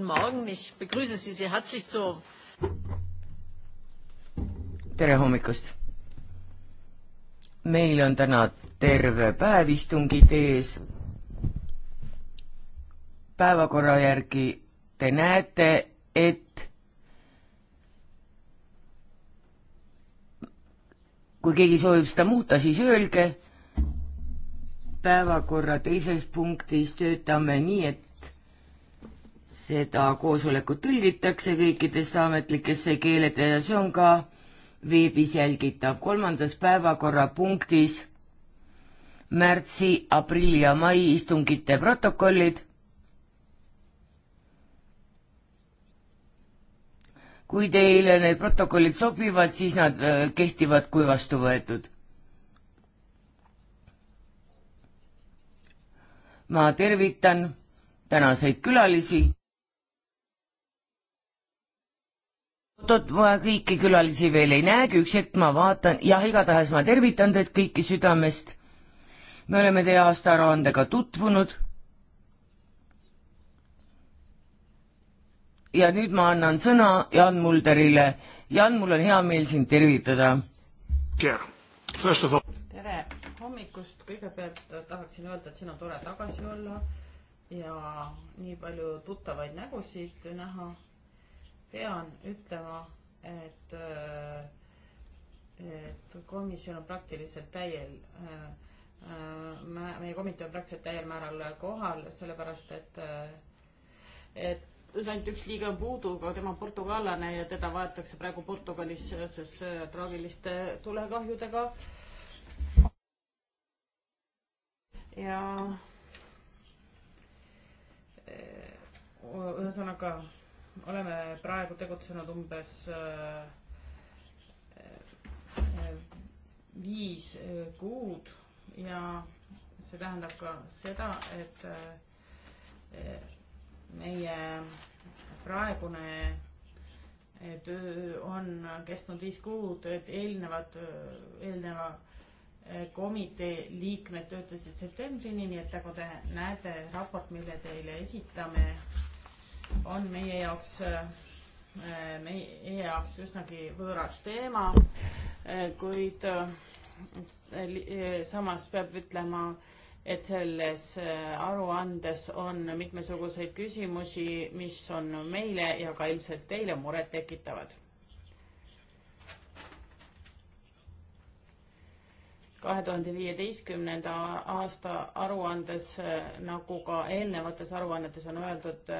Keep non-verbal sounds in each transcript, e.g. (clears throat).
Guten Morgen, ich begrüße Sie sehr herzlich zur tere hommikust! meil on täna terve päev istungid ees. päevakorra järgi te näete, et kui keegi soovib seda muuta, siis öelge. päevakorra teises punktis töötame nii, et seda koosolekut tõlgitakse kõikidesse ametlikesse keelede ja see on ka veebis jälgitav. kolmandas päevakorrapunktis märtsi, aprilli ja mai istungite protokollid. kui teile need protokollid sobivad, siis nad äh, kehtivad kui vastu võetud ma tervitan tänaseid külalisi. oot-oot, ma kõiki külalisi veel ei näegi, üks hetk ma vaatan, jah, igatahes ma tervitan teid kõiki südamest. me oleme teie aastaaruandega tutvunud. ja nüüd ma annan sõna Jan Mulderile. Jan, mul on hea meel sind tervitada. tere hommikust, kõigepealt tahaksin öelda, et siin on tore tagasi olla ja nii palju tuttavaid nägusid näha pean ütlema, et, äh, et komisjon on praktiliselt täiel, äh, äh, meie komitee on praktiliselt täiel määral kohal, sellepärast et, et ainult üks liige on puudu, aga tema on portugallane ja teda vajatakse praegu Portugalis seoses traagiliste tulekahjudega. ja ühesõnaga oleme praegu tegutsenud umbes äh, äh, viis äh, kuud ja see tähendab ka seda, et meie praegune töö on kestnud viis kuud, et eelnevad, eelneva komitee liikmed töötasid septembrini, nii et nagu te näete, raport, mille teile esitame, on meie jaoks, äh, meie jaoks üsnagi võõras teema, äh, kuid äh, samas peab ütlema, et selles aruandes on mitmesuguseid küsimusi, mis on meile ja ka ilmselt teile muret tekitavad. kahe tuhande viieteistkümnenda aasta aruandes, nagu ka eelnevates aruannetes on öeldud,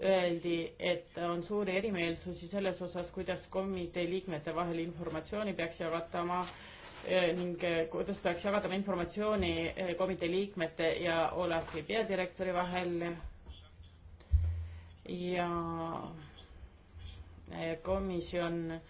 öeldi, et on suuri erimeelsusi selles osas, kuidas komitee liikmete vahel informatsiooni peaks jagatama e, ning e, kuidas peaks jagatama informatsiooni e, komitee liikmete ja Olavi peadirektori vahel. ja komisjon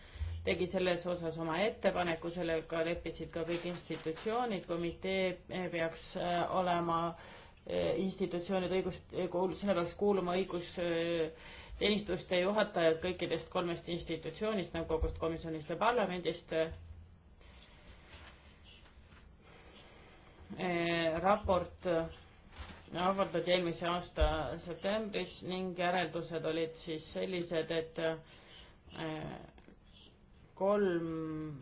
tegi selles osas oma ettepaneku, sellega leppisid ka kõik institutsioonid, komitee peaks olema äh, E, institutsioonide õigust, e, sinna peaks kuuluma õigusteenistuste juhatajad kõikidest kolmest institutsioonist, nõukogust, nagu komisjonist ja parlamendist. E, raport avaldati eelmise aasta septembris ning järeldused olid siis sellised, et kolm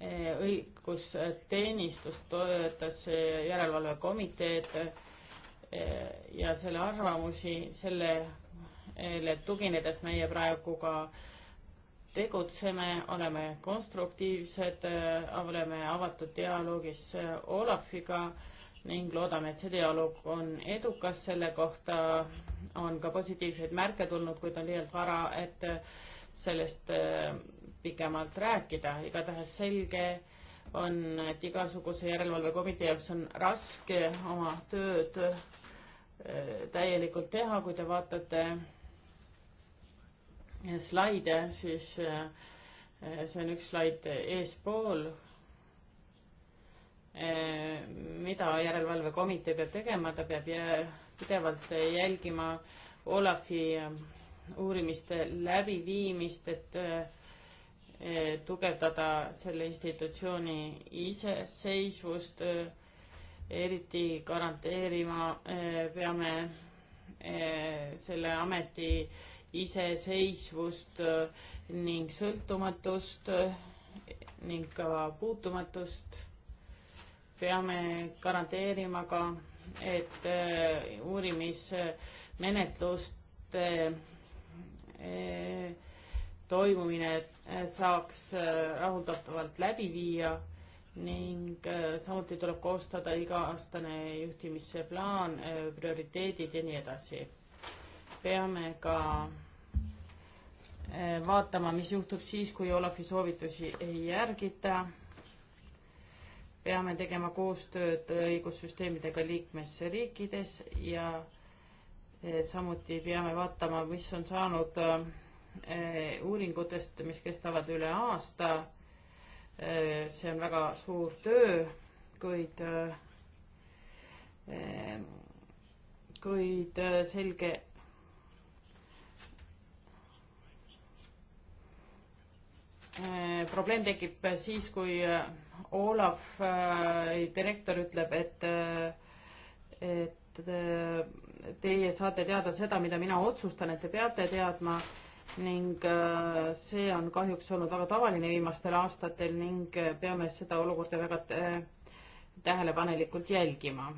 õigusteenistust toetas järelevalvekomiteed Eh, ja selle arvamusi, sellele eh, tuginedes meie praegu ka tegutseme, oleme konstruktiivsed, eh, oleme avatud dialoogis Olafiga ning loodame, et see dialoog on edukas, selle kohta on ka positiivseid märke tulnud, kuid on liialt vara, et sellest pikemalt rääkida, igatahes selge on, et igasuguse järelevalvekomitee jaoks on raske oma tööd äh, täielikult teha, kui te vaatate äh, slaide, siis äh, see on üks slaid eespool, mida järelevalvekomitee peab tegema, ta peab pidevalt jälgima Olafi uurimiste läbiviimist, et Eh, tugevdada selle institutsiooni iseseisvust, eh, eriti garanteerima eh, peame selle ameti iseseisvust ning sõltumatust ning ka puutumatust. peame garanteerima ka, et uurimismenetluste toimumine äh, saaks äh, rahuldavalt läbi viia ning äh, samuti tuleb koostada iga-aastane juhtimisplaan, prioriteedid ja nii edasi. peame ka vaatama, mis juhtub siis, kui Olavi soovitusi ei järgita. peame tegema koostööd õigussüsteemidega liikmesriikides ja samuti peame vaatama, mis on saanud äh, Eh, uuringutest, mis kestavad üle aasta. Eh, see on väga suur töö, kuid, eh, kuid selge. probleem tekib siis, kui Olav direktor ütleb, et, et teie saate teada seda, mida mina otsustan, et te peate teadma ning äh, see on kahjuks olnud väga tavaline viimastel aastatel ning äh, peame seda olukorda väga äh, tähelepanelikult jälgima.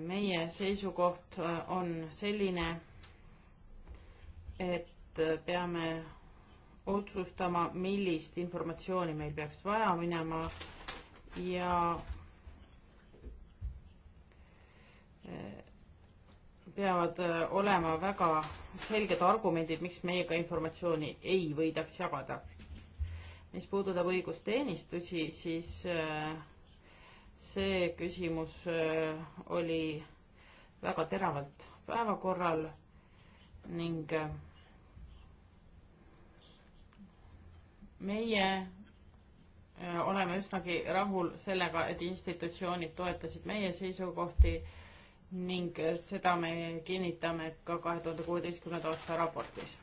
meie seisukoht on selline, et peame otsustama, millist informatsiooni meil peaks vaja minema ja peavad äh, olema väga selged argumendid, miks meiega informatsiooni ei võidaks jagada. mis puudutab õigusteenistusi, siis äh, see küsimus äh, oli väga teravalt päevakorral ning meie oleme üsnagi rahul sellega, et institutsioonid toetasid meie seisukohti ning seda me kinnitame ka kahe tuhande kuueteistkümnenda aasta raportis.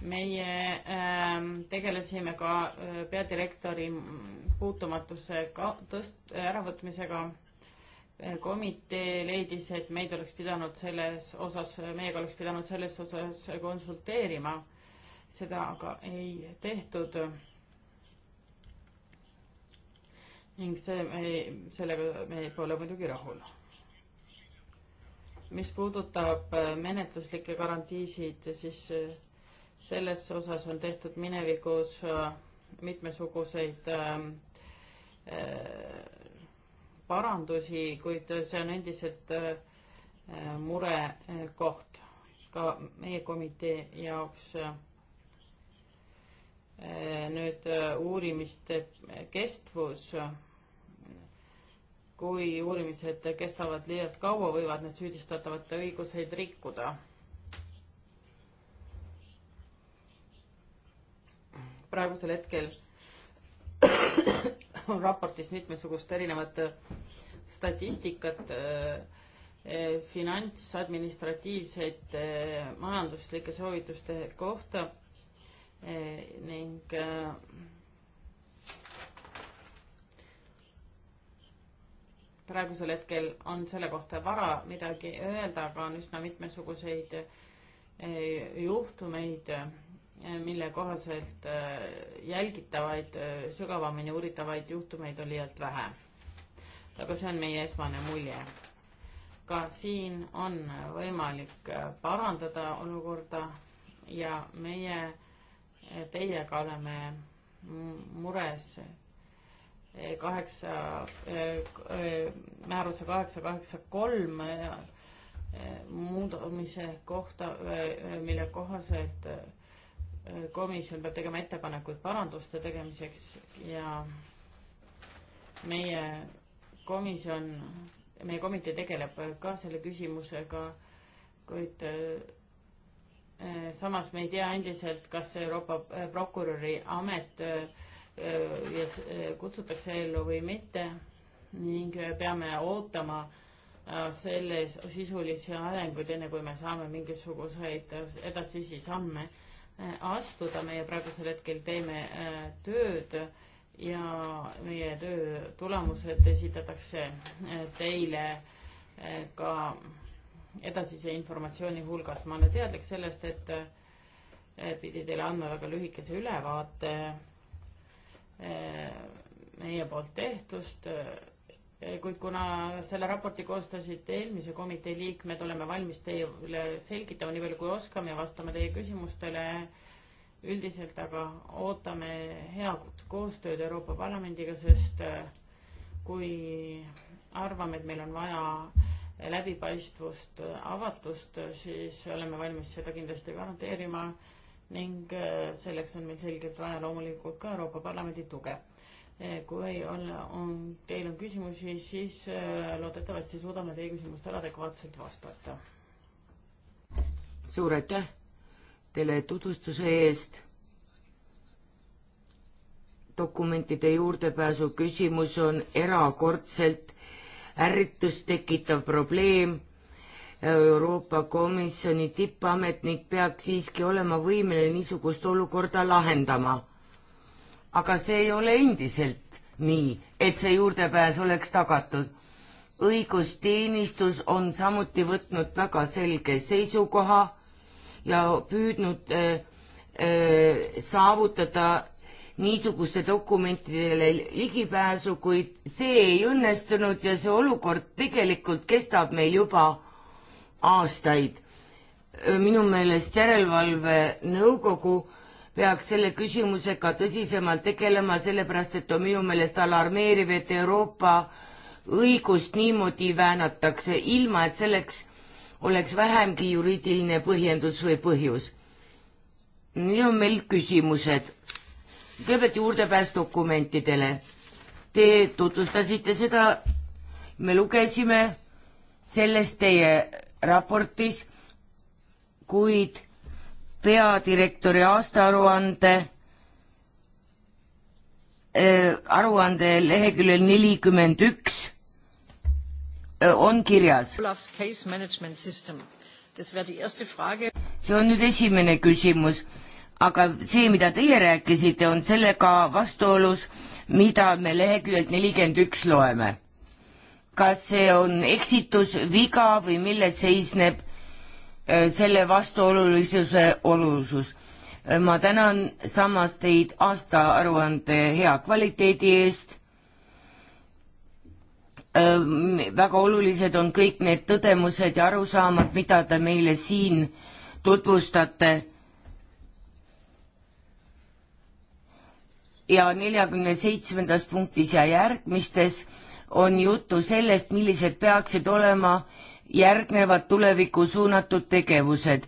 meie ähm, tegelesime ka äh, peadirektori puutumatuse ka tõst-, äravõtmisega. komitee leidis, et meid oleks pidanud selles osas, meiega oleks pidanud selles osas konsulteerima. seda aga ei tehtud ning see, me ei, sellega me pole muidugi rahul. mis puudutab äh, menetluslikke garantiisid, siis äh, selles osas on tehtud minevikus äh, mitmesuguseid ähm, parandusi, kuid see on endiselt murekoht ka meie komitee jaoks nüüd uurimiste kestvus kui uurimised kestavad liialt kaua, võivad need süüdistatavate õiguseid rikkuda. praegusel hetkel (coughs) on raportis mitmesugust erinevat statistikat eh,, finantsadministratiivseid eh, majanduslike soovituste kohta eh, ning eh, praegusel hetkel on selle kohta vara midagi öelda, aga on üsna mitmesuguseid eh, juhtumeid, eh, mille kohaselt eh, jälgitavaid, sügavamini uuritavaid juhtumeid on liialt vähe. aga see on meie esmane mulje. ka siin on võimalik parandada olukorda ja meie teiega oleme mures kaheksa, määruse kaheksa, kaheksa, kolm eh, muudamise kohta, eh, mille kohaselt eh, komisjon peab tegema ettepanekuid paranduste tegemiseks ja meie komisjon, meie komitee tegeleb ka selle küsimusega, kuid samas me ei tea endiselt, kas Euroopa prokuröri amet äh, Äh, ja äh, kutsutakse ellu või mitte ning äh, peame ootama selles sisulisi arenguid, enne kui me saame mingisuguseid edasisi samme astuda. meie praegusel hetkel teeme tööd ja meie töö tulemused esitatakse teile ka edasise informatsiooni hulgas. ma olen teadlik sellest, et pidi teile andma väga lühikese ülevaate Äh, meie poolt tehtust, äh, kuid kuna selle raporti koostasid eelmise komitee liikmed, oleme valmis teile selgitama nii palju, kui oskame ja vastama teie küsimustele üldiselt, aga ootame head koostööd Euroopa Parlamendiga, sest äh, kui arvame, et meil on vaja läbipaistvust, avatust, siis oleme valmis seda kindlasti garanteerima ning äh, selleks on meil selgelt vaja loomulikult ka Euroopa Parlamendi tuge. Äh, kui on, on, teil on küsimusi, siis äh, loodetavasti suudame teie küsimustele adekvaatselt vastata. suur aitäh teile tutvustuse eest. dokumentide juurdepääsu küsimus on erakordselt ärritust tekitav probleem Euroopa Komisjoni tippametnik peaks siiski olema võimeline niisugust olukorda lahendama. aga see ei ole endiselt nii, et see juurdepääs oleks tagatud. õigusteenistus on samuti võtnud väga selge seisukoha ja püüdnud äh, äh, saavutada niisuguste dokumentidele ligipääsu, kuid see ei õnnestunud ja see olukord tegelikult kestab meil juba aastaid. minu meelest Järelevalvenõukogu peaks selle küsimusega tõsisemalt tegelema, sellepärast et on minu meelest alarmeeriv, et Euroopa õigust niimoodi väänatakse, ilma et selleks oleks vähemgi juriidiline põhjendus või põhjus. nii on meil küsimused. kõigepealt juurdepääs dokumentidele. Te tutvustasite seda, me lugesime sellest teie raportis, kuid peadirektori aastaaruande äh,, aruande leheküljel nelikümmend üks äh, on kirjas. see on nüüd esimene küsimus, aga see, mida teie rääkisite, on sellega vastuolus, mida me leheküljelt nelikümmend üks loeme kas see on eksitus, viga või milles seisneb äh, selle vastuolulisuse olulisus. Äh, ma tänan samas teid aastaaruande hea kvaliteedi eest. Äh, väga olulised on kõik need tõdemused ja arusaamad, mida te meile siin tutvustate ja neljakümne seitsmendas punktis ja järgmistes on juttu sellest, millised peaksid olema järgnevad tulevikku suunatud tegevused.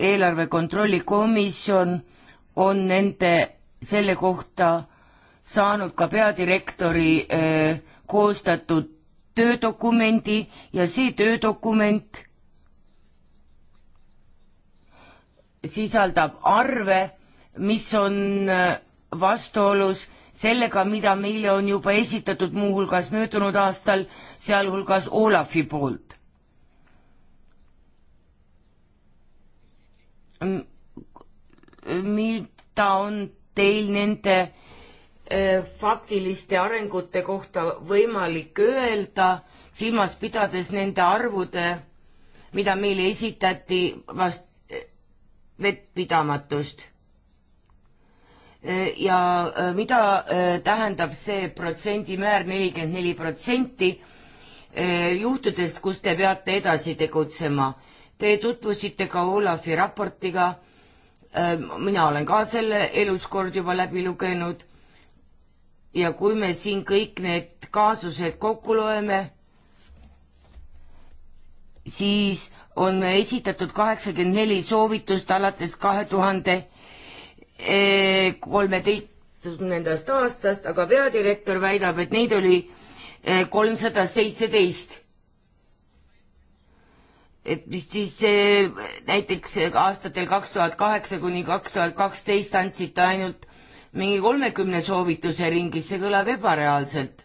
eelarve kontrolli komisjon on nende, selle kohta saanud ka peadirektori öö, eh, koostatud töödokumendi ja see töödokument sisaldab arve, mis on eh, vastuolus sellega, mida meile on juba esitatud muuhulgas möödunud aastal, sealhulgas Olafi poolt. mida on teil nende äh, faktiliste arengute kohta võimalik öelda, silmas pidades nende arvude, mida meile esitati, vast vettpidamatust Äh, ja äh, mida äh, tähendab see protsendimäär nelikümmend neli protsenti juhtudest, kus te peate edasi tegutsema. Te tutvusite ka Olavi raportiga, mina olen ka selle elus kord juba läbi lugenud ja kui me siin kõik need kaasused kokku loeme, siis on esitatud kaheksakümmend neli soovitust alates kahe tuhande kolmeteistkümnendast aastast, aga peadirektor väidab, et neid oli eh, kolmsada seitseteist. et mis siis eh, näiteks eh, aastatel kaks tuhat kaheksa kuni kaks tuhat kaksteist andsid ta ainult mingi kolmekümne soovituse ringis, see kõlab ebareaalselt.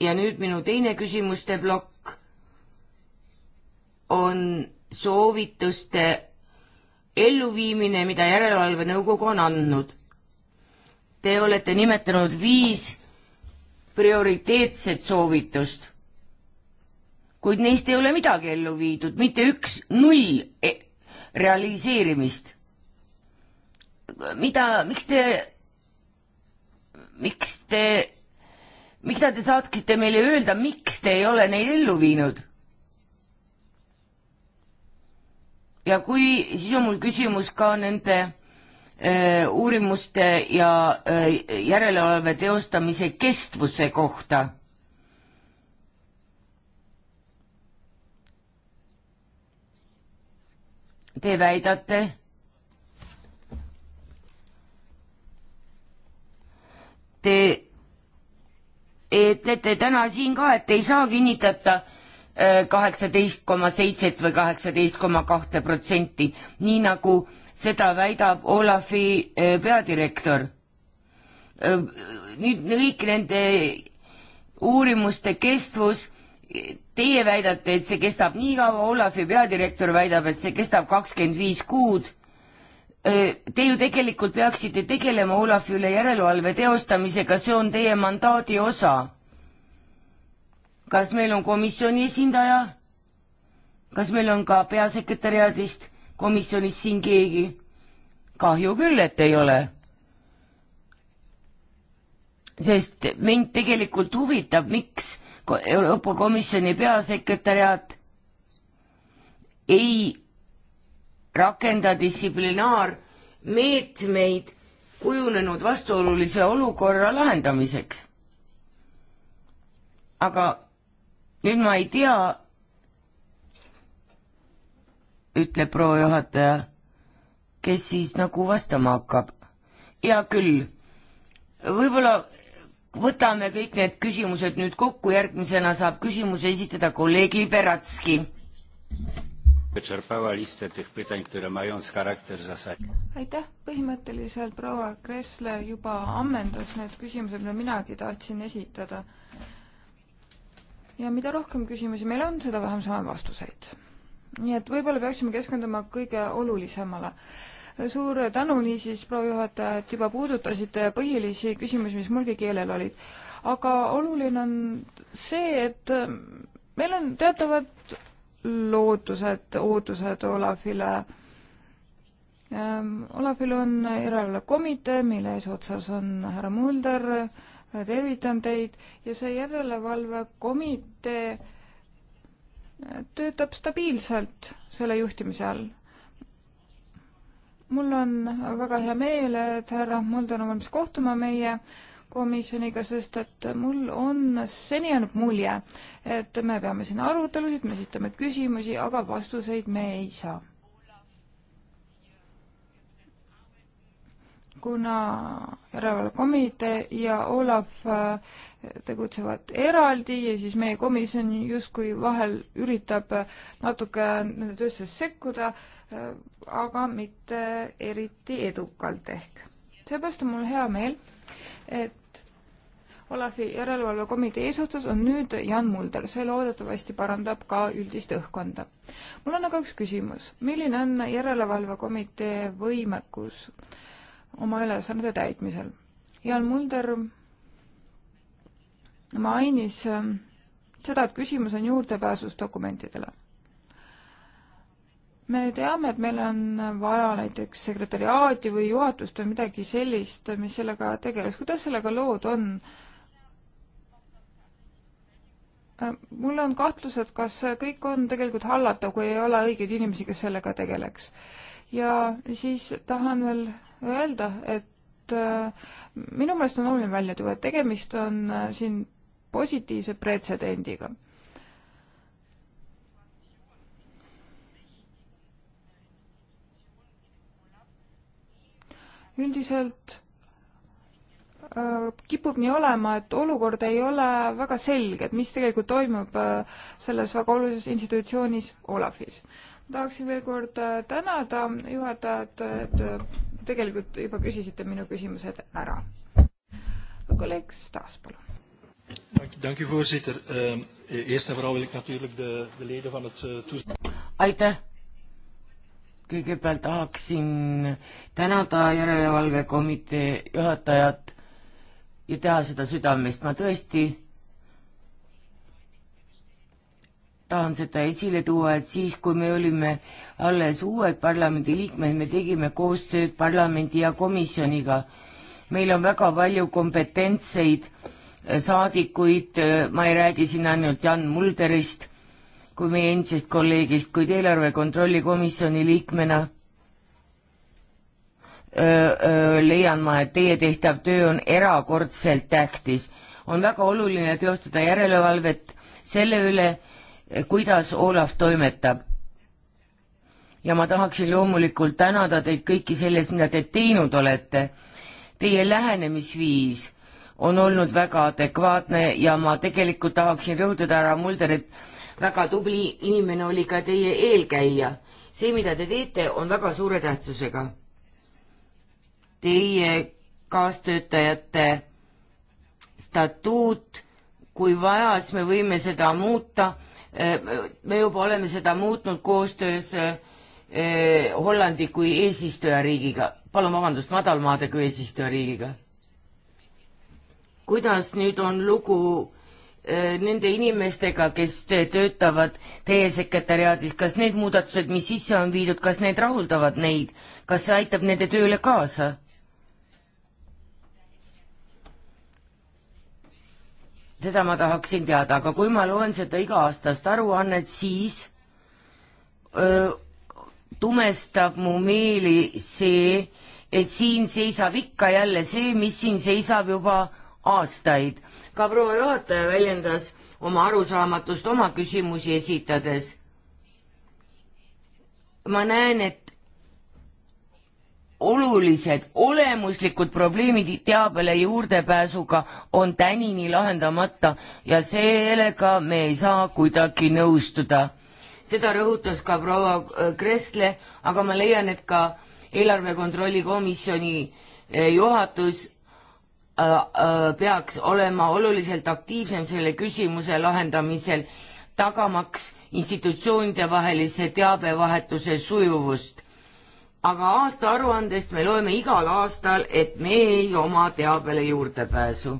ja nüüd minu teine küsimuste plokk on soovituste elluviimine, mida Järelevalvenõukogu on andnud. Te olete nimetanud viis prioriteetset soovitust, kuid neist ei ole midagi ellu viidud, mitte üks null e realiseerimist. mida, miks te, miks te, mida te saaksite meile öelda, miks te ei ole neid ellu viinud? ja kui, siis on mul küsimus ka nende äh, uurimuste ja äh, järelevalve teostamise kestvuse kohta. Te väidate, te ütlete täna siin ka, et ei saa kinnitada äh, kaheksateist koma seitset või kaheksateist koma kahte protsenti, nii nagu seda väidab Olafi eh, peadirektor. nüüd kõik nende uurimuste kestvus, teie väidate, et see kestab nii kaua, Olafi peadirektor väidab, et see kestab kakskümmend viis kuud eh, Te ju tegelikult peaksite tegelema Olavi üle järelevalve teostamisega, see on teie mandaadi osa kas meil on komisjoni esindaja? kas meil on ka peasekretäriaadist komisjonist siin keegi? kahju küll, et ei ole. sest mind tegelikult huvitab, miks Euroopa Komisjoni peasekretäriaat ei rakenda distsiplinaarmeetmeid kujunenud vastuolulise olukorra lahendamiseks. aga nüüd ma ei tea, ütleb proua juhataja, kes siis nagu vastama hakkab. hea küll, võib-olla võtame kõik need küsimused nüüd kokku, järgmisena saab küsimuse esitada kolleeg Liberatski. aitäh, põhimõtteliselt proua Kressle juba ammendas need küsimused, mida minagi tahtsin esitada ja mida rohkem küsimusi meil on, seda vähem saame vastuseid. nii et võib-olla peaksime keskenduma kõige olulisemale. suur tänu niisiis, proua juhataja, et juba puudutasite põhilisi küsimusi, mis mulgi keelel olid. aga oluline on see, et meil on teatavad lootused, ootused Olafile ähm,. Olafil on järelevalvekomitee, mille eesotsas on härra Mulder äh,, tervitan teid ja see järelevalvekomitee äh, töötab stabiilselt selle juhtimise all. mul on väga hea meel, et härra Mulder on valmis kohtuma meie komisjoniga, sest et mul on seni jäänud mulje, et me peame siin arutelusid, me esitame küsimusi, aga vastuseid me ei saa kuna järelevalvekomitee ja Olav äh, tegutsevad eraldi ja siis meie komisjon justkui vahel üritab natuke nende töösse sekkuda, äh, aga mitte eriti edukalt ehk. seepärast on mul hea meel, et Olavi järelevalvekomitee eesotsas on nüüd Jan Mulder, see loodetavasti parandab ka üldist õhkkonda. mul on aga üks küsimus, milline on järelevalvekomitee võimekus äh, oma ülesannete täitmisel. Jan Mulder mainis ähm, seda, et küsimus on juurdepääsus dokumentidele. me teame, et meil on vaja näiteks sekretäriaadi või juhatust või midagi sellist, mis sellega tegeles. kuidas sellega lood on? Äh, mul on kahtlus, et kas kõik on tegelikult hallatav, kui ei ole õigeid inimesi, kes sellega tegeleks. ja siis tahan veel öelda, et äh, minu meelest on oluline välja tuua, et tegemist on äh, siin positiivse pretsedendiga. üldiselt äh, kipub nii olema, et olukord ei ole väga selge, et mis tegelikult toimub selles väga olulises institutsioonis Olafis. tahaksin veel kord tänada juhatajat, et tegelikult juba küsisite minu küsimused ära. kolleeg Staas, palun. Dank u voorzitter. Uh, eerst en vooral wil ik natuurlijk de, de leden van het uh, eh, toezicht. Aitäh. Kõigepealt tahaksin tänada järelevalvekomitee juhatajat ja teha seda südamest. ma tõesti tahan seda esile tuua, et siis, kui me olime alles uued parlamendiliikmed, me tegime koostööd parlamendi ja komisjoniga. meil on väga palju kompetentseid saadikuid, ma ei räägi siin ainult Jan Mulderist kui meie endisest kolleegist, kuid eelarve kontrolli komisjoni liikmena öö, öö, leian ma, et teie tehtav töö on erakordselt tähtis. on väga oluline teostada järelevalvet selle üle, kuidas Olav toimetab. ja ma tahaksin loomulikult tänada teid kõiki selles, mida te teinud olete. Teie lähenemisviis on olnud väga adekvaatne ja ma tegelikult tahaksin rõhutada, härra Mulder, et väga tubli inimene oli ka teie eelkäija. see, mida te teete, on väga suure tähtsusega. Teie kaastöötajate statuut, kui vaja, siis me võime seda muuta me juba oleme seda muutnud koostöös eh, Hollandi kui eesistujariigiga, palun vabandust, Madalmaade kui eesistujariigiga. kuidas nüüd on lugu eh, nende inimestega, kes töötavad teie sekretäriaadis, kas need muudatused, mis sisse on viidud, kas need rahuldavad neid, kas see aitab nende tööle kaasa? seda ma tahaksin teada, aga kui ma loen seda iga-aastast aruannet, siis öö, tumestab mu meeli see, et siin seisab ikka jälle see, mis siin seisab juba aastaid. ka proua juhataja väljendas oma arusaamatust oma küsimusi esitades. ma näen, et olulised olemuslikud probleemid teabele juurdepääsuga on tänini lahendamata ja sellega me ei saa kuidagi nõustuda. seda rõhutas ka proua äh, Kressle, aga ma leian, et ka eelarve kontrolli komisjoni äh, juhatus äh, peaks olema oluliselt aktiivsem selle küsimuse lahendamisel, tagamaks institutsioonide vahelise teabevahetuse sujuvust aga aastaaruandest me loeme igal aastal, et me ei oma teabele juurdepääsu.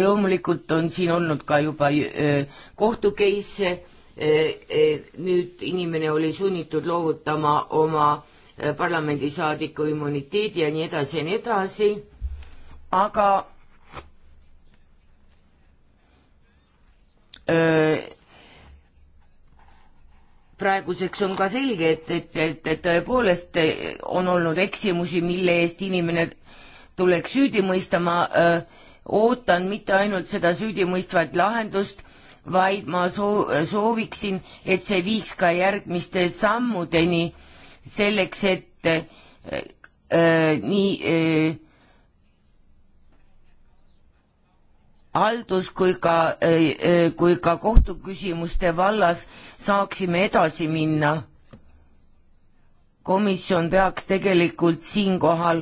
loomulikult on siin olnud ka juba kohtu case, nüüd inimene oli sunnitud loovutama oma parlamendisaadiku immuniteedi ja nii edasi ja nii edasi, aga praeguseks on ka selge, et, et, et, et tõepoolest on olnud eksimusi, mille eest inimene tuleks süüdi mõista, ma öö, ootan mitte ainult seda süüdimõistvat lahendust, vaid ma soo-, sooviksin, et see viiks ka järgmiste sammudeni selleks, et öö, nii öö, haldus kui ka, kui ka kohtuküsimuste vallas saaksime edasi minna. komisjon peaks tegelikult siinkohal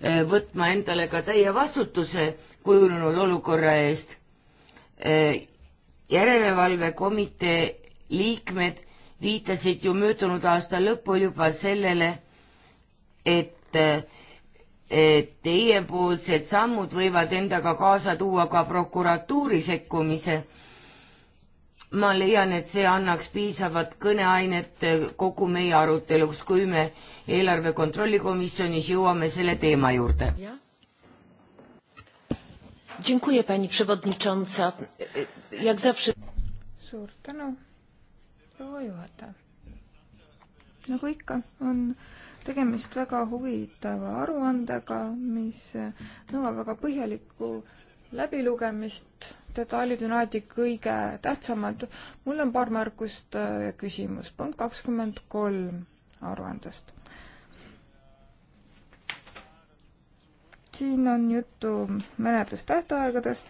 eh, võtma endale ka täie vastutuse kujunenud olukorra eest. Eh, järelevalvekomitee liikmed viitasid ju möödunud aasta lõpul juba sellele, et eh, teiepoolsed sammud võivad endaga kaasa tuua ka prokuratuuri sekkumise. ma leian, et see annaks piisavat kõneainet kogu meie aruteluks, kui me eelarve kontrolli komisjonis jõuame selle teema juurde. suur tänu, proua juhataja. nagu ikka, on tegemist väga huvitava aruandega, mis nõuab väga põhjalikku läbilugemist, detailid on alati kõige tähtsamad. mul on paar märkust ja küsimus. punkt kakskümmend kolm aruandest. siin on juttu menetlustähtaegadest.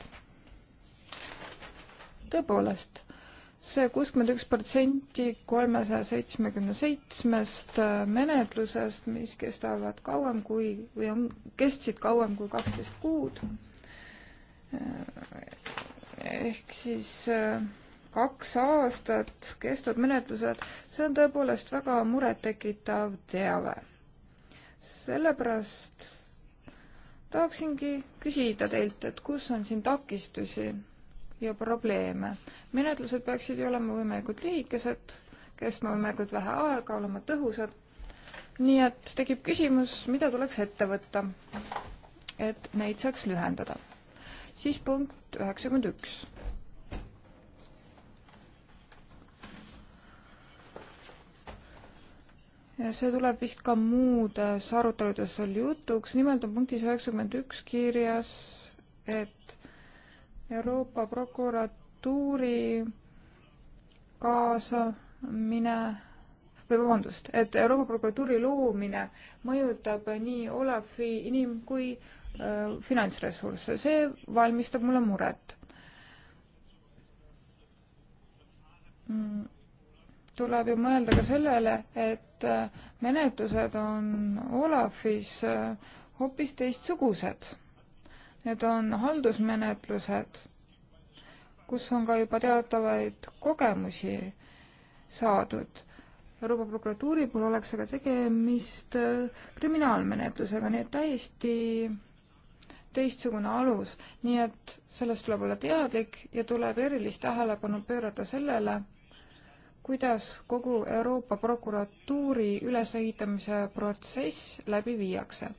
tõepoolest see kuuskümmend üks protsenti kolmesaja seitsmekümne seitsmest menetlusest, mis kestavad kauem kui, või on, kestsid kauem kui kaksteist kuud, ehk siis äh, kaks aastat kestvad menetlused, see on tõepoolest väga murettekitav teave. sellepärast tahaksingi küsida teilt, et kus on siin takistusi ja probleeme. menetlused peaksid ju olema võimalikult lühikesed, kestma võimalikult vähe aega, olema tõhusad. nii et tekib küsimus, mida tuleks ette võtta, et neid saaks lühendada. siis punkt üheksakümmend üks. ja see tuleb vist ka muudes aruteludes oli jutuks, nimelt on punktis üheksakümmend üks kirjas, et Euroopa prokuratuuri kaasamine või vabandust, et Euroopa prokuratuuri loomine mõjutab nii Olavi inim- kui äh, finantsressursse, see valmistab mulle muret mm tuleb ju mõelda ka sellele, et äh, menetlused on Olafis äh, hoopis teistsugused Need on haldusmenetlused, kus on ka juba teatavaid kogemusi saadud. Euroopa prokuratuuri puhul oleks aga tegemist äh, kriminaalmenetlusega, nii et täiesti teistsugune alus, nii et sellest tuleb olla teadlik ja tuleb erilist tähelepanu pöörata sellele, kuidas kogu Euroopa prokuratuuri ülesehitamise protsess läbi viiakse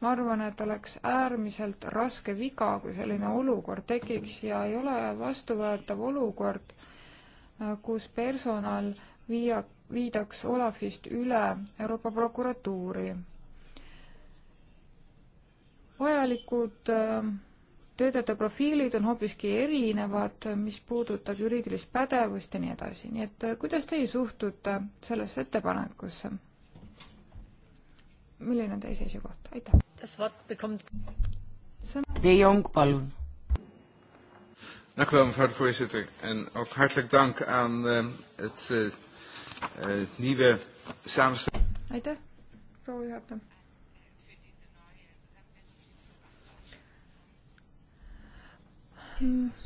ma arvan, et oleks äärmiselt raske viga, kui selline olukord tekiks ja ei ole vastuvõetav olukord, äh, kus personal viia, viidaks Olafist üle Euroopa prokuratuuri. vajalikud äh, töötajate profiilid on hoopiski erinevad, mis puudutab juriidilist pädevust ja nii edasi, nii et äh, kuidas teie suhtute sellesse ettepanekusse? milline on teie seisukoht, aitäh. De Jong, palun. Dank u wel, mevrouw de voorzitter. En ook hartelijk dank aan uh, het uh, uh, nieuwe samenstelling. Aitäh, proua juhataja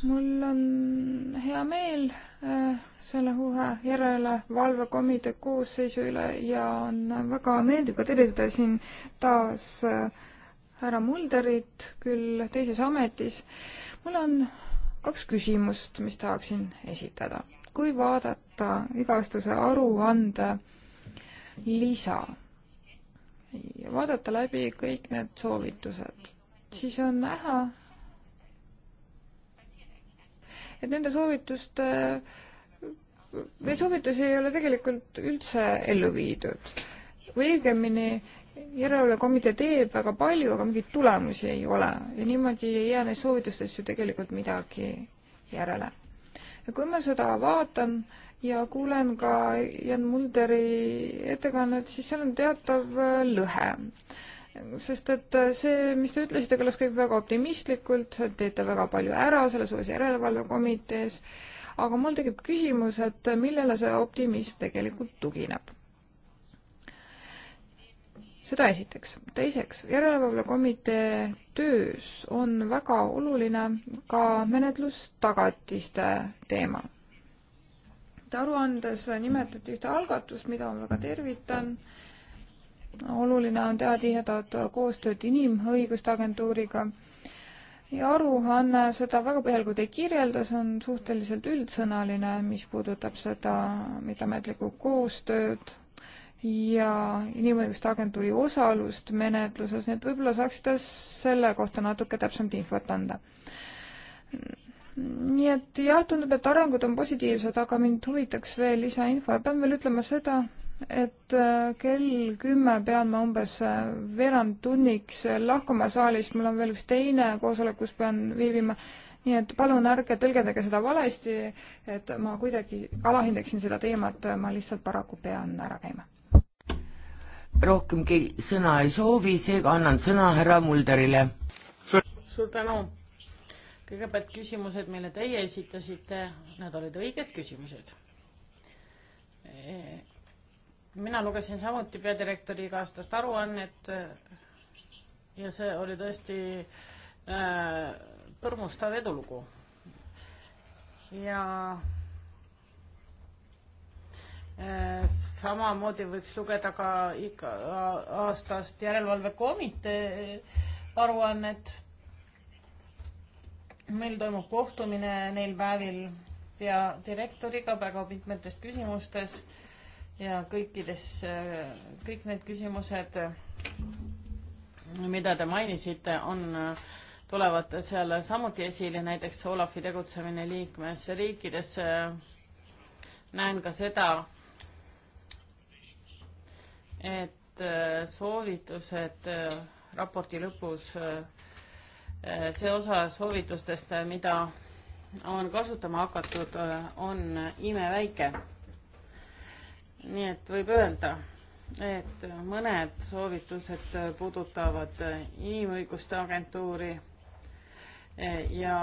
mul on hea meel äh, selle uue järelevalvekomitee koosseisu üle ja on väga meeldiv ka tervitada siin taas äh, härra Mulderit, küll teises ametis. mul on kaks küsimust, mis tahaksin esitada. kui vaadata iga-aastase aruande lisa ja vaadata läbi kõik need soovitused, siis on näha, et nende soovituste, neid soovitusi ei ole tegelikult üldse ellu viidud. või õigemini järelevalvekomitee teeb väga palju, aga mingeid tulemusi ei ole ja niimoodi ei jää neist soovitustest ju tegelikult midagi järele. ja kui ma seda vaatan ja kuulen ka Jan Mulderi ettekannet, siis seal on teatav lõhe sest et see, mis te ütlesite, kõlas kõik väga optimistlikult, teete väga palju ära selles uues järelevalvekomitees, aga mul tekib küsimus, et millele see optimism tegelikult tugineb? seda esiteks. teiseks, järelevalvekomitee töös on väga oluline ka menetlustagatiste teema. Te aruandes nimetati ühte algatust, mida ma väga tervitan äh,, oluline on teha tihedat koostööd Inimõiguste Agentuuriga ja aruanne seda väga põhjalikult ei kirjelda, see on suhteliselt üldsõnaline, mis puudutab seda mitteametlikku koostööd ja Inimõiguste Agentuuri osalust menetluses, nii et võib-olla saaksite selle kohta natuke täpsemat infot anda. nii et jah, tundub, et arengud on positiivsed, aga mind huvitaks veel lisainfo ja pean veel ütlema seda, et äh, kell kümme pean ma umbes äh, veerand tunniks äh, lahkuma saalist, mul on veel üks teine koosolek, kus pean viibima, nii et palun ärge tõlgendage seda valesti, et ma kuidagi alahindaksin seda teemat, ma lihtsalt paraku pean ära käima. rohkem keegi sõna ei soovi, seega annan sõna härra Mulderile. suur tänu. kõigepealt küsimused, mille teie esitasite, need olid õiged küsimused e mina lugesin samuti peadirektori iga-aastast aruannet äh, ja see oli tõesti äh, põrmustav edulugu. ja äh, samamoodi võiks lugeda ka iga-aastast järelevalvekomitee äh, aruannet. meil toimub kohtumine neil päevil peadirektoriga väga mitmetes küsimustes äh, ja kõikides, kõik need küsimused, mida te mainisite, on, tulevad seal samuti esile, näiteks Olafi tegutsemine liikmesriikides. näen ka seda, et soovitused raporti lõpus, see osa soovitustest, mida on kasutama hakatud, on imeväike nii et võib öelda, et mõned soovitused puudutavad inimõiguste agentuuri ja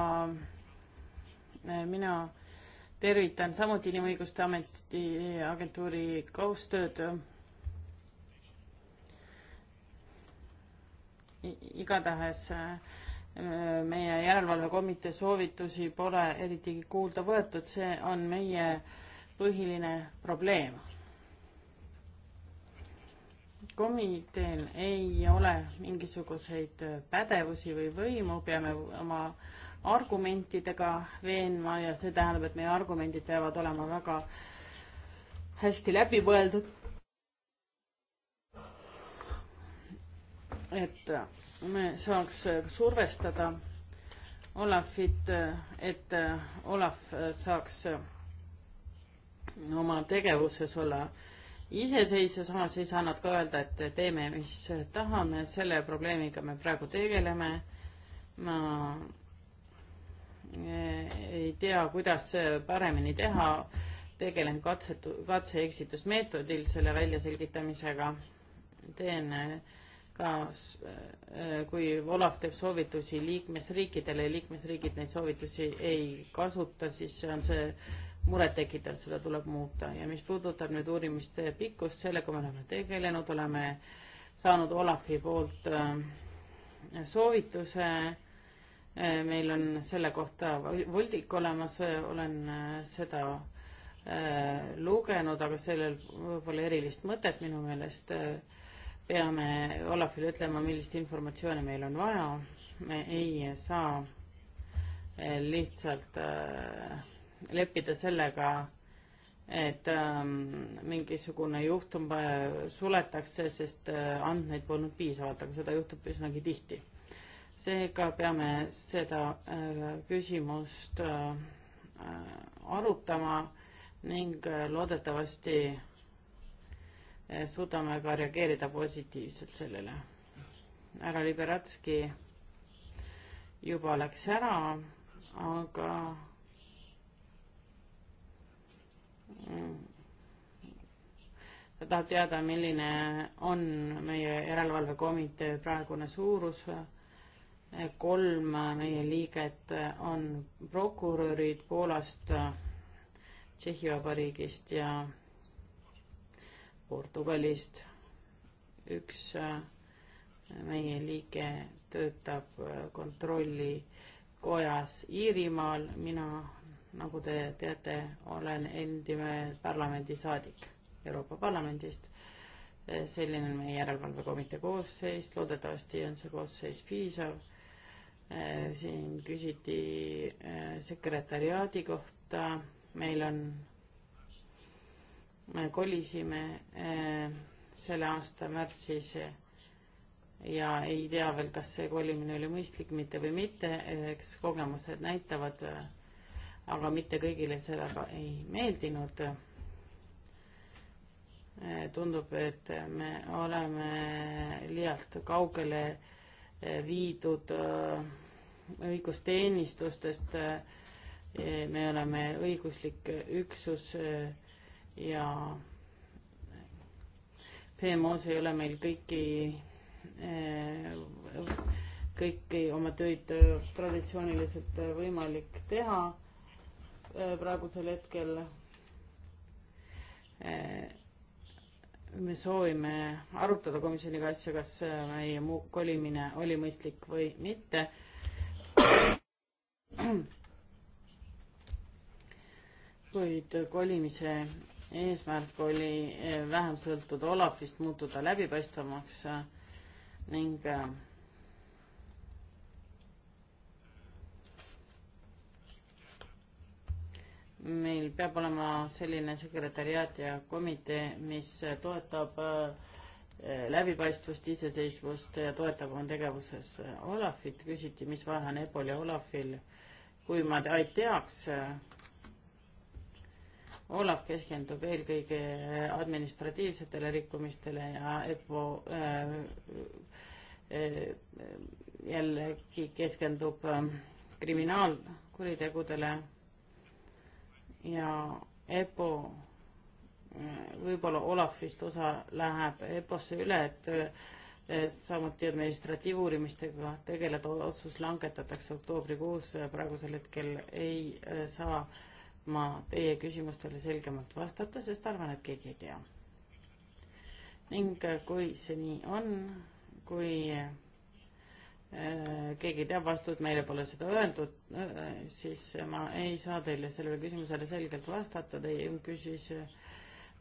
mina tervitan samuti inimõiguste ameti agentuuri koostööd. igatahes äh, meie järelevalvekomitee soovitusi pole eritigi kuulda võetud, see on meie põhiline probleem komiteel ei ole mingisuguseid pädevusi või võimu, peame oma argumentidega veenma ja see tähendab, et meie argumendid peavad olema väga hästi läbi mõeldud. et me saaks survestada Olafit, et Olaf saaks oma tegevuses olla äh, iseseisvus, samas ei saanud ka öelda, et teeme, mis tahame, selle probleemiga me praegu tegeleme. ma ei tea, kuidas paremini teha, tegelen katsetu-, katse-eksitusmeetodil selle väljaselgitamisega, teen äh, ka, äh, kui Olav teeb soovitusi liikmesriikidele ja liikmesriigid neid soovitusi ei kasuta, siis on see murettekitav, seda tuleb muuta ja mis puudutab nüüd uurimiste pikkust, sellega me oleme tegelenud, oleme saanud Olafi poolt äh, soovituse. Äh, meil on selle kohta voldik olemas, äh, olen seda lugenud, aga sellel pole erilist mõtet minu meelest. peame Olafile ütlema, millist informatsiooni meil on vaja. me ei saa lihtsalt äh, leppida sellega, et ähm, mingisugune juhtum äh, suletakse, sest äh, andmeid polnud piisavalt, aga seda juhtub üsnagi tihti. seega peame seda äh, küsimust äh, arutama ning äh, loodetavasti äh, suudame ka reageerida positiivselt sellele. härra Liberatski juba läks ära, aga ta tahab teada, milline on meie järelevalvekomitee praegune suurus. kolm meie liiget on prokurörid Poolast, Tšehhi Vabariigist ja Portugalist. üks meie liige töötab kontrollikojas Iirimaal, mina nagu te teate, olen endine parlamendisaadik Euroopa Parlamendist. selline on meie järelevalvekomitee koosseis, loodetavasti on see koosseis piisav. siin küsiti eh, sekretäriaadi kohta, meil on, me eh, kolisime eh, selle aasta märtsis ja ei tea veel, kas see kolimine oli mõistlik mitte või mitte, eks kogemused näitavad aga mitte kõigile seda ka ei meeldinud. tundub, et me oleme liialt kaugele viidud õigusteenistustest. me oleme õiguslik üksus ja PMO-s ei ole meil kõiki, kõiki oma töid traditsiooniliselt võimalik teha Äh, praegusel hetkel äh, me soovime arutada komisjoniga asja, kas äh, meie kolimine oli mõistlik või mitte. kuid kolimise eesmärk oli vähem sõltuda Olafist, muutuda läbipaistvamaks ning meil peab olema selline sekretäriaat ja komitee, mis toetab äh, läbipaistvust, iseseisvust ja toetab oma tegevuses Olafit. küsiti, mis vahe on EPOL ja Olafil. kui ma te teaks, äh, Olav keskendub eelkõige äh, administratiivsetele rikkumistele ja EPO äh, äh, jällegi keskendub äh, kriminaalkuritegudele ja EPO, äh, võib-olla Olafist osa läheb EPO-sse üle, et äh, samuti administratiivuurimistega tegeleda, otsus langetatakse oktoobrikuus, praegusel hetkel ei äh, saa ma teie küsimustele selgemalt vastata, sest arvan, et keegi ei tea. ning kui see nii on, kui Äh, keegi teab vastut, meile pole seda öeldud, äh, siis ma ei saa teile sellele küsimusele selgelt vastata, teie küsis, äh,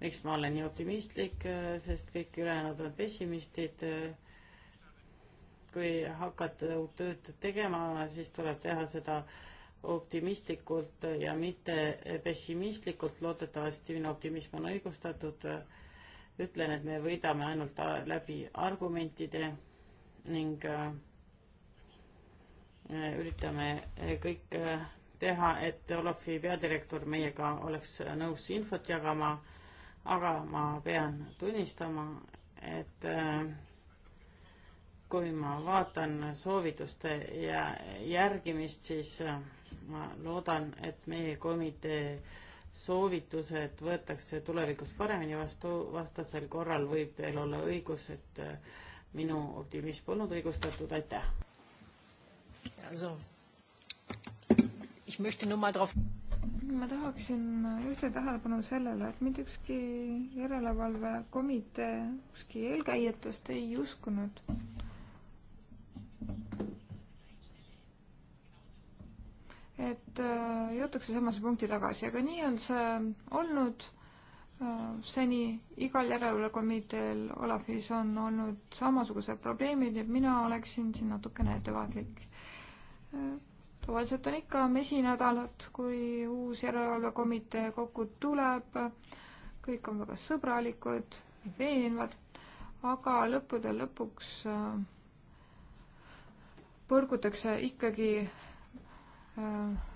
miks ma olen nii optimistlik, sest kõik ülejäänud on pessimistid. kui hakata uut tööd tegema, siis tuleb teha seda optimistlikult ja mitte pessimistlikult, loodetavasti minu optimism on õigustatud. ütlen, et me võidame ainult läbi argumentide ning äh, Äh, üritame äh, kõik äh, teha, et Olafi peadirektor meiega oleks nõus infot jagama, aga ma pean tunnistama, et kui ma vaatan soovituste ja järgimist, siis ma loodan, et meie komitee soovitused võetakse tulevikus paremini vastu, vastasel korral võib teil olla õigus, et minu optimism polnud õigustatud, aitäh! Also, ich möchte nur mal drauf ma tahaksin juhtida tähelepanu sellele, et mitte ükski järelevalvekomitee, ükski eelkäijatest ei uskunud. et äh, jõutakse samasse punkti tagasi, aga nii on see olnud äh, seni, igal järelevalvekomiteel Olafis on olnud samasugused probleemid, nii et mina oleksin siin natukene ettevaatlik tavaliselt on ikka mesinädalad, kui uus järelevalvekomitee kokku tuleb, kõik on väga sõbralikud, veenvad, aga lõppude lõpuks äh, põrgutakse ikkagi äh,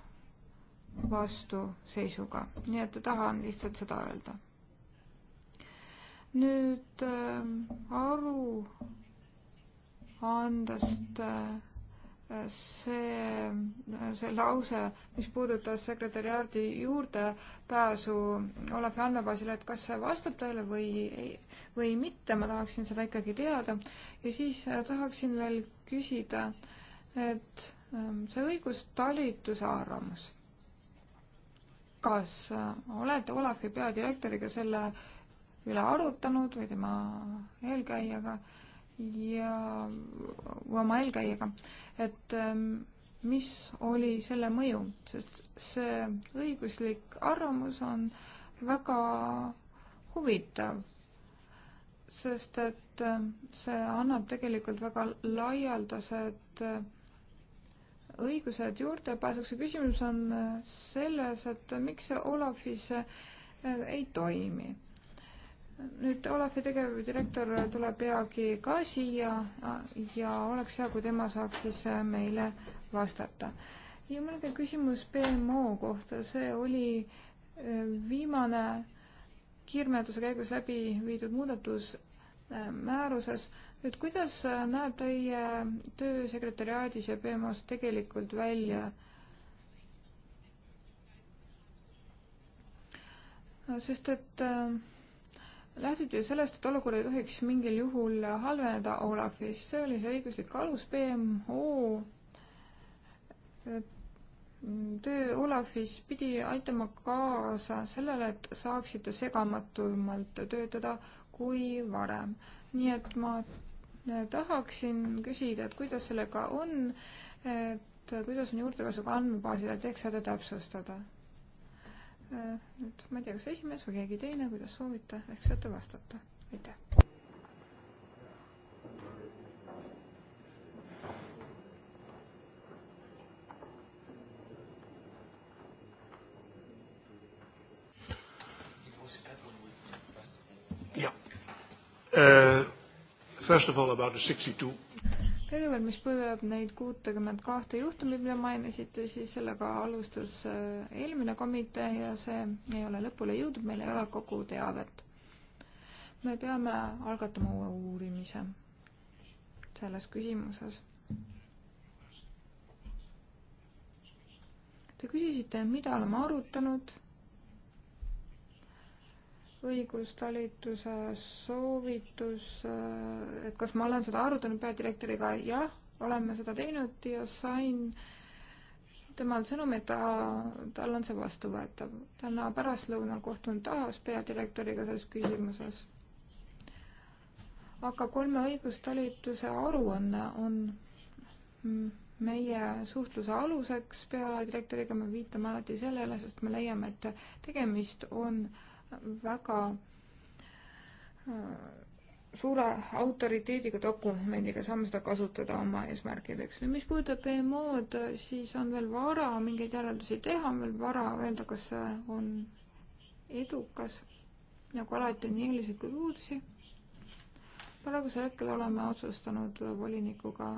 vastuseisuga, nii et tahan lihtsalt seda öelda. nüüd aru andest äh, see, see lause, mis puudutas sekretäriaadi juurdepääsu Olavi andmebaasile, et kas see vastab tõele või, või mitte, ma tahaksin seda ikkagi teada. ja siis äh, tahaksin veel küsida, et ähm, see õigustalituse arvamus, kas äh, olete Olavi peadirektoriga selle üle arutanud või tema eelkäijaga? ja oma eelkäijaga, et ähm, mis oli selle mõju, sest see õiguslik arvamus on väga huvitav, sest et ähm, see annab tegelikult väga laialdased äh, õigused juurdepääsuks ja küsimus on äh, selles, et miks see Olafis äh, ei toimi nüüd Olavi tegevdirektor tuleb peagi ka siia ja oleks hea, kui tema saaks siis äh, meile vastata. ja mul on ka küsimus BMO kohta, see oli äh, viimane kiirmenetluse käigus läbi viidud muudatus äh, määruses. nüüd kuidas näeb teie töö sekretäriaadis ja BMO-s tegelikult välja? sest et äh, lähtuti sellest, et olukord ei tohiks mingil juhul halveneda Olafis, see oli see õiguslik alus, BMO töö Olafis pidi aitama kaasa sellele, et saaksite segamatumalt töötada kui varem. nii et ma tahaksin küsida, et kuidas sellega on, et kuidas on juurdepääsuga andmebaasidele, et eks seda täpsustada Äh, nüüd ma ei tea, kas esimees või keegi teine, kuidas soovite, ehk saate vastata. aitäh. Yeah. Äh, uh, first of all, about the 62 kõigepealt, mis puudutab neid kuutekümmet kahte juhtumit, mida mainisite, siis sellega alustas äh, eelmine komitee ja see ei ole lõpule jõudnud, meil ei ole kogu teavet. me peame algatama uue uurimise selles küsimuses. Te küsisite, mida oleme arutanud õigustalituse soovitus, et kas ma olen seda arutanud peadirektoriga, jah, oleme seda teinud ja sain temalt sõnumi, et ta, tal on see vastuvõetav. täna pärastlõunal kohtun taas peadirektoriga selles küsimuses. aga kolme õigustalituse aruanne on, on meie suhtluse aluseks peadirektoriga, me viitame alati sellele, sest me leiame, et tegemist on äh, väga äh, suure autoriteediga dokumendiga, saame seda kasutada oma eesmärkideks. nüüd mis puudutab BMO-d, siis on veel vara mingeid järeldusi teha, on veel vara öelda, kas see on edukas. nagu alati on nii eeliseid kui puudusi. praegusel hetkel oleme otsustanud volinikuga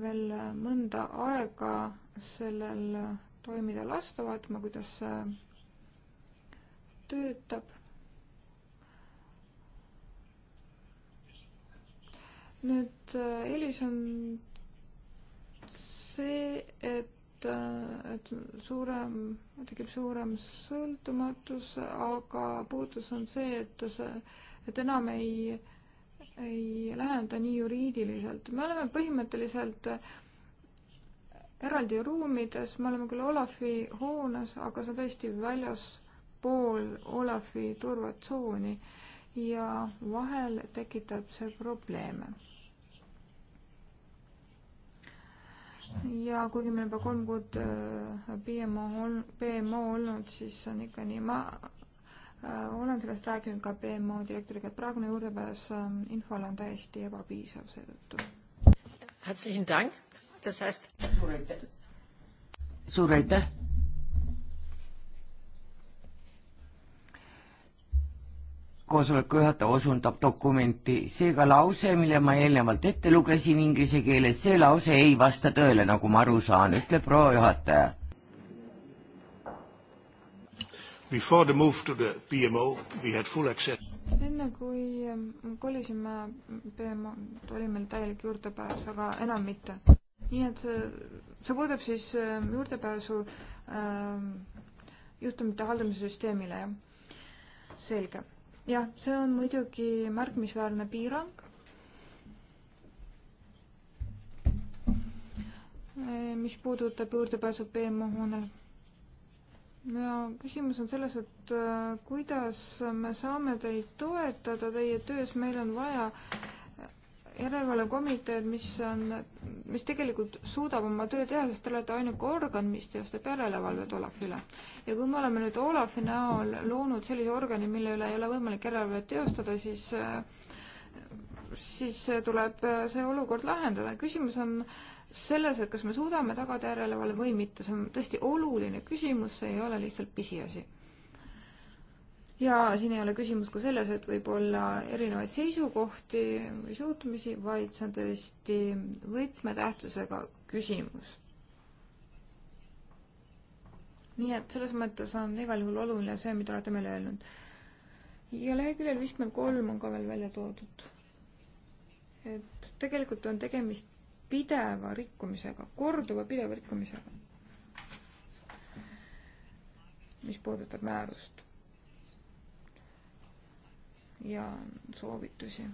veel mõnda aega sellel toimida lasta, vaatama, kuidas see töötab. nüüd äh, eelis on see, et, äh, et suurem, tekib suurem sõltumatus, aga puudus on see, et see, et enam ei, ei läheneda nii juriidiliselt. me oleme põhimõtteliselt eraldi ruumides, me oleme küll Olafi hoones, aga see on tõesti väljas pool Olafi turvatsooni ja vahel tekitab see probleeme. ja kuigi meil on juba kolm kuud äh, PMO on, PMO olnud, siis on ikka nii, ma äh, olen sellest rääkinud ka BMO direktoriga, et praegune juurdepääs ähm, infole on täiesti ebapiisav seetõttu. suur aitäh! suur aitäh! koosoleku juhataja osundab dokumenti, seega lause, mille ma eelnevalt ette lugesin inglise keeles, see lause ei vasta tõele, nagu ma aru saan, ütleb proua juhataja. Before the move to the PMO we had full access. enne kui ähm, kolisime PMO-d, oli meil täielik juurdepääs, aga enam mitte. nii et see, see puudutab siis ähm, juurdepääsu äh, juhtumite haldamise süsteemile, jah? selge jah, see on muidugi märkimisväärne piirang. Eh, mis puudutab juurdepääsu BMO-hoonele. ja küsimus on selles, et eh, kuidas me saame teid toetada teie töös, meil on vaja järelevalvekomiteed, mis on, mis tegelikult suudab oma töö teha, sest te olete ainuke organ, mis teostab järelevalvet Olafile ja kui me oleme nüüd Olafi näol loonud sellise organi, mille üle ei ole võimalik järelevalvet teostada, siis äh, siis äh, tuleb äh, see olukord lahendada. küsimus on selles, et kas me suudame tagada järelevalve või mitte, see on tõesti oluline küsimus, see ei ole lihtsalt pisiasi. ja siin ei ole küsimus ka selles, et võib olla erinevaid seisukohti või suhtumisi, vaid see on tõesti võtmetähtsusega küsimus nii et selles mõttes on igal juhul oluline see, mida olete meile öelnud. ja leheküljel viiskümmend kolm on ka veel välja toodud, et tegelikult on tegemist pideva rikkumisega, korduva pideva rikkumisega, mis puudutab määrust ja soovitusi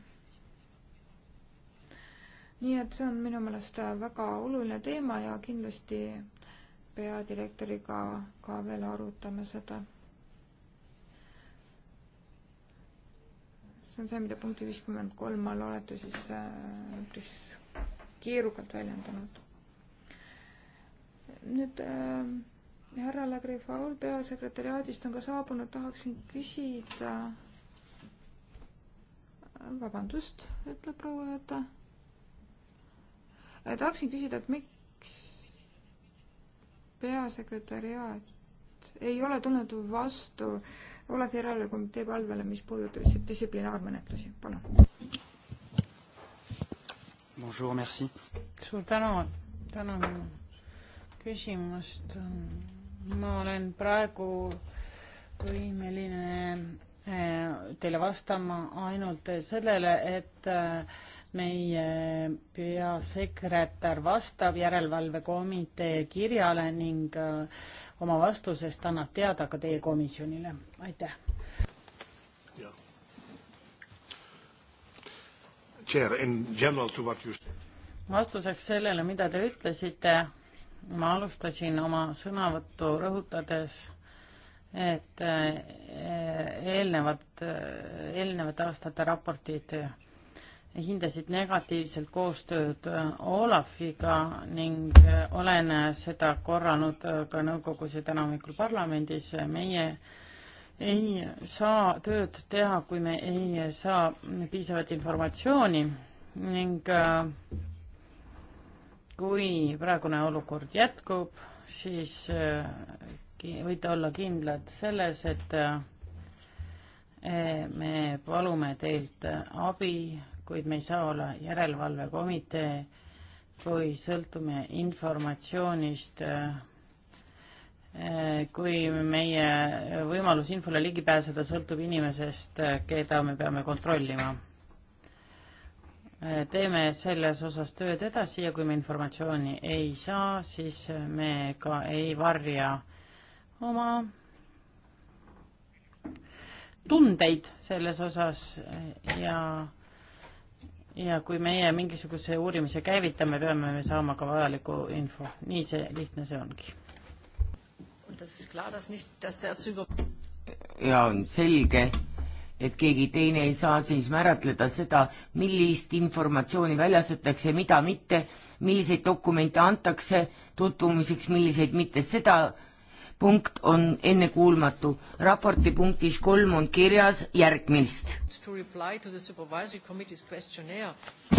nii et see on minu meelest väga oluline teema ja kindlasti peadirektoriga ka veel arutame seda. see on see, mida punkti viiskümmend kolm all olete siis äh, üpris äh, keerukalt väljendanud. nüüd äh, härra Lagrifaul peasekretäriaadist on ka saabunud, tahaksin küsida. vabandust, ütleb proua Jõta. Äh, tahaksin küsida, et miks peasekretäriaat ei ole tulnud vastu Olav Järelekomitee palvele, mis puudutab distsiplinaarmenetlusi, palun. Bonjour, merci. suur tänu, tänan küsimast. ma olen praegu võimeline eh, teile vastama ainult sellele, et äh, meie peasekretär vastab järelevalvekomitee kirjale ning äh, oma vastusest annab teada ka teie komisjonile. aitäh. vastuseks sellele, mida te ütlesite, ma alustasin oma sõnavõttu rõhutades, et äh, eelnevad, äh, eelnevate aastate raportid hindasid negatiivselt koostööd äh, Olafiga ning äh, olen äh, seda korranud ka nõukogus ja täna hommikul parlamendis. meie ei saa tööd teha, kui me ei saa piisavat informatsiooni ning kui praegune olukord jätkub, siis võite olla kindlad selles, et me palume teilt abi kuid me ei saa olla järelevalvekomitee, kui sõltume informatsioonist, eh, kui meie võimalus infole ligi pääseda sõltub inimesest, keda me peame kontrollima. Eh, teeme selles osas tööd edasi ja kui me informatsiooni ei saa, siis me ka ei varja oma tundeid selles osas eh, ja ja kui meie mingisuguse uurimise käivitame, peame me saama ka vajaliku info. nii see lihtne see ongi. Um- ja on selge, et keegi teine ei saa siis määratleda seda, millist informatsiooni väljastatakse, mida mitte, milliseid dokumente antakse tutvumiseks, milliseid mitte, seda punkt on ennekuulmatu. raporti punktis kolm on kirjas järgmist. To reply to the supervisory committee's questionnaire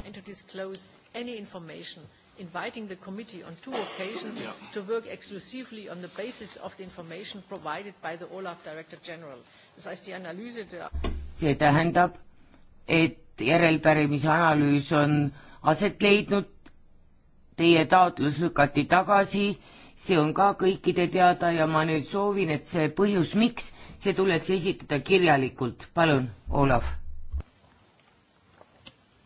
and to disclose any information inviting the committee on two occasions yeah. to work exclusively on the basis of the information provided by the Olaf Director General. Das heißt, die Analyse der uh, see tähendab, et järelpärimise analüüs on aset leidnud, teie taotlus lükati tagasi see on ka kõikide teada ja ma nüüd soovin, et see põhjus, miks, see tuleks esitada kirjalikult. palun, Olav.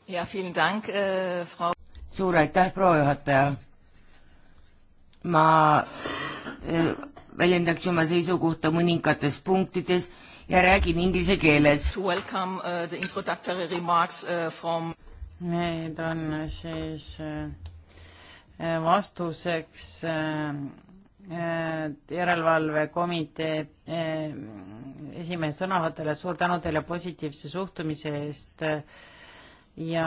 ja, äh, Frau... suur aitäh, proua juhataja. ma äh, väljendaks oma seisukohta mõningates punktides ja räägin inglise keeles. To welcome uh, the introductory remarks uh, from Need on siis uh Äh, vastuseks äh, äh, järelevalvekomitee esimehe sõnavõttele suur tänu teile positiivse suhtumise eest ja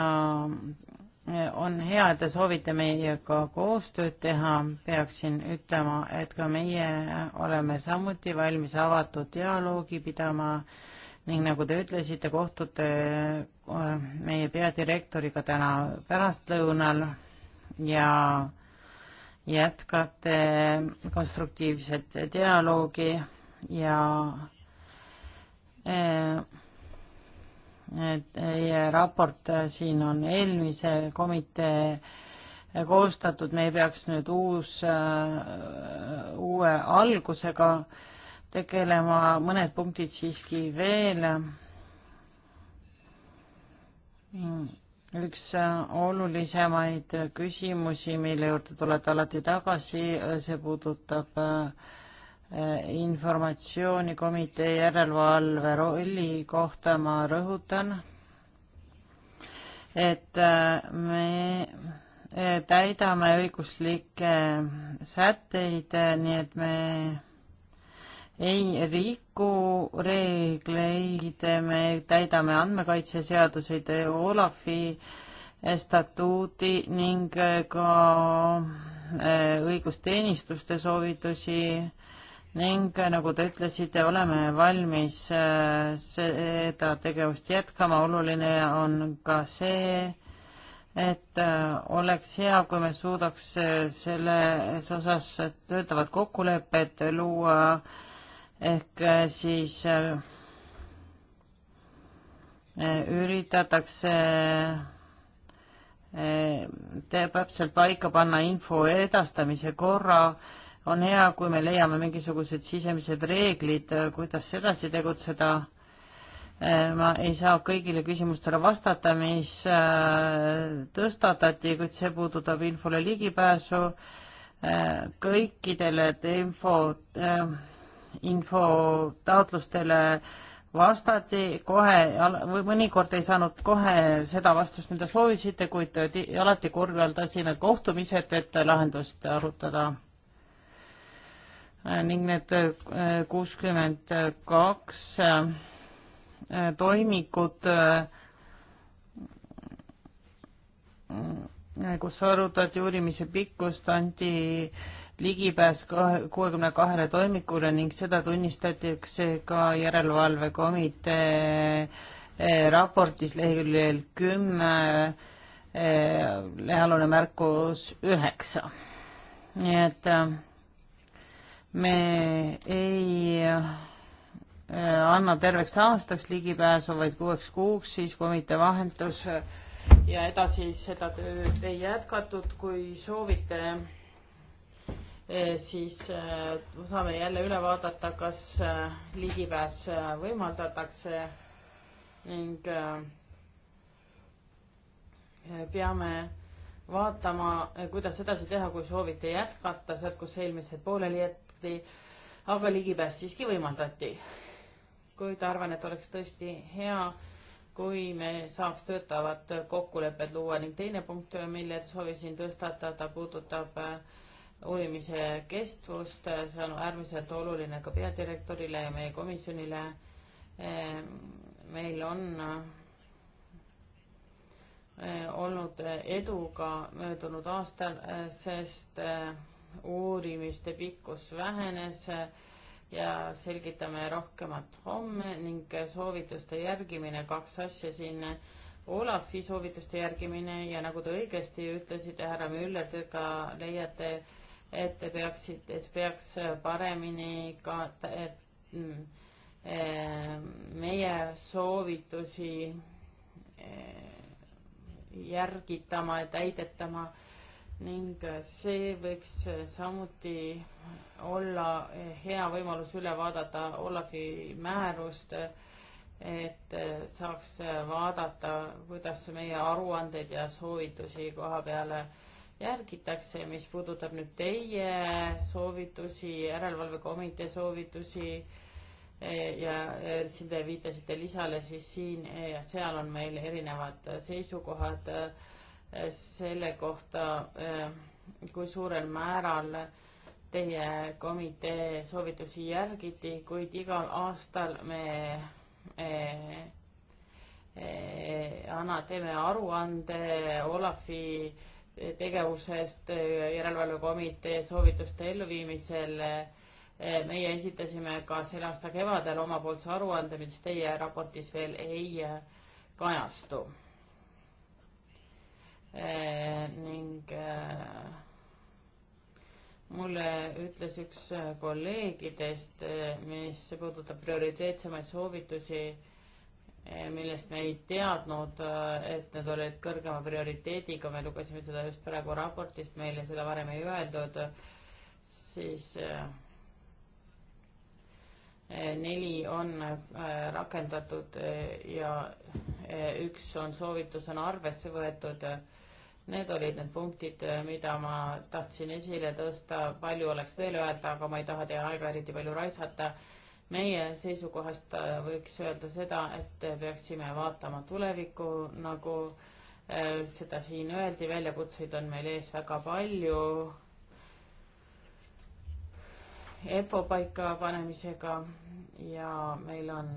on hea, et te soovite meiega koostööd teha, peaksin ütlema, et ka meie oleme samuti valmis avatud dialoogi pidama ning nagu te ütlesite, kohtute meie peadirektoriga täna pärastlõunal ja jätkate konstruktiivset dialoogi ja eh, teie raport siin on eelmise komitee koostatud, me ei peaks nüüd uus, eh, uue algusega tegelema, mõned punktid siiski veel mm üks äh, olulisemaid küsimusi, mille juurde tulete alati tagasi, äh, see puudutab äh, informatsioonikomitee järelevalve rolli kohta ma rõhutan, et me täidame õiguslikke sätteid, nii et me ei riku reegleid, me täidame andmekaitseseaduseid, Olafi eh, statuudi ning eh, ka eh, õigusteenistuste soovitusi ning nagu te ütlesite, oleme valmis seda tegevust jätkama, oluline on ka see, et oleks hea, kui me suudaks selles osas töötavad kokkulepped luua äh, ehk äh, siis äh, äh, üritatakse täpselt paika panna info edastamise korra. on hea, kui me leiame mingisugused sisemised reeglid, kuidas edasi tegutseda. ma ei saa kõigile küsimustele vastata, mis tõstatati, kuid see puudutab infole ligipääsu kõikidele info infotaotlustele vastati kohe, mõnikord ei saanud kohe seda vastust, mida soovisite, kuid alati korraldasin kohtumised, et lahendust arutada. ning need äh, kuuskümmend kaks äh, toimikut äh, kus arutati uurimise pikkust, anti ligipääs kuuekümne kahele toimikule ning seda tunnistatakse ka järelevalvekomitee eh, raportis leheküljel kümme, eh, lehalune märkus üheksa. nii et eh, me ei anna terveks aastaks ligipääsu, vaid kuueks kuuks, siis komitee vahendus äh, ja edasi seda tööd ei jätkatud, kui soovite, eh, siis eh, saame jälle üle vaadata, kas eh, ligipääs võimaldatakse ning peame vaatama, kuidas edasi teha, kui soovite jätkata sealt, kus eelmised pooleli jätti, aga ligipääs siiski võimaldati. kuid arvan, et oleks tõesti hea, kui me saaks töötavad kokkulepped luua ning teine punkt, mille soovisin tõstatada, puudutab äh, uurimise kestvust, see on äärmiselt oluline ka peadirektorile ja meie komisjonile. Äh, meil on äh, olnud edu ka möödunud aastal, sest uurimiste pikkus vähenes ja selgitame rohkemat homme ning soovituste järgimine, kaks asja siin. Olafi soovituste järgimine ja nagu te õigesti ütlesite, härra Müller, te ka leiate, et te peaksite, et peaks paremini ka, et mm, eh, meie soovitusi eh, järgitama, täidetama ning äh, see võiks äh, samuti olla äh, hea võimalus üle vaadata Olavi määrust, et saaks vaadata, kuidas meie aruandeid ja soovitusi koha peale järgitakse, mis puudutab nüüd teie soovitusi, järelevalvekomitee soovitusi ja siin te viitasite lisale, siis siin ja seal on meil erinevad seisukohad äh, selle kohta, äh, kui suurel määral teie komitee soovitusi järgiti, kuid igal aastal me äh, äh, anna, teeme aruande Olafi tegevusest järelevalvekomitee soovituste elluviimisel. meie esitasime ka selle aasta kevadel omapoolse aruande, mis teie raportis veel ei kajastu Eh, ning eh, mulle ütles üks eh, kolleegidest, mis puudutab prioriteetsemaid soovitusi, millest me ei teadnud, et need olid kõrgema prioriteediga, me lugesime seda just praegu raportist, meile seda varem ei öeldud, siis äh, neli on äh, rakendatud äh, ja äh, üks on soovitusena arvesse võetud. Need olid need punktid, mida ma tahtsin esile tõsta, palju oleks veel öelda, aga ma ei taha teie aega eriti palju raisata. meie seisukohast võiks öelda seda, et peaksime vaatama tulevikku, nagu seda siin öeldi, väljakutseid on meil ees väga palju EPO paikapanemisega ja meil on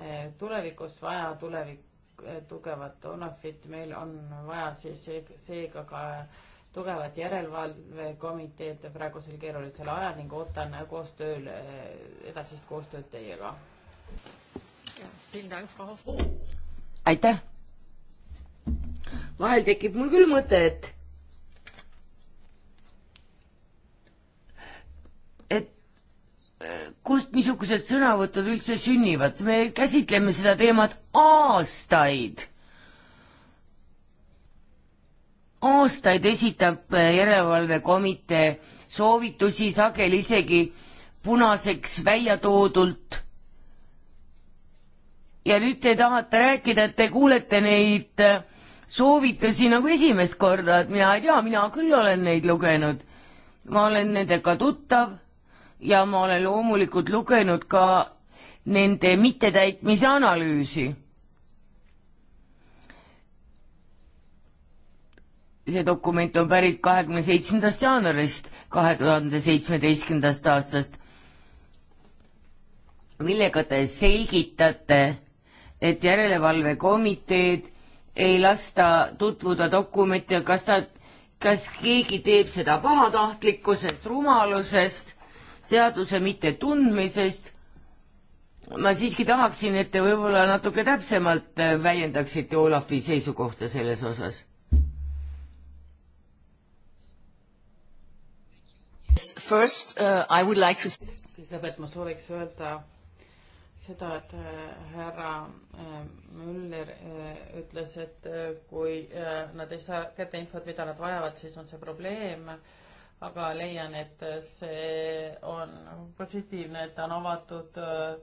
eh, tulevikus vaja tulevik, eh, tugevat UNAFit, meil on vaja siis seega ka tugevat järelevalvekomiteed praegusel keerulisel ajal ning ootan koostööl, eh, edasist koostööd teiega. aitäh! vahel tekib mul küll mõte, et et kust niisugused sõnavõtud üldse sünnivad, me käsitleme seda teemat aastaid. aastaid esitab järelevalvekomitee soovitusi, sageli isegi punaseks välja toodult. ja nüüd te tahate rääkida, et te kuulete neid soovitusi nagu esimest korda, et mina ei tea, mina küll olen neid lugenud. ma olen nendega tuttav ja ma olen loomulikult lugenud ka nende mittetäitmise analüüsi. see dokument on pärit kahekümne seitsmendast jaanuarist kahe tuhande seitsmeteistkümnendast aastast, millega te selgitate, et järelevalvekomiteed ei lasta tutvuda dokumentidega, kas ta, kas keegi teeb seda pahatahtlikkusest, rumalusest seaduse mittetundmisest. ma siiski tahaksin, et te võib-olla natuke täpsemalt äh, väljendaksite Olavi seisukohta selles osas. First uh, I would like to kõigepealt ma sooviks öelda seda, et äh, härra äh, Müller ütles, et kui nad ei saa kätte infot, mida nad vajavad, siis on see probleem aga leian, et see on positiivne, et ta on avatud äh,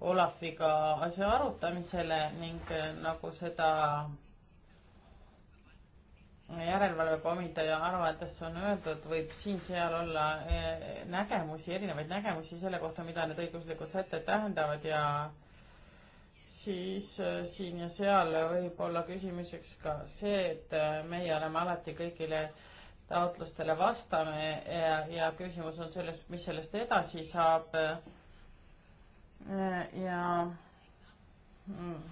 Olafiga asja arutamisele ning äh, nagu seda järelevalvekomiteja aruandes on öeldud, võib siin-seal olla äh, nägemusi, erinevaid nägemusi selle kohta, mida need õiguslikud sätted tähendavad ja siis siin ja seal võib olla küsimuseks ka see, et meie oleme alati kõigile äh, taotlustele vastame ja, ja küsimus on selles, mis sellest edasi saab. ja mm.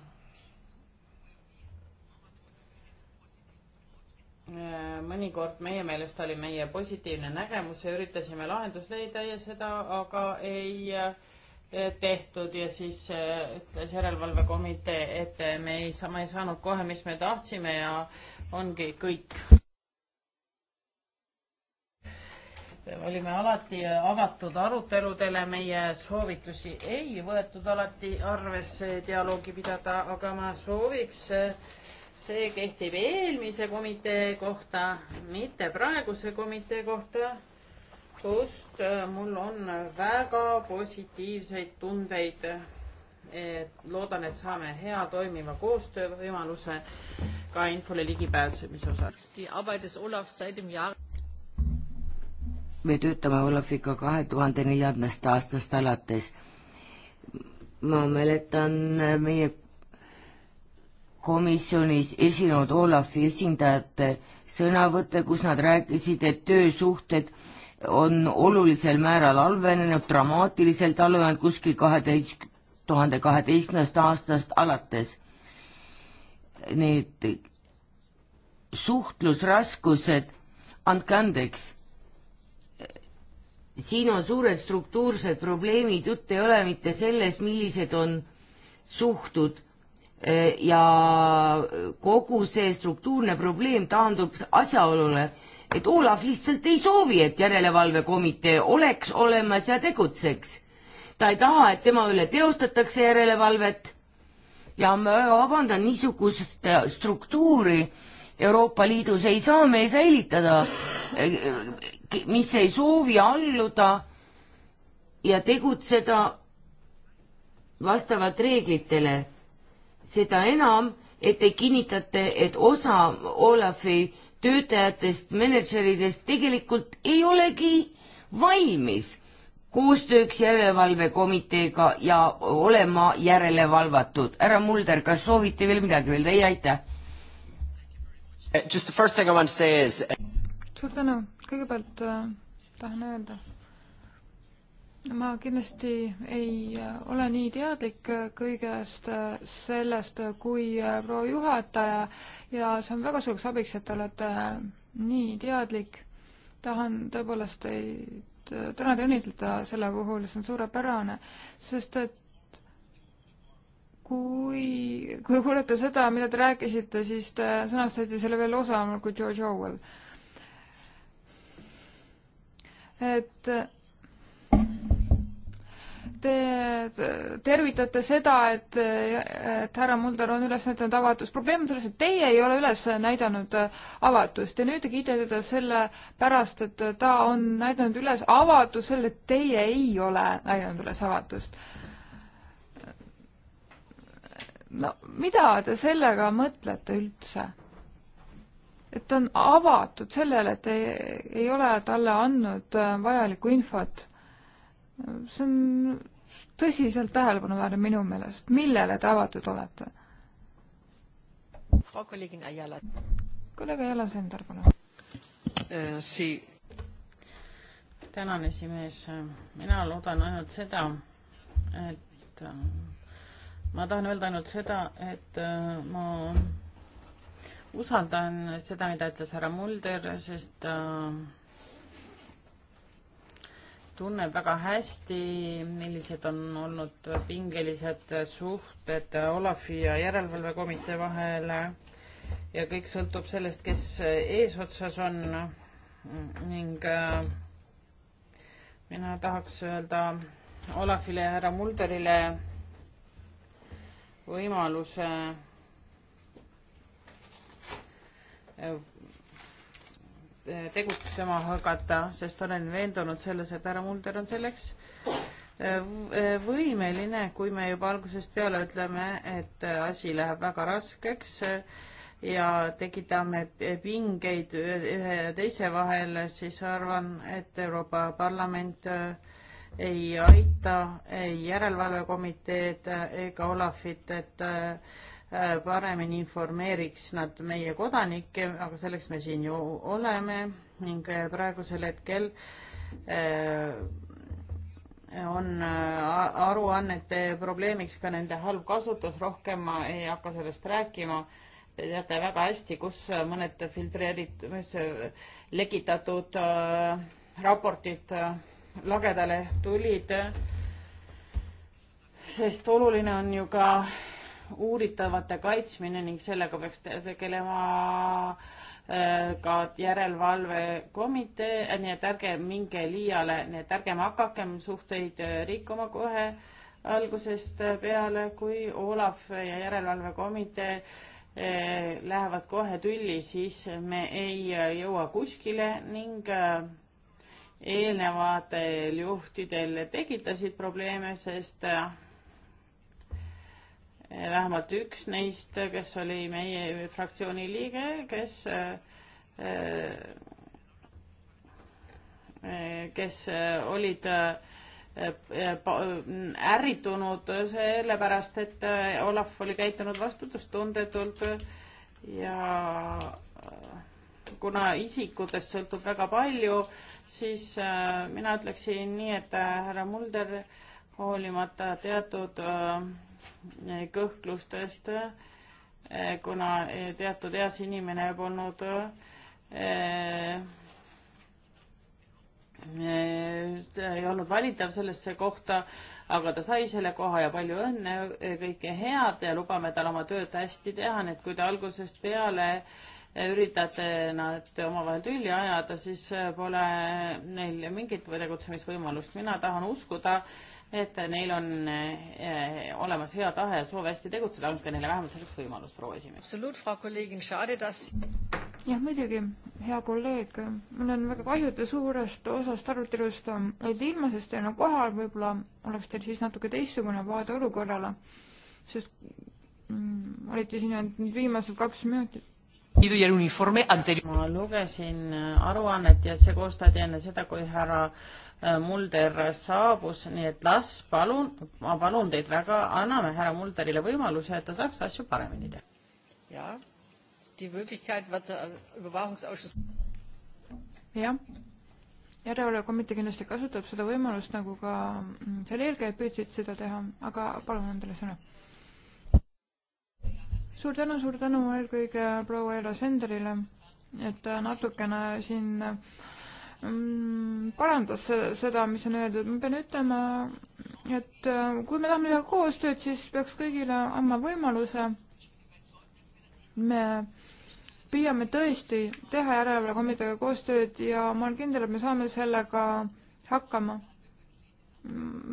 mõnikord meie meelest oli meie positiivne nägemus ja üritasime lahendust leida ja seda aga ei eh, tehtud ja siis eh, ütles järelevalvekomitee, et me ei saa, me ei saanud kohe, mis me tahtsime ja ongi kõik olime alati avatud aruteludele, meie soovitusi ei võetud alati arvesse dialoogi pidada, aga ma sooviks, see kehtib eelmise komitee kohta, mitte praeguse komitee kohta, kust mul on väga positiivseid tundeid. loodan, et saame hea toimiva koostöövõimaluse ka infole ligipääsemise osas me töötame Olafiga kahe tuhande neljandast aastast alates. ma mäletan äh, meie komisjonis esinenud Olafi esindajate sõnavõtte, kus nad rääkisid, et töösuhted on olulisel määral halvenenud, dramaatiliselt halvenenud kuskil kaheteist, tuhande kaheteistkümnest aastast alates. Need suhtlusraskused, andke andeks siin on suured struktuursed probleemid, jutt ei ole mitte selles, millised on suhtud äh, ja kogu see struktuurne probleem taandub asjaolule, et Olav lihtsalt ei soovi, et järelevalvekomitee oleks olemas ja tegutseks. ta ei taha, et tema üle teostatakse järelevalvet ja ma vabandan, niisugust struktuuri Euroopa Liidus ei saa me säilitada, mis ei soovi alluda ja tegutseda vastavalt reeglitele. seda enam, et te kinnitate, et osa Olafi töötajatest, mänedžeridest tegelikult ei olegi valmis koostööks järelevalvekomiteega ja olema järelevalvatud. härra Mulder, kas soovite veel midagi öelda? ei, aitäh Uh, just the first thing I want to say is uh, suur tänu, kõigepealt äh, tahan öelda, ma kindlasti ei äh, ole nii teadlik äh, kõigest äh, sellest äh, kui äh, proua juhataja ja see on väga suureks abiks, et te olete äh, nii teadlik. tahan tõepoolest teid äh, tänada ja õnnitleda selle puhul, see on suurepärane, sest et kui, kui kuulete seda, mida te rääkisite, siis te sõnastate selle veel osavamalt kui George Orwell. et te tervitate seda, et, et härra Mulder on üles näidanud avatust. probleem on selles, et teie ei ole üles näidanud avatust ja nüüd te kiidate teda selle pärast, et ta on näidanud üles avatust, selle, et teie ei ole näidanud üles avatust no mida te sellega mõtlete üldse? et ta on avatud sellele, et ei, ei ole talle andnud äh, vajalikku infot. see on tõsiselt tähelepanuväärne minu meelest, millele te avatud olete? kolleeg Ajala Sender, palun. Äh, tänan, esimees. mina loodan ainult seda, et äh, ma tahan öelda ainult seda, et äh, ma usaldan seda, mida ütles härra Mulder, sest ta äh, tunneb väga hästi, millised on olnud pingelised suhted Olafi ja Järelevalvekomitee vahel ja kõik sõltub sellest, kes eesotsas on ning äh, mina tahaks öelda Olafile ja härra Mulderile võimaluse eh, tegutsema hakata, sest olen veendunud selles, et härra Mulder on selleks eh, eh, võimeline, kui me juba algusest peale ütleme, et asi läheb väga raskeks ja tekitame pingeid ühe ja teise vahel, siis arvan, et Euroopa Parlament äh, ei aita ei järelevalvekomiteed ega Olafit, et äh, paremini informeeriks nad meie kodanikke, aga selleks me siin ju oleme ning äh, praegusel hetkel äh, on aruannete probleemiks ka nende halb kasutus, rohkem ma ei hakka sellest rääkima te teate väga hästi, kus mõned filtreeritud, lekitatud äh, raportid äh, lagedale tulid. sest oluline on ju ka uuritavate kaitsmine ning sellega peaks tegelema äh, ka järelevalvekomitee, äh, nii et ärge minge liiale, nii et ärgem hakakem suhteid äh, rikkuma kohe algusest peale, kui Olav ja järelevalvekomitee lähevad kohe tülli, siis me ei jõua kuskile ning eelnevatel juhtidel tekitasid probleeme, sest eh, vähemalt üks neist, kes oli meie fraktsiooni liige, kes, eh, eh, kes olid ärritunud sellepärast, et Olav oli käitunud vastutustundetult ja kuna isikutest sõltub väga palju, siis äh, mina ütleksin nii, et äh, härra Mulder hoolimata teatud äh, kõhklustest, kuna teatud eas inimene polnud ei olnud valitav sellesse kohta, aga ta sai selle koha ja palju õnne, kõike head ja lubame tal oma tööd hästi teha, nii et kui ta algusest peale äh, üritate nad omavahel tülli ajada, siis äh, pole neil mingit tegutsemisvõimalust. mina tahan uskuda, et neil on äh, olemas hea tahe ja soov hästi tegutseda, andke neile vähemalt selleks võimalus, proua esimees. jah, muidugi, hea kolleeg, mul on väga kahju, et te suurest osast arutelust olite ilma, sest te ei ole kohal, võib-olla oleks teil siis natuke teistsugune vaade olukorrale, sest mm, olite siin ainult nüüd viimased kaks minutit ma lugesin äh, aruannet ja see koostati enne seda, kui härra äh, Mulder saabus, nii et las palun, ma palun teid väga, anname härra Mulderile võimaluse, et ta saaks asju paremini teha. Äh, jah, järelevalvekomitee kindlasti kasutab seda võimalust, nagu ka mm, seal eelkäijad püüdsid seda teha, aga palun, Andres, sõna suur tänu, suur tänu eelkõige proua Eero Senderile, et natukene siin mm, parandas seda, mis on öeldud, ma pean ütlema, et äh, kui me tahame teha koostööd, siis peaks kõigile andma võimaluse. me püüame tõesti teha järelevalvekomiteega koostööd ja ma olen kindel, et me saame sellega hakkama.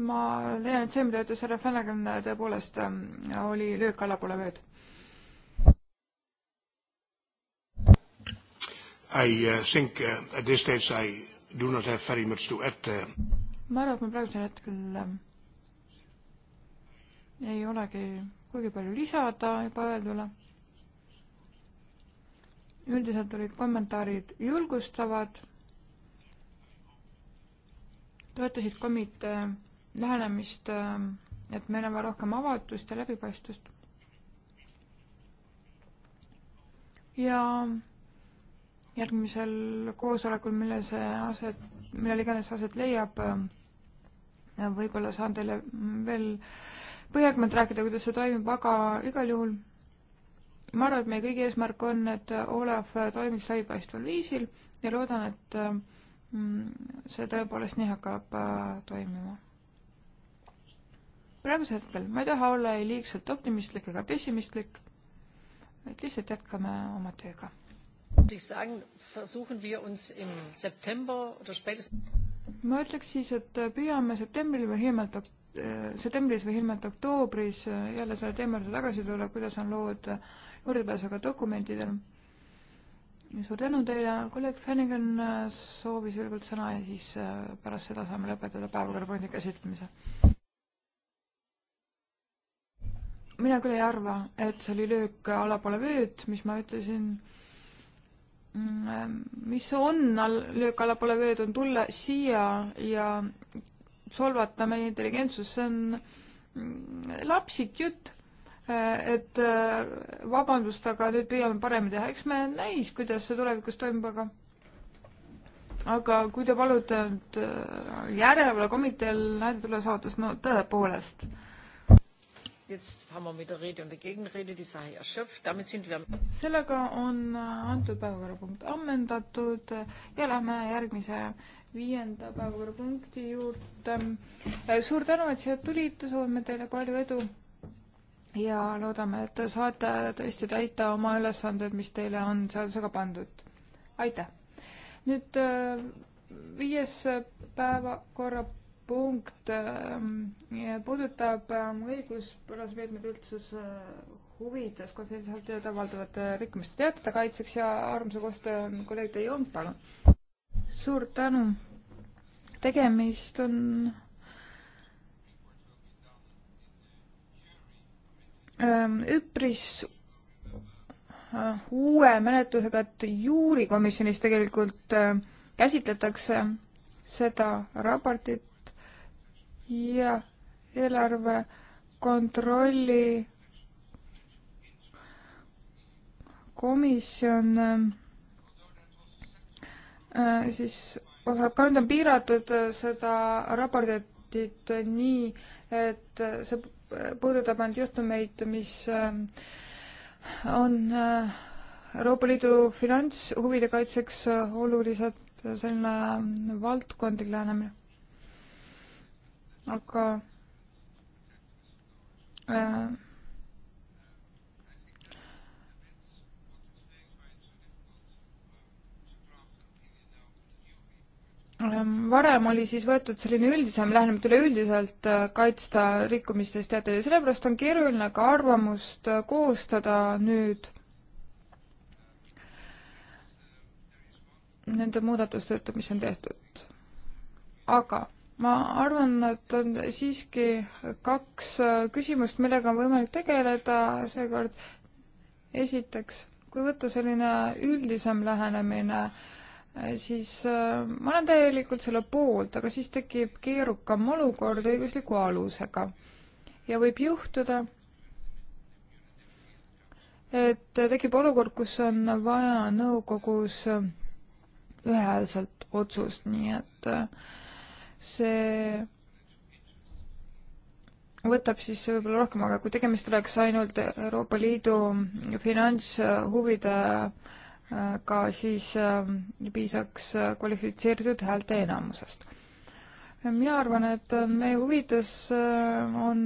ma leian, et see, mida ütles härra Flanagan, tõepoolest äh, oli löök allapoole vööd I uh, think uh, at this stage I do not have very much to add uh.... ma arvan, et ma praegusel hetkel äh, ei olegi kuigi palju lisada juba öeldule. üldiselt olid kommentaarid julgustavad, toetasid komitee lähenemist, ähm, et meil on vaja rohkem avatust ja läbipaistvust. ja järgmisel koosolekul, mille see aset, millal iganes aset leiab, äh, võib-olla saan teile veel põhjalikumalt rääkida, kuidas see toimib, aga igal juhul ma arvan, et meie kõigi eesmärk on, et Olav toimiks läbipaistval viisil ja loodan, et äh, mm, see tõepoolest nii hakkab äh, toimima. praegusel hetkel ma ei taha olla ei liigselt optimistlik ega pessimistlik, et lihtsalt jätkame oma tööga ma ütleks siis, et äh, püüame septembril või hiljemalt äh, septembris või hiljemalt oktoobris äh, jälle selle teema juurde tagasi tulla, kuidas on lood juurdepääsuga dokumentidel. suur tänu teile, kolleeg Fennigan soovis julgelt sõna ja siis pärast seda saame lõpetada päevakorrapunkti käsitlemise. mina küll ei arva, et see oli löök allapoole vööd, mis ma ütlesin Mm, ähm, mis on all, löök allapoole vööd, on tulla siia ja solvata meie intelligentsust, see on mm, lapsik jutt. Äh, et äh, vabandust, aga nüüd püüame paremini teha, eks me näis, kuidas see tulevikus toimub, aga aga kui te palute nüüd äh, järelevalvekomiteel näidata ülesaatus, no tõepoolest äh, sellega on äh, antud päevakorrapunkt ammendatud ja lähme järgmise viienda päevakorrapunkti juurde. Äh, suur tänu, et siia tulite, soovime teile palju edu ja loodame, et te saate tõesti täita oma ülesanded, mis teile on seadusega pandud. aitäh! nüüd äh, viies päevakorrapunkt punkt ähm, puudutab ähm, õiguspärasmeetmete üldsuse äh, huvides konfidentsiaalselt avaldavate rikkumiste teatada kaitseks ja armsa koostöö on ähm, kolleeg Teie Jong, palun. suur tänu. tegemist on üpris äh, uue menetlusega, et juurikomisjonis tegelikult äh, käsitletakse seda raportit ja eelarve kontrolli komisjon äh, siis osaleb ka, nüüd on piiratud äh, seda raportit nii, et äh, see puudutab ainult juhtumeid, mis äh, on Euroopa Liidu finantshuvide kaitseks olulised, selline valdkondlik lähenemine aga äh, ähm, varem oli siis võetud selline üldisem lähenemine, et üleüldiselt äh, kaitsta rikkumistest teateid ja sellepärast on keeruline ka arvamust äh, koostada nüüd nende muudatuste tõttu, mis on tehtud. aga ma arvan, et on siiski kaks äh, küsimust, millega on võimalik tegeleda seekord. esiteks, kui võtta selline üldisem lähenemine, äh, siis äh, ma olen täielikult selle poolt, aga siis tekib keerukam olukord õigusliku alusega. ja võib juhtuda, et tekib olukord, kus on vaja nõukogus ühehäälselt otsust, nii et äh, see võtab siis võib-olla rohkem, aga kui tegemist oleks ainult Euroopa Liidu finantshuvidega, äh, siis äh, piisaks äh, kvalifitseeritud häälte enamusest. mina arvan, et meie huvides on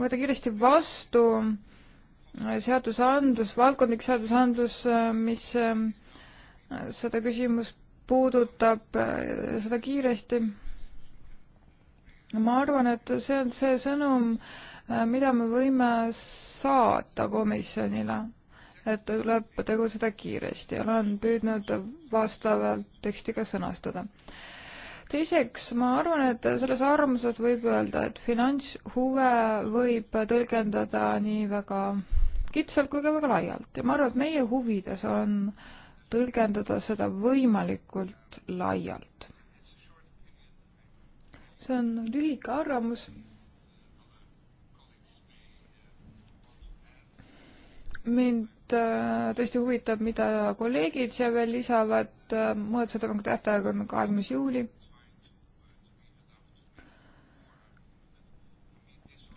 võtta kiiresti vastu seadusandlus, valdkondlik seadusandlus, mis seda küsimust puudutab, seda kiiresti ma arvan, et see on see sõnum, äh, mida me võime saata komisjonile, et tuleb tegutseda kiiresti, olen püüdnud vastavalt teksti ka sõnastada. teiseks, ma arvan, et selles arvamuses võib öelda, et finantshuve võib tõlgendada nii väga kitsalt kui ka väga laialt ja ma arvan, et meie huvides on tõlgendada seda võimalikult laialt see on lühike arvamus. mind äh, tõesti huvitab, mida kolleegid siia veel lisavad, äh, muudatusettepaneku tähtaeg on kahekümnes juuli.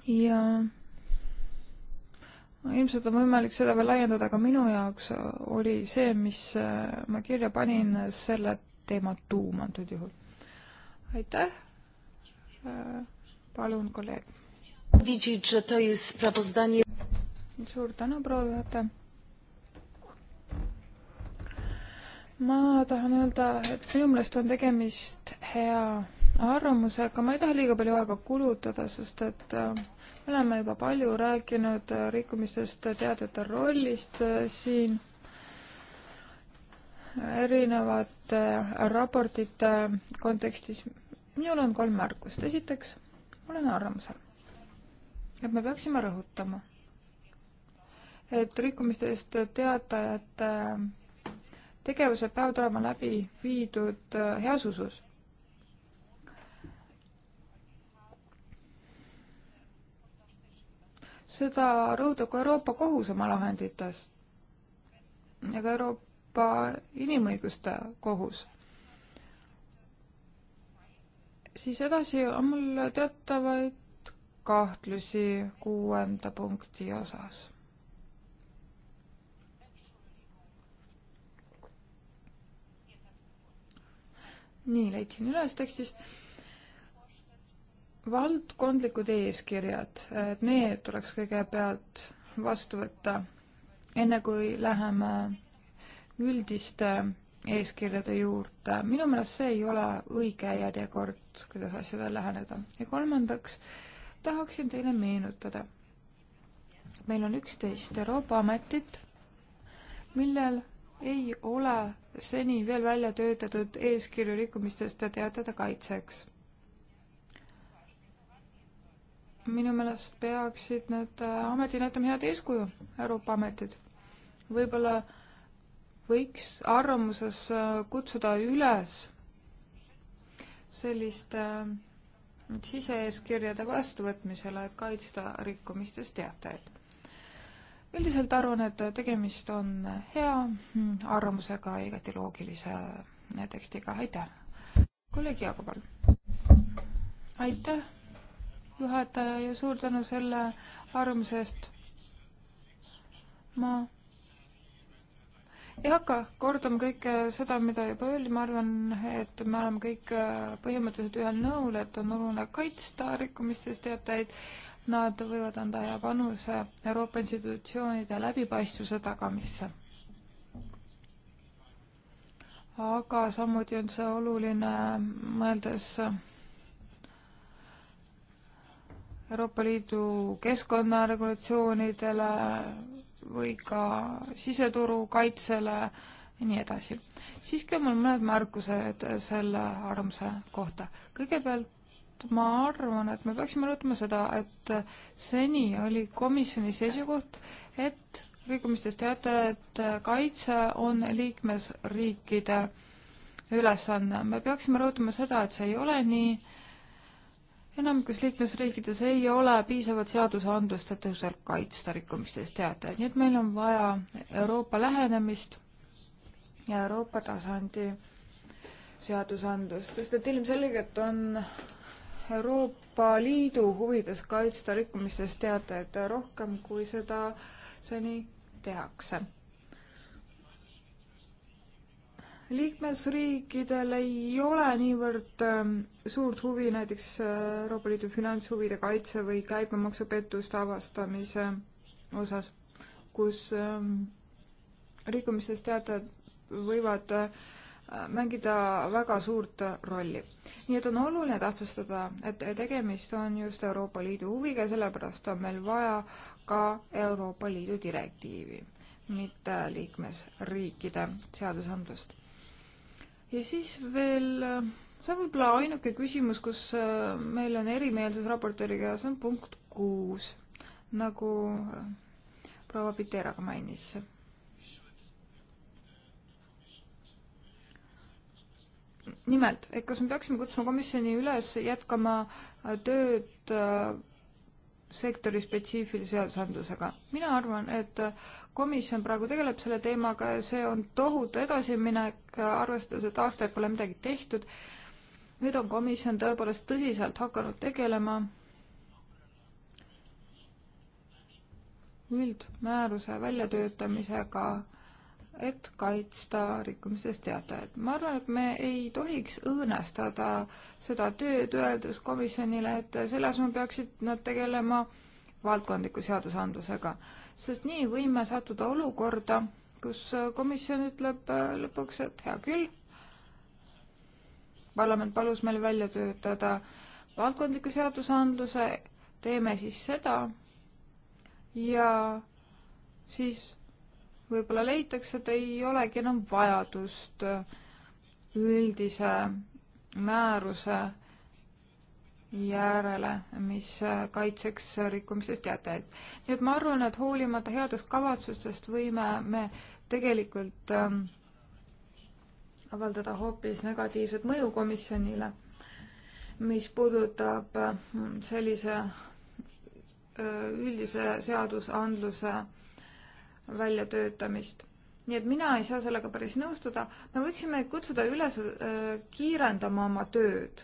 ja ilmselt on võimalik seda veel laiendada, aga minu jaoks oli see, mis äh, ma kirja panin, selle teema tuum antud juhul. aitäh palun, kolleeg. suur tänu, proua juhataja. ma tahan öelda, et minu meelest on tegemist hea arvamusega, ma ei taha liiga palju aega kulutada, sest et äh, me oleme juba palju rääkinud äh, rikkumistest, teadete rollist äh, siin, erinevate raportite kontekstis minul on kolm märkust. esiteks, olen arvamusel, et me peaksime rõhutama, et rikkumistest teatajate tegevused peavad olema läbi viidud äh, heas usus. seda rõhutab ka Euroopa Kohus oma lahendites ja ka Euroopa Inimõiguste Kohus siis edasi on mul teatavaid kahtlusi kuuenda punkti osas. nii, leidsin üles tekstist. valdkondlikud eeskirjad, et need tuleks kõigepealt vastu võtta, enne kui läheme üldiste eeskirjade juurde. minu meelest see ei ole õige järjekord, kuidas asjadele läheneda. ja kolmandaks tahaksin teile meenutada. meil on üksteist Euroopa ametit, millel ei ole seni veel välja töötatud eeskirju rikkumistest ja teatada kaitseks. minu meelest peaksid need ametid näitama head eeskuju, Euroopa ametid. võib-olla äh, võiks arvamuses äh, kutsuda üles selliste äh, sise-eeskirjade vastuvõtmisele, et kaitsta rikkumistest teatajaid. üldiselt arvan, et tegemist on hea hm, arvamusega, igati loogilise äh, tekstiga, aitäh. kolleeg Jaagupal. aitäh, juhataja, ja suur tänu selle arvamuse eest. ma ei hakka kordama kõike seda, mida juba öeldi, ma arvan, et me oleme kõik äh, põhimõtteliselt ühel nõul, et on oluline kaitsta rikkumistes teatajaid. Nad võivad anda hea panuse Euroopa institutsioonide läbipaistvuse tagamisse. aga samuti on see oluline mõeldes Euroopa Liidu keskkonnaregulatsioonidele, või ka siseturu kaitsele ja nii edasi. siiski on mul mõned märkused selle armsa kohta. kõigepealt ma arvan, et me peaksime rõhutama seda, et seni oli komisjoni seisukoht, et rikkumistest teatajate kaitse on liikmesriikide ülesanne. me peaksime rõhutama seda, et see ei ole nii äh, enamikus liikmesriikides ei ole piisavat seadusandlust, et tõhusalt kaitsta rikkumistest teatajaid, nii et meil on vaja Euroopa lähenemist ja Euroopa tasandi seadusandlust, sest et ilmselgelt on Euroopa Liidu huvides kaitsta rikkumistest teatajaid rohkem, kui seda seni tehakse liikmesriikidel ei ole niivõrd äh, suurt huvi näiteks äh, Euroopa Liidu finantshuvide kaitse või käibemaksupettuste avastamise osas, kus äh, rikkumistest teatajad võivad äh, mängida väga suurt rolli. nii et on oluline täpsustada, et tegemist on just Euroopa Liidu huviga ja sellepärast on meil vaja ka Euroopa Liidu direktiivi, mitte liikmesriikide seadusandlust ja siis veel, äh, see on võib-olla ainuke küsimus, kus äh, meil on erimeelsus raportööriga, see on punkt kuus, nagu äh, proua Pitera ka mainis. nimelt, et kas me peaksime kutsuma komisjoni üles jätkama tööd sektori spetsiifilise seadusandlusega. mina arvan, et komisjon praegu tegeleb selle teemaga ja see on tohutu edasiminek, arvestades, et aastaid pole midagi tehtud. nüüd on komisjon tõepoolest tõsiselt hakanud tegelema üldmääruse väljatöötamisega et kaitsta rikkumistest teatajaid. ma arvan, et me ei tohiks õõnestada seda tööd, öeldes komisjonile, et selle asemel peaksid nad tegelema valdkondliku seadusandlusega, sest nii võime sattuda olukorda, kus komisjon ütleb äh, lõpuks, et hea küll, parlament palus meil välja töötada valdkondliku seadusandluse, teeme siis seda ja siis võib-olla leitakse, et ei olegi enam vajadust üldise määruse järele, mis kaitseks rikkumisest jäteid. nii et ma arvan, et hoolimata headest kavatsustest võime me tegelikult ähm, avaldada hoopis negatiivset mõju komisjonile, mis puudutab äh, sellise öö, äh, üldise seadusandluse äh, väljatöötamist. nii et mina ei saa sellega päris nõustuda, me võiksime kutsuda üles äh, kiirendama oma tööd,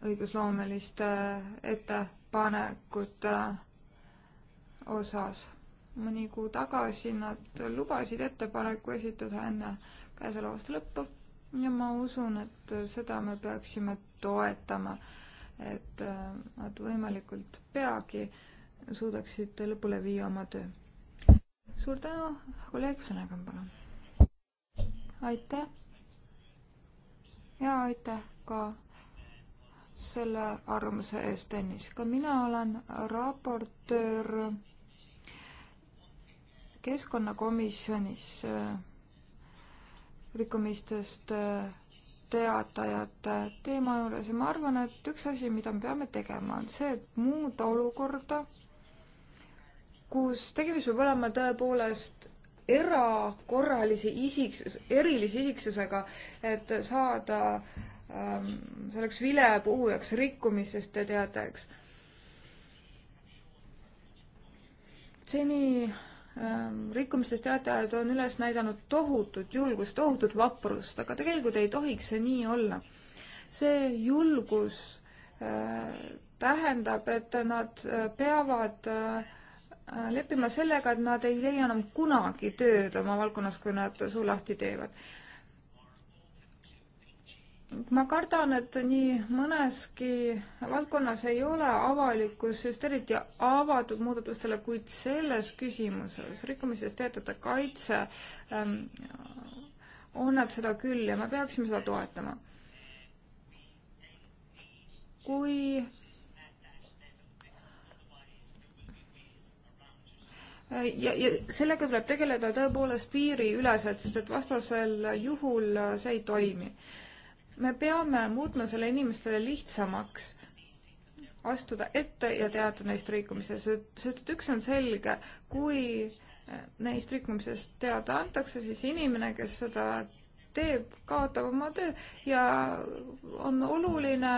õigusloomeliste äh, ettepanekute äh, osas. mõni kuu tagasi nad lubasid ettepaneku esitada enne käesoleva aasta lõppu ja ma usun, et seda me peaksime toetama, et nad võimalikult peagi suudaksid lõpule viia oma töö suur tänu, kolleeg Sõnagan, palun. aitäh. ja aitäh ka selle arvamuse eest, Tõnis. ka mina olen raportöör keskkonnakomisjonis äh, rikkumistest äh, teatajate teema juures ja ma arvan, et üks asi, mida me peame tegema, on see, et muuta olukorda kus tegemist peab olema tõepoolest erakorralise isiksus, erilise isiksusega, et saada ähm, selleks vilepuhujaks, rikkumistest teadajaks. seni ähm, rikkumistest teatajad on üles näidanud tohutut julgust, tohutut vaprust, aga tegelikult ei tohiks see nii olla. see julgus äh, tähendab, et nad äh, peavad äh, Äh, leppima sellega, et nad ei leia enam kunagi tööd oma valdkonnas, kui nad suu lahti teevad. ma kardan, et nii mõneski valdkonnas ei ole avalikkus just eriti avatud muudatustele, kuid selles küsimuses, rikkumises töötajate kaitse ähm,, on nad seda küll ja me peaksime seda toetama. kui ja, ja sellega tuleb tegeleda tõepoolest piiriüleselt, sest et vastasel juhul see ei toimi. me peame muutma selle inimestele lihtsamaks astuda ette ja teada neist rikkumisest, sest et üks on selge, kui neist rikkumisest teada antakse, siis inimene, kes seda teeb, kaotab oma töö ja on oluline,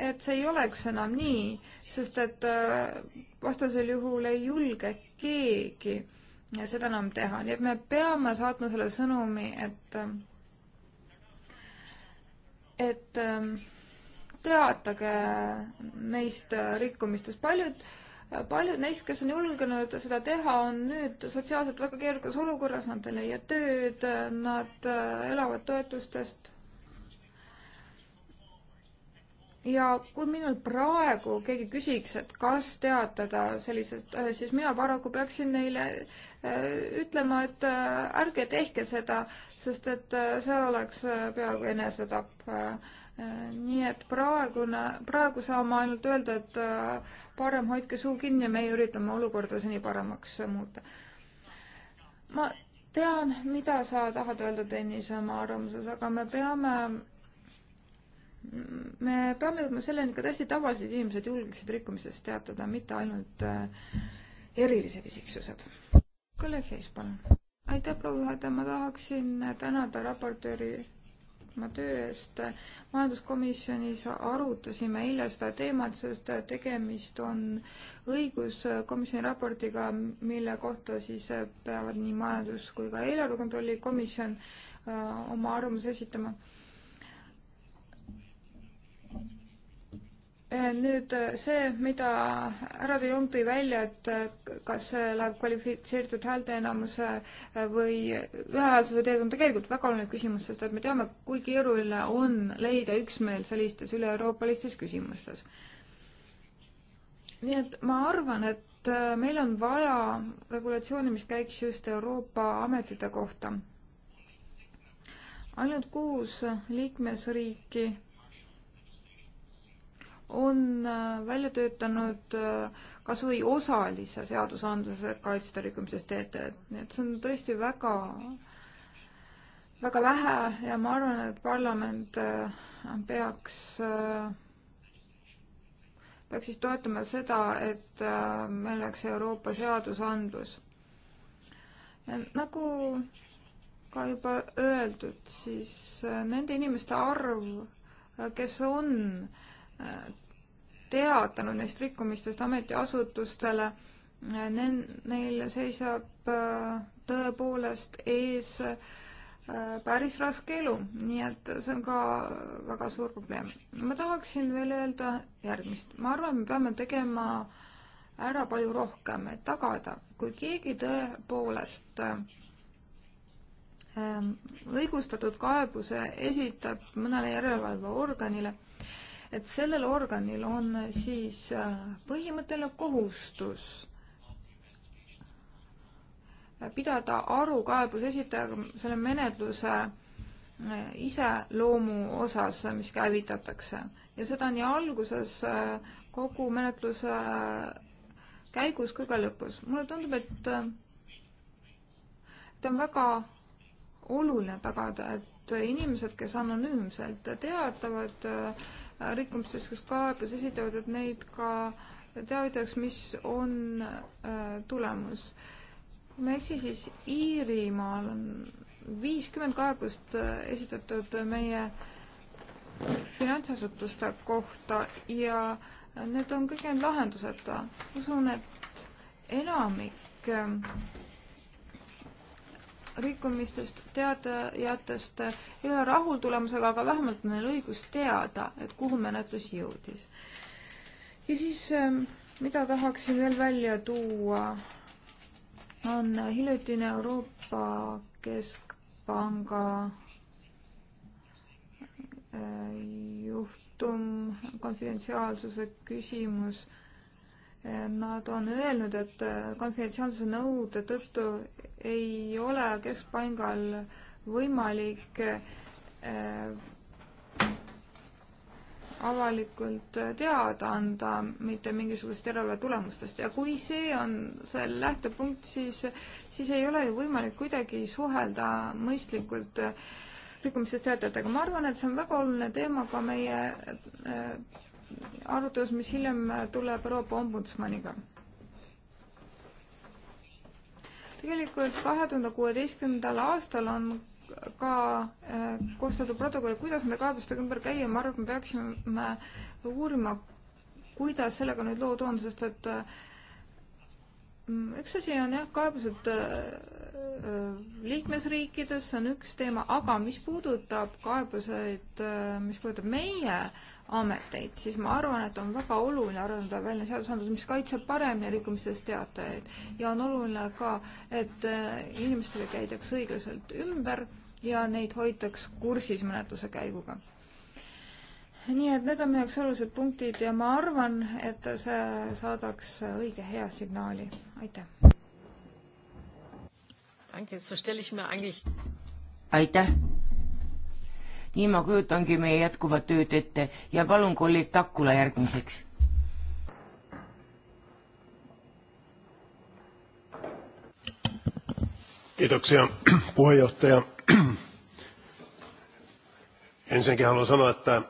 et see ei oleks enam nii, sest et äh, vastasel juhul ei julge keegi seda enam teha, nii et me peame saatma selle sõnumi, et et ähm, teatage neist äh, rikkumistest paljud paljud neist, kes on julgenud seda teha, on nüüd sotsiaalselt väga keerukas olukorras, nad ei leia tööd, nad äh, elavad toetustest. ja kui minul praegu keegi küsiks, et kas teatada sellisest, äh, siis mina paraku peaksin neile äh, ütlema, et ärge tehke seda, sest et see oleks peaaegu enesetapp nii et praegune, praegu saame ainult öelda, et äh, parem hoidke suu kinni, meie üritame olukorda seni paremaks muuta. ma tean, mida sa tahad öelda, Tõnis, oma arvamuses, aga me peame, me peame jõudma selleni, et ka täiesti tavalised inimesed julgeksid rikkumisest teatada, mitte ainult äh, erilised isiksused. kolleeg Heis, palun. aitäh, proua juhataja, ma tahaksin tänada raportööri oma töö eest. majanduskomisjonis arutasime eile seda teemat, sest tegemist on õiguskomisjoni raportiga, mille kohta siis peavad nii majandus kui ka eelarvekontrolli komisjon äh, oma arvamuse esitama Eh, nüüd eh, see, mida härra De Jong tõi välja, et eh, kas see läheb kvalifitseeritud häälteenamuse või ühehäälsuse teed, on tegelikult väga oluline küsimus, sest et me teame, kui keeruline on leida üksmeel sellistes üle-euroopalistes küsimustes. nii et ma arvan, et meil on vaja regulatsiooni, mis käiks just Euroopa ametite kohta. ainult kuus liikmesriiki on äh, välja töötanud äh, kas või osalise seadusandluse kaitsta rikkumisest ette, et nii et see on tõesti väga, väga vähe ja ma arvan, et parlament äh, peaks, peaks siis toetama seda, et meil oleks Euroopa seadusandlus. nagu ka juba öeldud, siis nende inimeste arv, kes on äh, teatanud neist rikkumistest ametiasutustele, neil seisab äh, tõepoolest ees äh, päris raske elu, nii et see on ka väga suur probleem. ma tahaksin veel öelda järgmist. ma arvan, me peame tegema ära palju rohkem, et tagada, kui keegi tõepoolest äh, õigustatud kaebuse esitab mõnele järelevalveorganile et sellel organil on siis äh, põhimõtteline kohustus pidada aru kaebuse esitajaga selle menetluse äh, iseloomu osas, mis käivitatakse. ja seda nii alguses äh, kogu menetluse käigus kui ka lõpus. mulle tundub, et, et on väga oluline tagada, et inimesed, kes anonüümselt teatavad äh, rikkumistest, kes kaebus esitavad, et neid ka teavitaks, mis on äh, tulemus. kui ma ei eksi, siis Iirimaal on viiskümmend kaebust äh, esitatud meie finantsasutuste kohta ja need on kõik ainult lahenduseta. usun, et enamik äh, rikkumistest teadajatest ei ole rahul tulemusega, aga vähemalt on neil õigus teada, et kuhu menetlus jõudis. ja siis, ähm, mida tahaksin veel välja tuua, on hiljutine Euroopa Keskpanga äh, juhtum, konfidentsiaalsuse küsimus Nad on öelnud, et äh, konfidentsiaalsuse nõude tõttu ei ole keskpangal võimalik äh, avalikult teada anda mitte mingisugust järelevalve tulemustest ja kui see on see lähtepunkt, siis, siis ei ole ju võimalik kuidagi suhelda mõistlikult äh, rikkumistest teatajatega. ma arvan, et see on väga oluline teema ka meie arutelus, mis hiljem tuleb Euroopa ombudsmaniga. tegelikult kahe tuhande kuueteistkümnendal aastal on ka eh, koostatud protokoll, kuidas nende kaebustega ümber käia, ma arvan, et me peaksime uurima, kuidas sellega nüüd lood on, sest et üks mm, asi on jah, kaebused eh, liikmesriikides, see on üks teema, aga mis puudutab kaebuseid, eh, mis puudutab meie äh, ameteid, siis ma arvan, et on väga oluline arendada välja seadusandlus, mis kaitseb paremini rikkumistest teatajaid ja on oluline ka, et äh, inimestele käidaks õiglaselt ümber ja neid hoitaks kursis menetluse käiguga. nii et need on meie jaoks olulised punktid ja ma arvan, et see saadaks õige hea signaali, aitäh. aitäh nii ma kujutangi meie jätkuvat tööd ette ja palun kolleeg Takula järgmiseks. Kiitoksia puheenjohtaja. Ensinnäkin haluan sanoa, että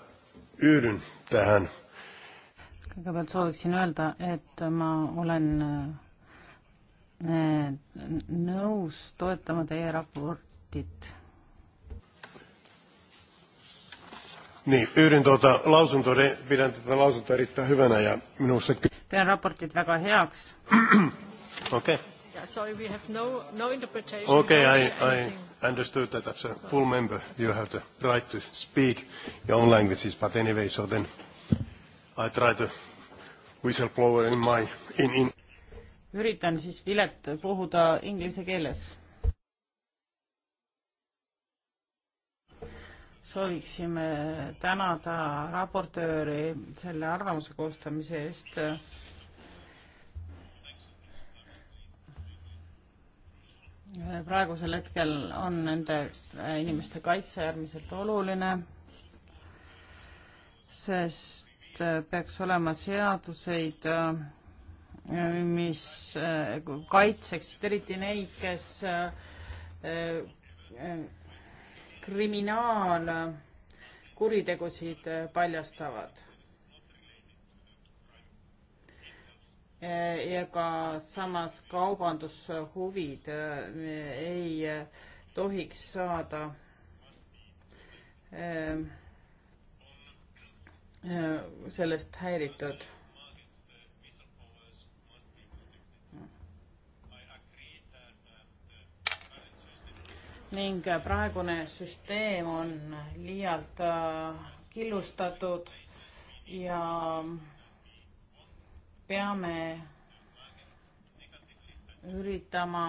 yhdyn tähän. Kõigepealt sooviksin öelda, et ma olen äh, nõus toetama teie raportit Niin, yhdyn tuota lausuntoa, pidän tätä lausuntoa erittäin hyvänä ja minusta... Pidän raportit väga heaks. (clears throat) Okei. Okay. Yeah, sorry, we have no, no interpretation. Okay, no I, anything. I understood that as a full member you have the right to speak your own languages, but anyway, so then I try to whistleblower in my... In, in. Üritan siis vilet puhuda inglise keeles sooviksime tänada raportööri selle arvamuse koostamise eest. praegusel hetkel on nende inimeste kaitse äärmiselt oluline, sest peaks olema seaduseid, mis kaitseksid eriti neid, kes kriminaalkuritegusid paljastavad. ja ka samas kaubandushuvid ei eh, tohiks saada eh, eh, sellest häiritud ning praegune süsteem on liialt äh, killustatud ja peame üritama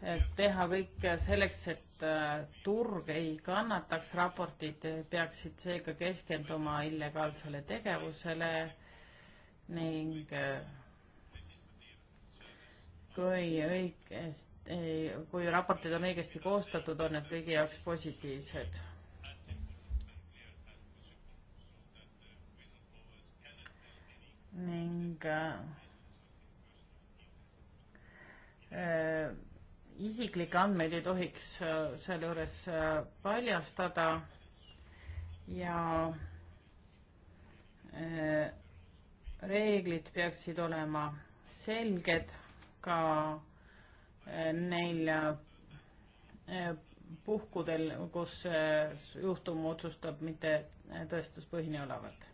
äh, teha kõik selleks, et äh, turg ei kannataks, raportid peaksid seega keskenduma illegaalsele tegevusele ning kui õigest kui raportid on õigesti koostatud, on need kõigi jaoks positiivsed. ning äh, äh isiklikke andmeid ei tohiks äh, sealjuures äh, paljastada ja äh, reeglid peaksid olema selged ka äh, neil eh, puhkudel, kus eh, juhtum otsustab mitte tõestuspõhine olevat.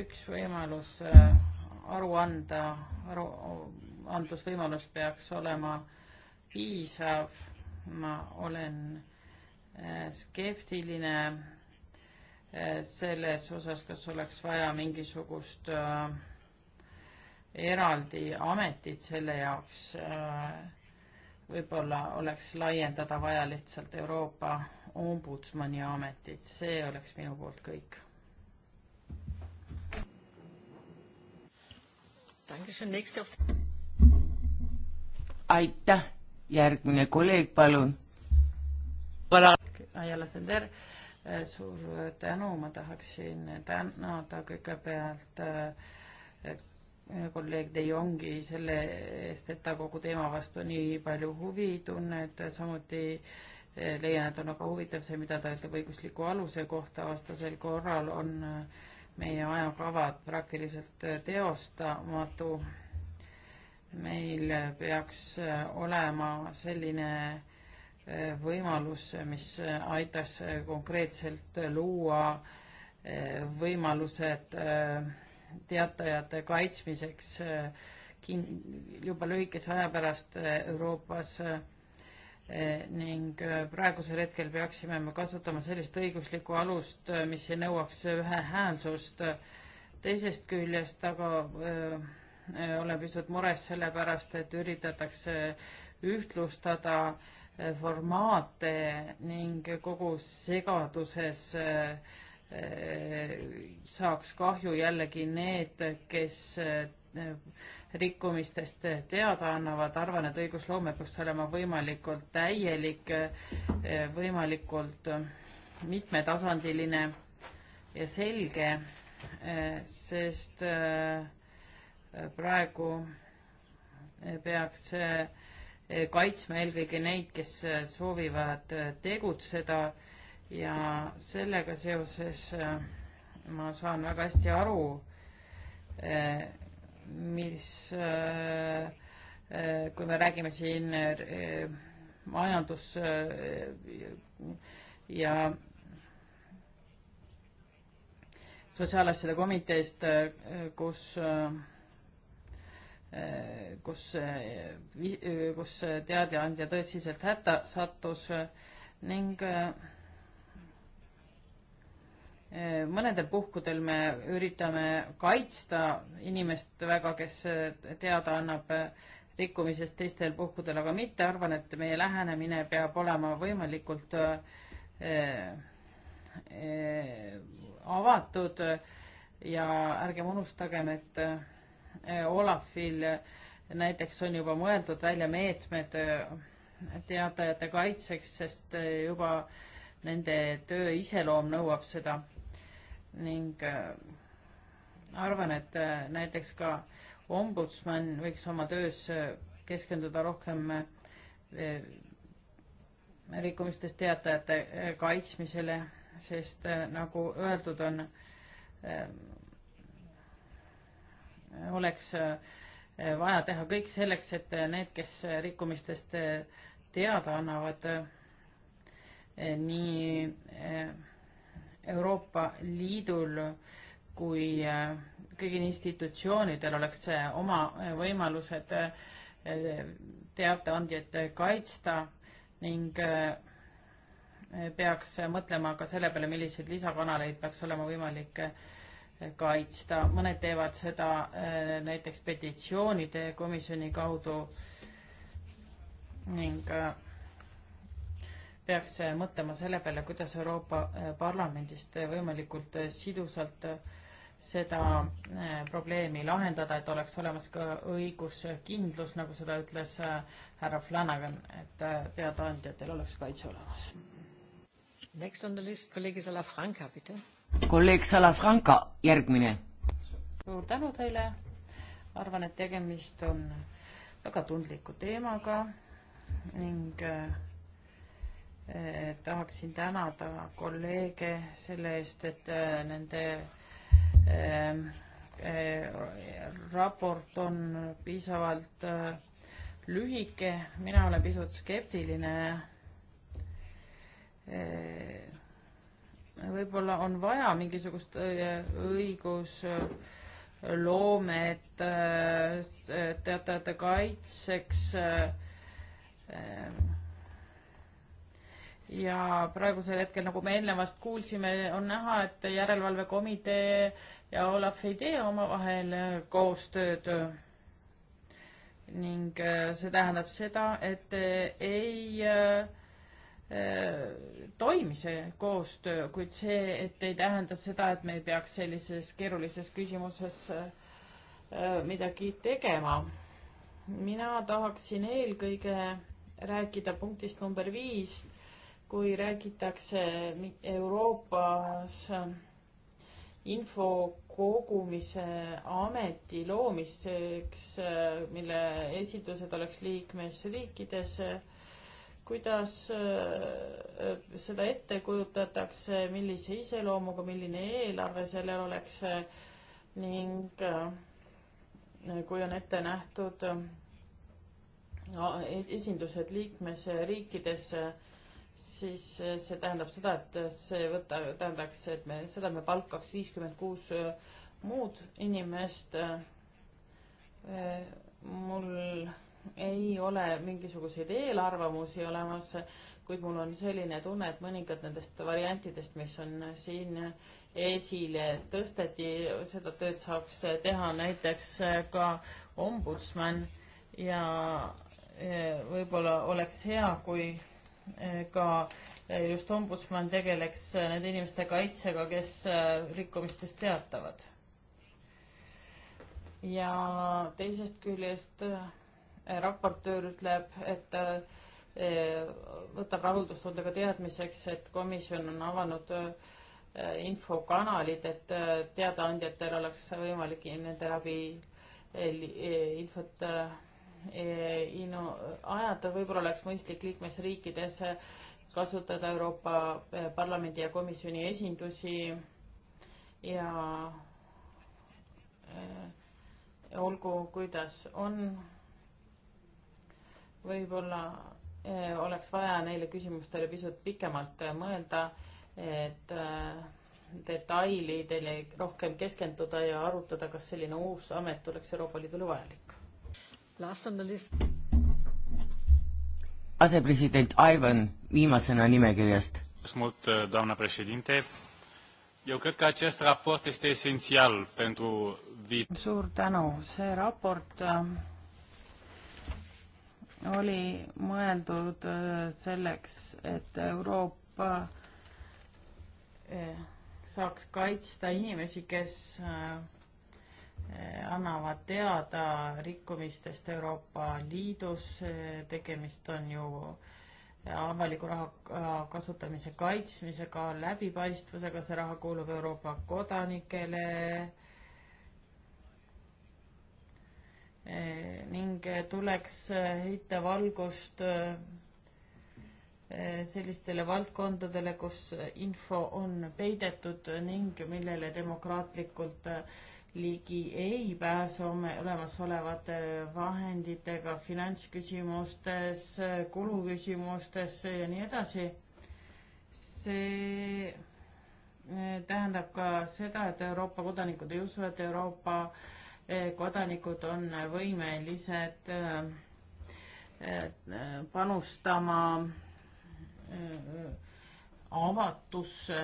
üks võimalus eh, aru anda, aru, andlusvõimalus peaks olema piisav, ma olen skeptiline selles osas, kas oleks vaja mingisugust äh, eraldi ametit selle jaoks. Äh, võib-olla oleks laiendada vaja lihtsalt Euroopa ombudsmani ametit, see oleks minu poolt kõik. aitäh, järgmine kolleeg, palun. Ajala Sender äh, suur tänu, ma tahaksin tänada kõigepealt äh, kolleeg De Jongi selle eest, et ta kogu teema vastu nii palju huvi tunneb, samuti eh, leian, et on väga huvitav see, mida ta ütleb õigusliku aluse kohta, vastasel korral on eh, meie ajakavad praktiliselt eh, teostamatu. meil peaks olema selline võimalus, mis aitas konkreetselt luua võimalused äh, teatajate kaitsmiseks äh, kin-, juba lühikese aja pärast äh, Euroopas äh, ning praegusel hetkel peaksime me kasutama sellist õiguslikku alust, mis ei nõuaks ühehäälsust. teisest küljest aga öö, olen pisut mures sellepärast, et üritatakse ühtlustada formaate ning kogu segaduses öö, Äh, saaks kahju jällegi need, kes äh, rikkumistest teada annavad, arvan, et õigusloome peaks olema võimalikult täielik, äh, võimalikult mitmetasandiline ja selge, sest praegu peaks kaitsma eelkõige neid, kes soovivad tegutseda ja sellega seoses äh, ma saan väga hästi aru, äh, mis, äh, kui me räägime siin majandus ja sotsiaalasjade komiteest, kus, kus, kus teadeandja tõsiselt hätta sattus ning äh, mõnedel puhkudel me üritame kaitsta inimest väga, kes teada annab rikkumisest teistel puhkudel, aga mitte, arvan, et meie lähenemine peab olema võimalikult äh, äh, avatud ja ärgem unustagem, et äh, Olafil näiteks on juba mõeldud välja meetmed äh, teatajate kaitseks, sest äh, juba nende töö iseloom nõuab seda ning äh, arvan, et äh, näiteks ka ombudsman võiks oma töös äh, keskenduda rohkem rikkumistest teatajate kaitsmisele, sest nagu öeldud on, oleks vaja teha kõik selleks, et need, kes rikkumistest teada annavad, nii Euroopa Liidul kui äh, kõigil institutsioonidel oleks oma äh, võimalused äh, teateandjaid kaitsta ning peaks mõtlema ka selle peale, milliseid lisakanaleid peaks olema võimalik kaitsta. mõned teevad seda näiteks petitsioonide komisjoni kaudu ning peaks äh, mõtlema selle peale, kuidas Euroopa äh, Parlamendist äh, võimalikult sidusalt seda probleemi lahendada, et oleks olemas ka õiguskindlus, nagu seda ütles härra Flanagan, et teadaandjatel oleks kaitse olemas. Next on the list kolleeg Salafranca, bitte. kolleeg Salafranca, järgmine. suur tänu teile. arvan, et tegemist on väga tundliku teemaga ning äh, Eh, tahaksin tänada kolleege selle eest, et eh, nende eh, raport on piisavalt lühike, mina olen pisut skeptiline. võib-olla on vaja mingisugust õigusloomet teatajate kaitseks ja praegusel hetkel, nagu me eelnevast kuulsime, on näha, et järelevalvekomitee ja Olav ei tee omavahel koostööd. ning äh, see tähendab seda, et äh, ei äh, toimi see koostöö, kuid see, et ei tähenda seda, et me ei peaks sellises keerulises küsimuses midagi tegema. mina tahaksin eelkõige rääkida punktist number viis kui räägitakse Euroopas ähm, info kogumise ameti loomiseks, äh, mille esindused oleks liikmesriikides, äh, kuidas äh, seda ette kujutatakse, millise iseloomuga, milline eelarve sellel oleks ning kui on ette nähtud esindused liikmesriikides, siis eh, see tähendab seda, et eh, see võta, tähendaks, et me, seda me palkaks viiskümmend kuus eh, muud inimest. mul ei ole mingisuguseid eelarvamusi olemas, kuid mul on selline tunne, et mõningad nendest variantidest, mis on siin esile tõsteti, seda tööd saaks teha näiteks ka ombudsman ja võib-olla oleks hea, kui Eh, ka eh, just ombudsman tegeleks eh, nende inimeste kaitsega, kes rikkumistest teatavad. ja teisest küljest raportöör ütleb, et võtab rahuldustundega teadmiseks, et komisjon on avanud infokanalid, et teadaandjatel oleks võimalik nende läbi infot E, inno-, ajada, võib-olla oleks mõistlik liikmesriikides kasutada Euroopa e, Parlamendi ja komisjoni esindusi ja e, olgu, kuidas on, võib-olla oleks vaja neile küsimustele pisut pikemalt mõelda, et detaili teile rohkem keskenduda ja arutada, kas selline uus amet oleks Euroopa Liidule vajalik asepresident Ivan viimasena nimekirjast. Eu cred că acest raport este esențial pentru viitor. Suur tänu. See raport ähm, oli mõeldud äh, selleks, et Euroopa äh, saaks kaitsta inimesi, kes äh, annavad teada rikkumistest Euroopa Liidus, tegemist on ju avaliku raha kasutamise kaitsmisega, läbipaistvusega, see raha kuulub Euroopa kodanikele ning tuleks heita valgust sellistele valdkondadele, kus info on peidetud ning millele demokraatlikult äh, ligi ei pääse olemasolevate vahenditega finantsküsimustes, kuluküsimustesse ja nii edasi. see eh, tähendab ka seda, et Euroopa kodanikud ei usu, et Euroopa eh, kodanikud on võimelised eh, panustama avatusse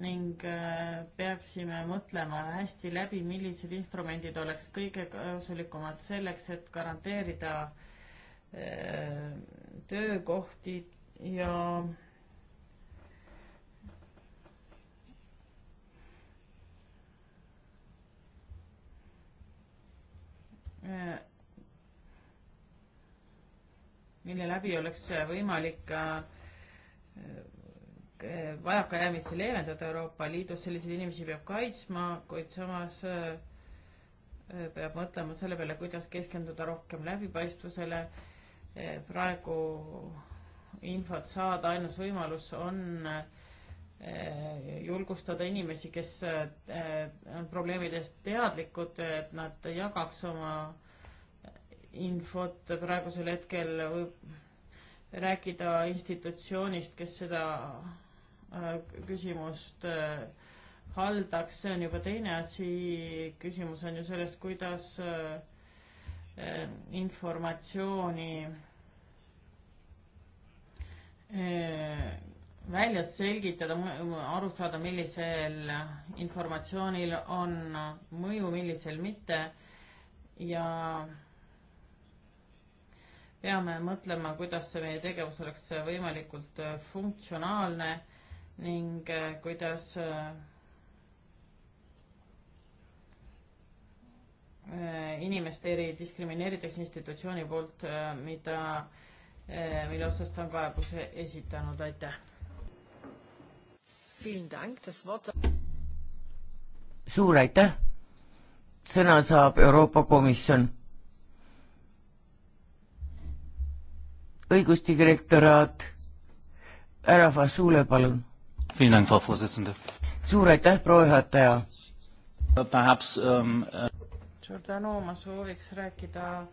ning äh, peaksime mõtlema hästi läbi, millised instrumendid oleks kõige kasulikumad selleks, et garanteerida äh, töökohti ja äh, mille läbi oleks võimalik vajakajäämisi leevendada Euroopa Liidus, selliseid inimesi peab kaitsma, kuid samas äh, äh, peab mõtlema selle peale, kuidas keskenduda rohkem läbipaistvusele. Äh, praegu infot saada ainus võimalus on julgustada inimesi, kes on probleemidest teadlikud, et nad jagaks oma infot praegusel hetkel võib rääkida institutsioonist, kes seda Äh, küsimust äh, haldaks, see on juba teine asi. küsimus on ju selles, kuidas äh, informatsiooni välja selgitada, aru saada, millisel informatsioonil on mõju, millisel mitte ja peame mõtlema, kuidas see meie tegevus oleks võimalikult funktsionaalne ning äh, kuidas äh, äh, inimest eri diskrimineeritakse institutsiooni poolt, mida, mille osas ta on kaebuse esitanud, aitäh. suur aitäh. sõna saab Euroopa Komisjon. õigusdirektoraat, härra Fasule, palun suur aitäh, proua juhataja! Um, uh, suur tänu, ma sooviks rääkida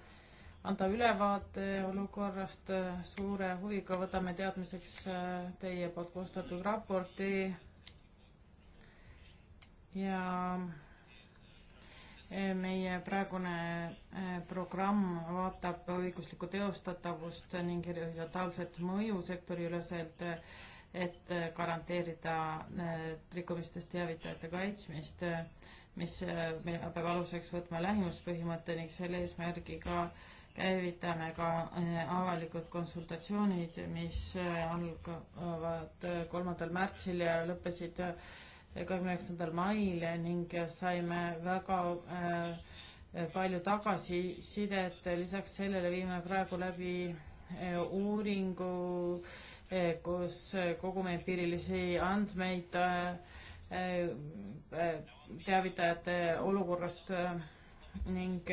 anda ülevaate olukorrast. Äh, suure huviga võtame teadmiseks äh, teie poolt koostatud raporti. ja äh, meie praegune programm vaatab õiguslikku teostatavust ning horisontaalset mõju sektoriüleselt et äh, garanteerida äh, rikkumistest teavitajate kaitsmist, äh, mis peab aluseks võtma lähimuspõhimõtte ning selle eesmärgiga käivitame ka avalikud konsultatsioonid, mis algavad kolmandal märtsil ja lõppesid kahekümne üheksandal mail ning saime väga palju tagasisidet, lisaks sellele viime praegu läbi uuringu äh, Eh, kus eh, kogume empiirilisi andmeid eh, teavitajate olukorrast ning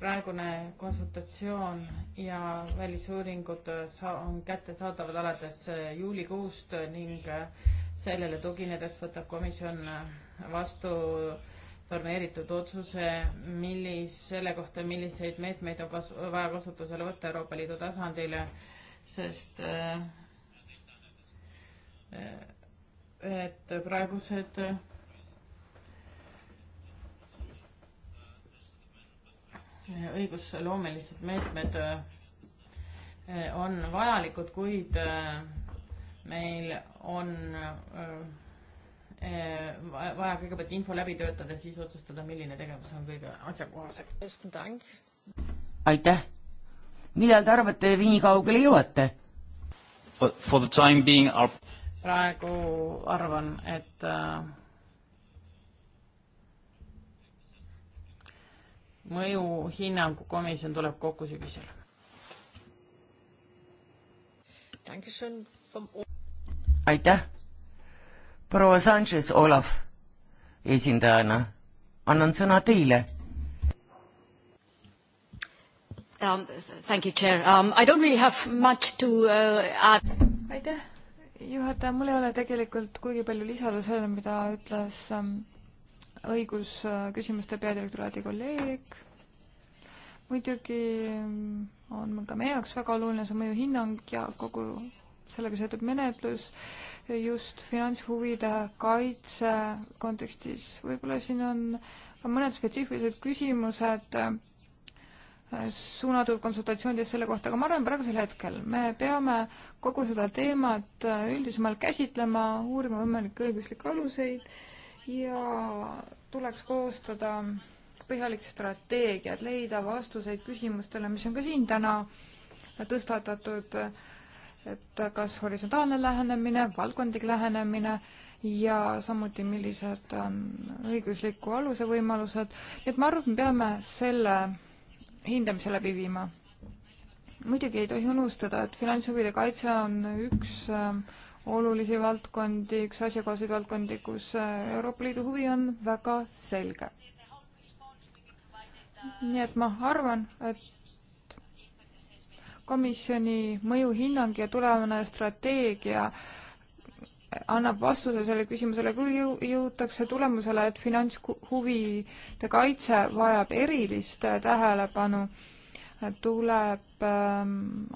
praegune konsultatsioon ja välisuuringud on kättesaadavad alates juulikuust ning sellele tuginedes võtab komisjon vastu formeeritud otsuse, millis, selle kohta, milliseid meetmeid on kas-, vaja kasutusele võtta Euroopa Liidu tasandil sest äh, äh, et praegused äh, õigusloomelised meetmed on vajalikud, kuid meil on vaja kõigepealt info läbi töötada, siis otsustada, milline tegevus on kõige asjakohasem. aitäh millal te arvate, nii kaugele jõuate? Our... praegu arvan, et äh, mõjuhinnangu komisjon tuleb kokku sügisel. aitäh, proua Sanchez Olav esindajana, annan sõna teile Um, thank you, Chair. Um, I don't really have much to uh, add. aitäh, juhataja, mul ei ole tegelikult kuigi palju lisada sellele, mida ütles um, õigusküsimuste uh, peadirektoraadi kolleeg. muidugi um, on ka meie jaoks väga oluline see mõjuhinnang ja kogu sellega seotud menetlus just finantshuvide kaitse kontekstis. võib-olla siin on mõned spetsiifilised küsimused äh, suunatud konsultatsioonides selle kohta, aga ma arvan, praegusel hetkel me peame kogu seda teemat äh, üldisemalt käsitlema, uurima võimalikke õiguslikke aluseid ja tuleks koostada põhjalik strateegia, et leida vastuseid küsimustele, mis on ka siin täna tõstatatud, et kas horisontaalne lähenemine, valdkondlik lähenemine ja samuti, millised on õigusliku aluse võimalused, nii et ma arvan, et me peame selle hindamise läbi viima. muidugi ei tohi unustada, et finantshuvide kaitse on üks ähm, olulisi valdkondi, üks asjakohaseid valdkondi, kus äh, Euroopa Liidu huvi on väga selge. nii et ma arvan, et komisjoni mõjuhinnang ja tulevane strateegia äh, annab vastuse sellele küsimusele, küll jõu-, jõutakse tulemusele, et finantshuvide kaitse vajab erilist tähelepanu, tuleb ähm,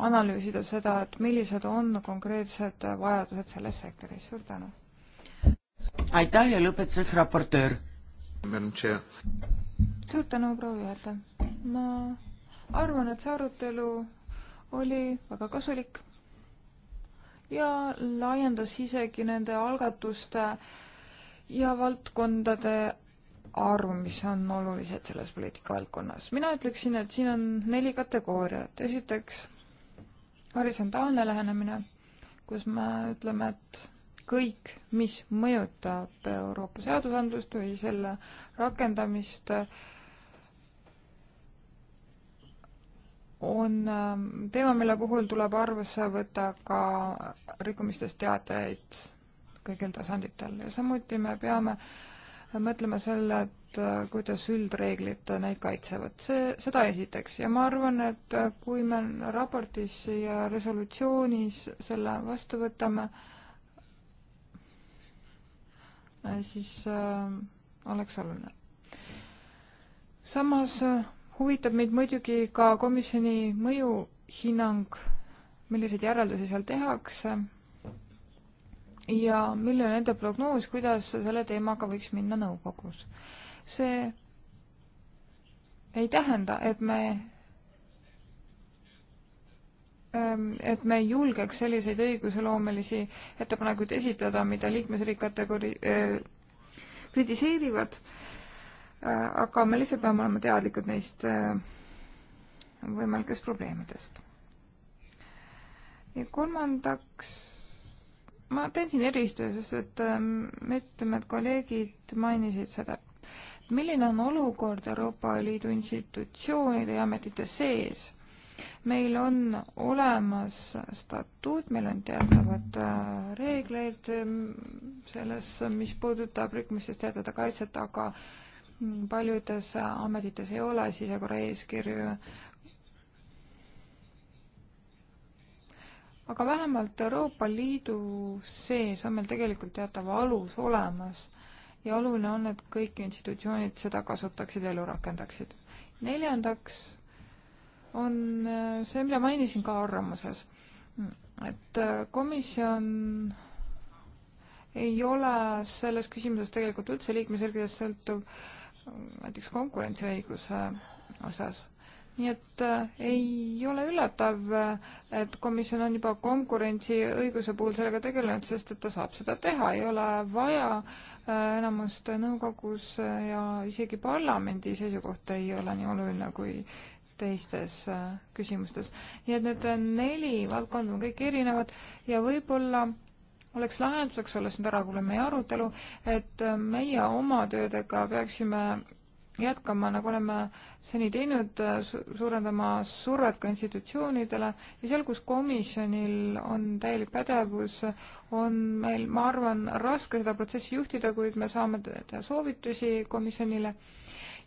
analüüsida seda, et millised on konkreetsed vajadused selles sektoris, suur tänu! aitäh ja lõpetuseks raportöör! suur tänu, proua juhataja! ma arvan, et see arutelu oli väga kasulik ja laiendas isegi nende algatuste ja valdkondade arvu, mis on olulised selles poliitikavaldkonnas. mina ütleksin, et siin on neli kategooriat. esiteks horisontaalne lähenemine, kus me ütleme, et kõik, mis mõjutab Euroopa seadusandlust või selle rakendamist äh, on ähm, teema, mille puhul tuleb arvesse võtta ka rikkumistest teatajaid kõigil tasanditel ja samuti me peame mõtlema selle, et äh, kuidas üldreeglid neid kaitsevad, see, seda esiteks ja ma arvan, et äh, kui me raportis ja resolutsioonis selle vastu võtame, äh, siis äh, oleks oluline. samas huvitab meid muidugi ka komisjoni mõjuhinnang, milliseid järeldusi seal tehakse ja milline on nende prognoos, kuidas selle teemaga võiks minna nõukogus. see ei tähenda, et me ähm, et me ei julgeks selliseid õiguseloomelisi ettepanekuid esitada, mida liikmesriik kategori-, äh, kritiseerivad äh,, Äh, aga me lihtsalt peame olema teadlikud neist äh, võimalikest probleemidest. ja kolmandaks, ma teen siin eristuse, sest et ähm, mitmed kolleegid mainisid seda, milline on olukord Euroopa Liidu institutsioonide ja ametite sees meil on olemas statuut, meil on teatavad äh, reegleid ähm, selles, mis puudutab rikkumistest teatada kaitset, aga paljudes ametites ei ole sisekorra eeskirju. aga vähemalt Euroopa Liidu sees on meil tegelikult teatav alus olemas ja oluline on, et kõik institutsioonid seda kasutaksid ja elu rakendaksid. neljandaks on see, mida mainisin ka arvamuses, et komisjon ei ole selles küsimuses tegelikult üldse liikmesriikides sõltuv näiteks konkurentsiõiguse osas. nii et äh, ei ole üllatav, äh, et komisjon on juba konkurentsiõiguse puhul sellega tegelenud, sest et ta saab seda teha, ei ole vaja äh, enamust nõukogus äh, ja isegi parlamendi seisukoht ei ole nii oluline kui teistes äh, küsimustes. nii et need äh, neli valdkonda on kõik erinevad ja võib-olla äh, oleks lahenduseks, olles nüüd ära kuulanud meie arutelu, et äh, meie oma töödega peaksime jätkama, nagu oleme seni teinud, äh, suurendama survet ka institutsioonidele ja seal, kus komisjonil on täielik pädevus, on meil, ma arvan, raske seda protsessi juhtida, kuid me saame teha soovitusi komisjonile.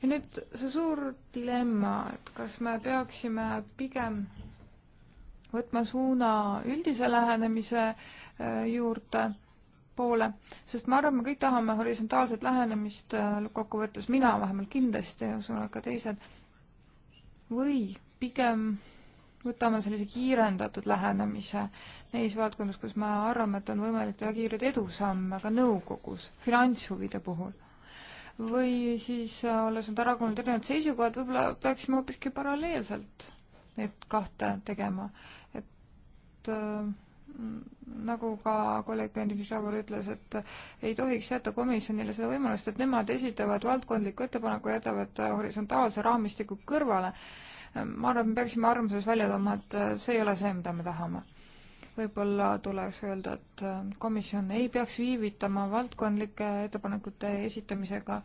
ja nüüd see suur dilemma, et kas me peaksime pigem võtma suuna üldise lähenemise äh, Äh, juurde poole, sest ma arvan, me kõik tahame horisontaalset lähenemist äh, kokkuvõttes, mina vähemalt kindlasti ja usun, et ka teised, või pigem võtame sellise kiirendatud lähenemise neis valdkondades, kus me arvame, et on võimalik teha kiireid edusamme ka nõukogus finantshuvide puhul. või siis, äh, olles nüüd ära kuulnud erinevad seisukohad, võib-olla peaksime hoopiski paralleelselt neid kahte tegema, et äh, nagu ka kolleeg Bendikšavur ütles, et ei tohiks jätta komisjonile seda võimalust, et nemad esitavad valdkondliku ettepaneku ja jätavad horisontaalse raamistiku kõrvale. ma arvan, et me peaksime arvamuses välja tooma, et see ei ole see, mida me tahame. võib-olla tuleks öelda, et komisjon ei peaks viivitama valdkondlike ettepanekute esitamisega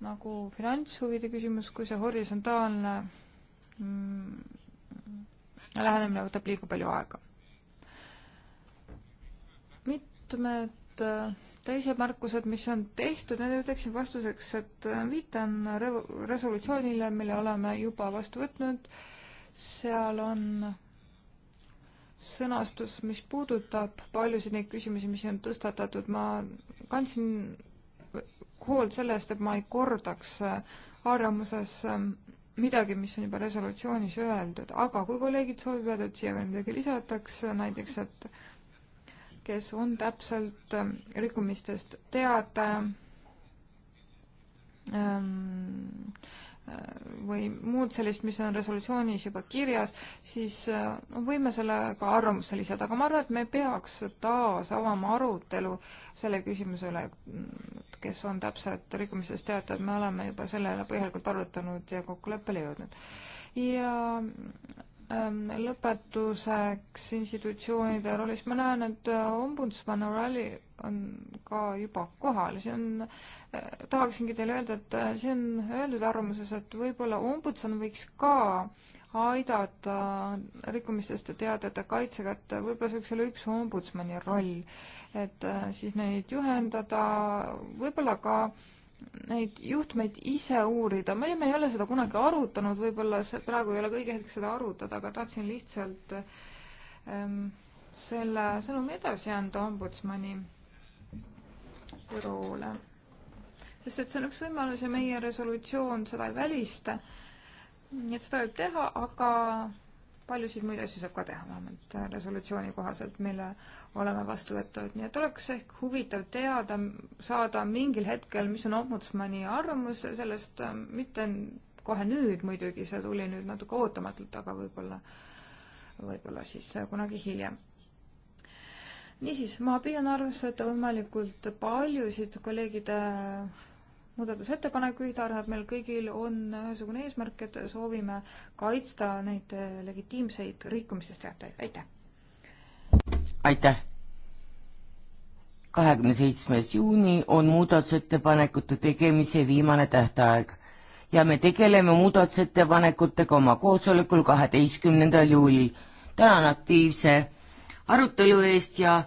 nagu finantshuvide küsimus, kui see horisontaalne mm, lähenemine võtab liiga palju aega mitmed äh, teised märkused, mis on tehtud, need ütleksin vastuseks, et äh, viitan resolutsioonile, mille oleme juba vastu võtnud. seal on sõnastus, mis puudutab paljusid neid küsimusi, mis on tõstatatud, ma kandsin hoolt selle eest, et ma ei kordaks äh, arvamuses midagi, mis on juba resolutsioonis öeldud, aga kui kolleegid soovivad, et siia veel midagi lisatakse, näiteks et kes on täpselt ähm, rikkumistest teada ähm, äh, või muud sellist, mis on resolutsioonis juba kirjas, siis äh, no võime sellega arvamusse lisada, aga ma arvan, et me peaks taas avama arutelu selle küsimuse üle, kes on täpselt rikkumistest teatajad, me oleme juba selle üle põhjalikult arutanud ja kokkuleppele jõudnud. ja Ähm, lõpetuseks institutsioonide rollis, ma näen, et äh, ombudsman Orali on ka juba kohal, see on, äh, tahaksingi teile öelda, et äh, see on öeldud arvamuses, et võib-olla ombudsman võiks ka aidata rikkumistest ja teadete kaitsega, et võib-olla see võiks olla üks ombudsmani roll, et siis neid juhendada, võib-olla ka äh, neid juhtumeid ise uurida, me ei ole seda kunagi arutanud, võib-olla see praegu ei ole kõige hetk seda arutada, aga tahtsin lihtsalt ähm, selle sõnumi edasi anda ombudsmani büroole. sest et see on üks võimalus ja meie resolutsioon seda ei välista. nii et seda võib teha, aga paljusid muid asju saab ka teha, vähemalt resolutsiooni kohaselt, mille oleme vastu võtnud, nii et oleks ehk huvitav teada, saada mingil hetkel, mis on ombudsmani arvamus sellest, mitte kohe nüüd muidugi, see tuli nüüd natuke ootamatult, aga võib-olla, võib-olla siis kunagi hiljem. niisiis, ma püüan arvesse võtta võimalikult paljusid kolleegide muudatusettepanekuid, arvab meil kõigil on ühesugune eesmärk, et soovime kaitsta neid legitiimseid rikkumistest teatajaid, aitäh! aitäh! kahekümne seitsmes juuni on muudatusettepanekute tegemise viimane tähtaeg ja me tegeleme muudatusettepanekutega oma koosolekul kaheteistkümnendal juulil. tänan aktiivse arutelu eest ja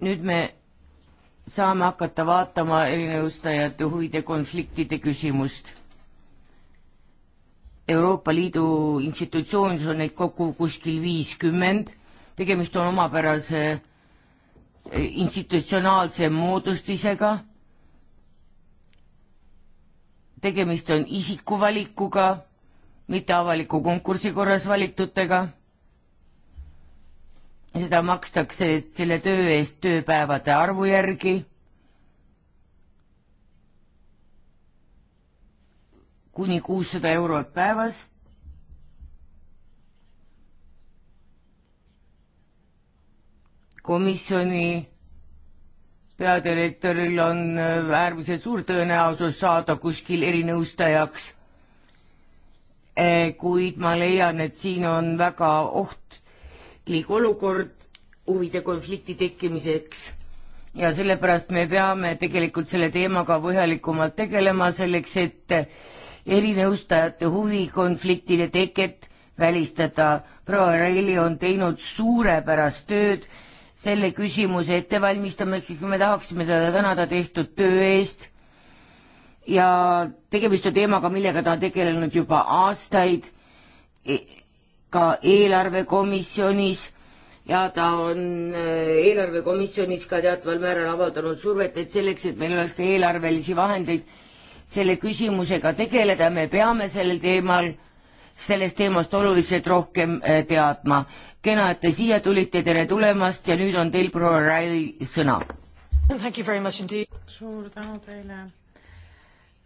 nüüd me saame hakata vaatama erinõustajate huvide konfliktide küsimust. Euroopa Liidu institutsioonis on neid kokku kuskil viiskümmend, tegemist on omapärase eh, institutsionaalse moodustisega, tegemist on isikuvalikuga, mitte avaliku konkursi korras valitutega seda makstakse selle töö eest tööpäevade arvu järgi. kuni kuussada eurot päevas. komisjoni peadirektoril on äärmiselt suur tõenäosus saada kuskil erinõustajaks. Eh, kuid ma leian, et siin on väga oht ohtlik olukord huvide konflikti tekkimiseks ja sellepärast me peame tegelikult selle teemaga põhjalikumalt tegelema, selleks et erinõustajate huvikonfliktide teket välistada. proua Reili on teinud suurepärast tööd selle küsimuse ettevalmistamiseks, me tahaksime teda tänada tehtud töö eest ja tegemist on teemaga, millega ta on tegelenud juba aastaid e- ka eelarvekomisjonis ja ta on äh, eelarvekomisjonis ka teataval määral avaldanud survet, et selleks, et meil oleks ka eelarvelisi vahendeid selle küsimusega tegeleda, me peame sellel teemal, sellest teemast oluliselt rohkem äh, teadma. kena, et te siia tulite, tere tulemast ja nüüd on teil proua Raili sõna. suur tänu teile.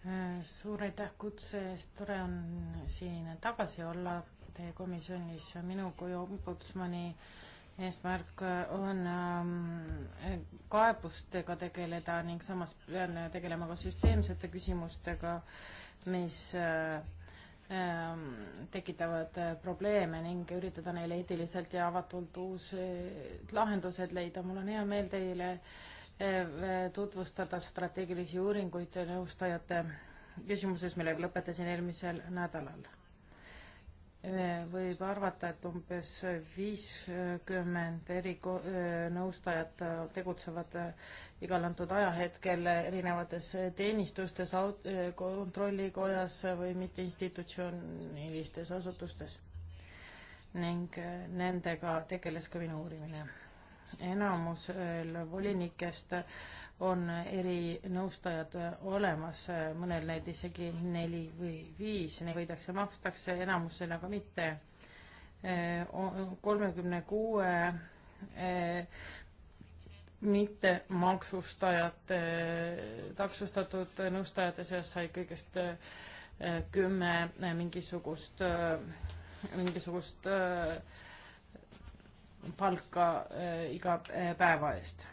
Äh, suur aitäh kutse eest, tore on siin tagasi olla teie komisjonis. minu kui ombudsmani eesmärk on ähm, kaebustega tegeleda ning samas pean tegelema ka süsteemsete küsimustega, mis äh, ähm, tekitavad äh, probleeme ning üritada neile eetiliselt ja avatult uused lahendused leida. mul on hea meel teile äh, tutvustada strateegilisi uuringuid nõustajate küsimuses, millega lõpetasin eelmisel nädalal võib arvata, et umbes viiskümmend erinõustajat tegutsevad igal antud ajahetkel erinevates teenistustes, kontrollikojas või mitteinstitutsioonilistes asutustes. ning nendega tegeles ka minu uurimine. enamusel volinikest on erinõustajad olemas, mõnel neid isegi neli või viis, neid võidakse, makstakse, enamusel aga mitte. kolmekümne kuue eh, mitte maksustajate, eh, taksustatud nõustajate seas sai kõigest eh, kümme mingisugust, mingisugust palka iga päeva eest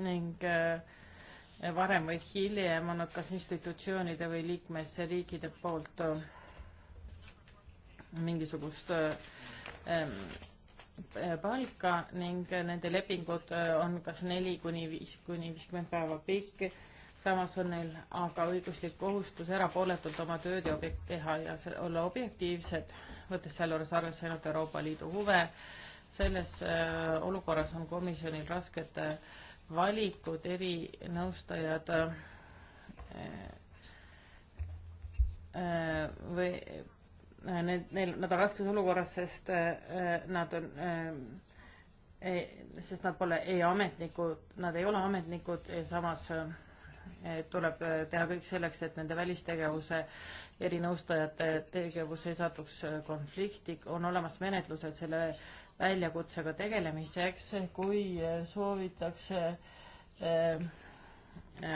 ning äh, varem või hiljem on nad kas institutsioonide või liikmesriikide poolt äh, mingisugust äh, ähm, palka ning nende lepingud on kas neli kuni viis kuni viiskümmend päeva pikk. samas on neil aga õiguslik kohustus erapooletult oma tööd ja objekt teha ja olla objektiivsed, võttes sealjuures arvesse ainult Euroopa Liidu huve. selles olukorras on komisjonil raskete äh, valikud, erinõustajad äh, äh, või äh, need, neil, nad on raskes olukorras, sest nad on, sest nad pole ei ametnikud, nad ei ole ametnikud, samas tuleb teha kõik selleks, et nende välistegevuse erinõustajate tegevus ei satuks konflikti, on olemas menetlused selle väljakutsega tegelemiseks, kui soovitakse eh,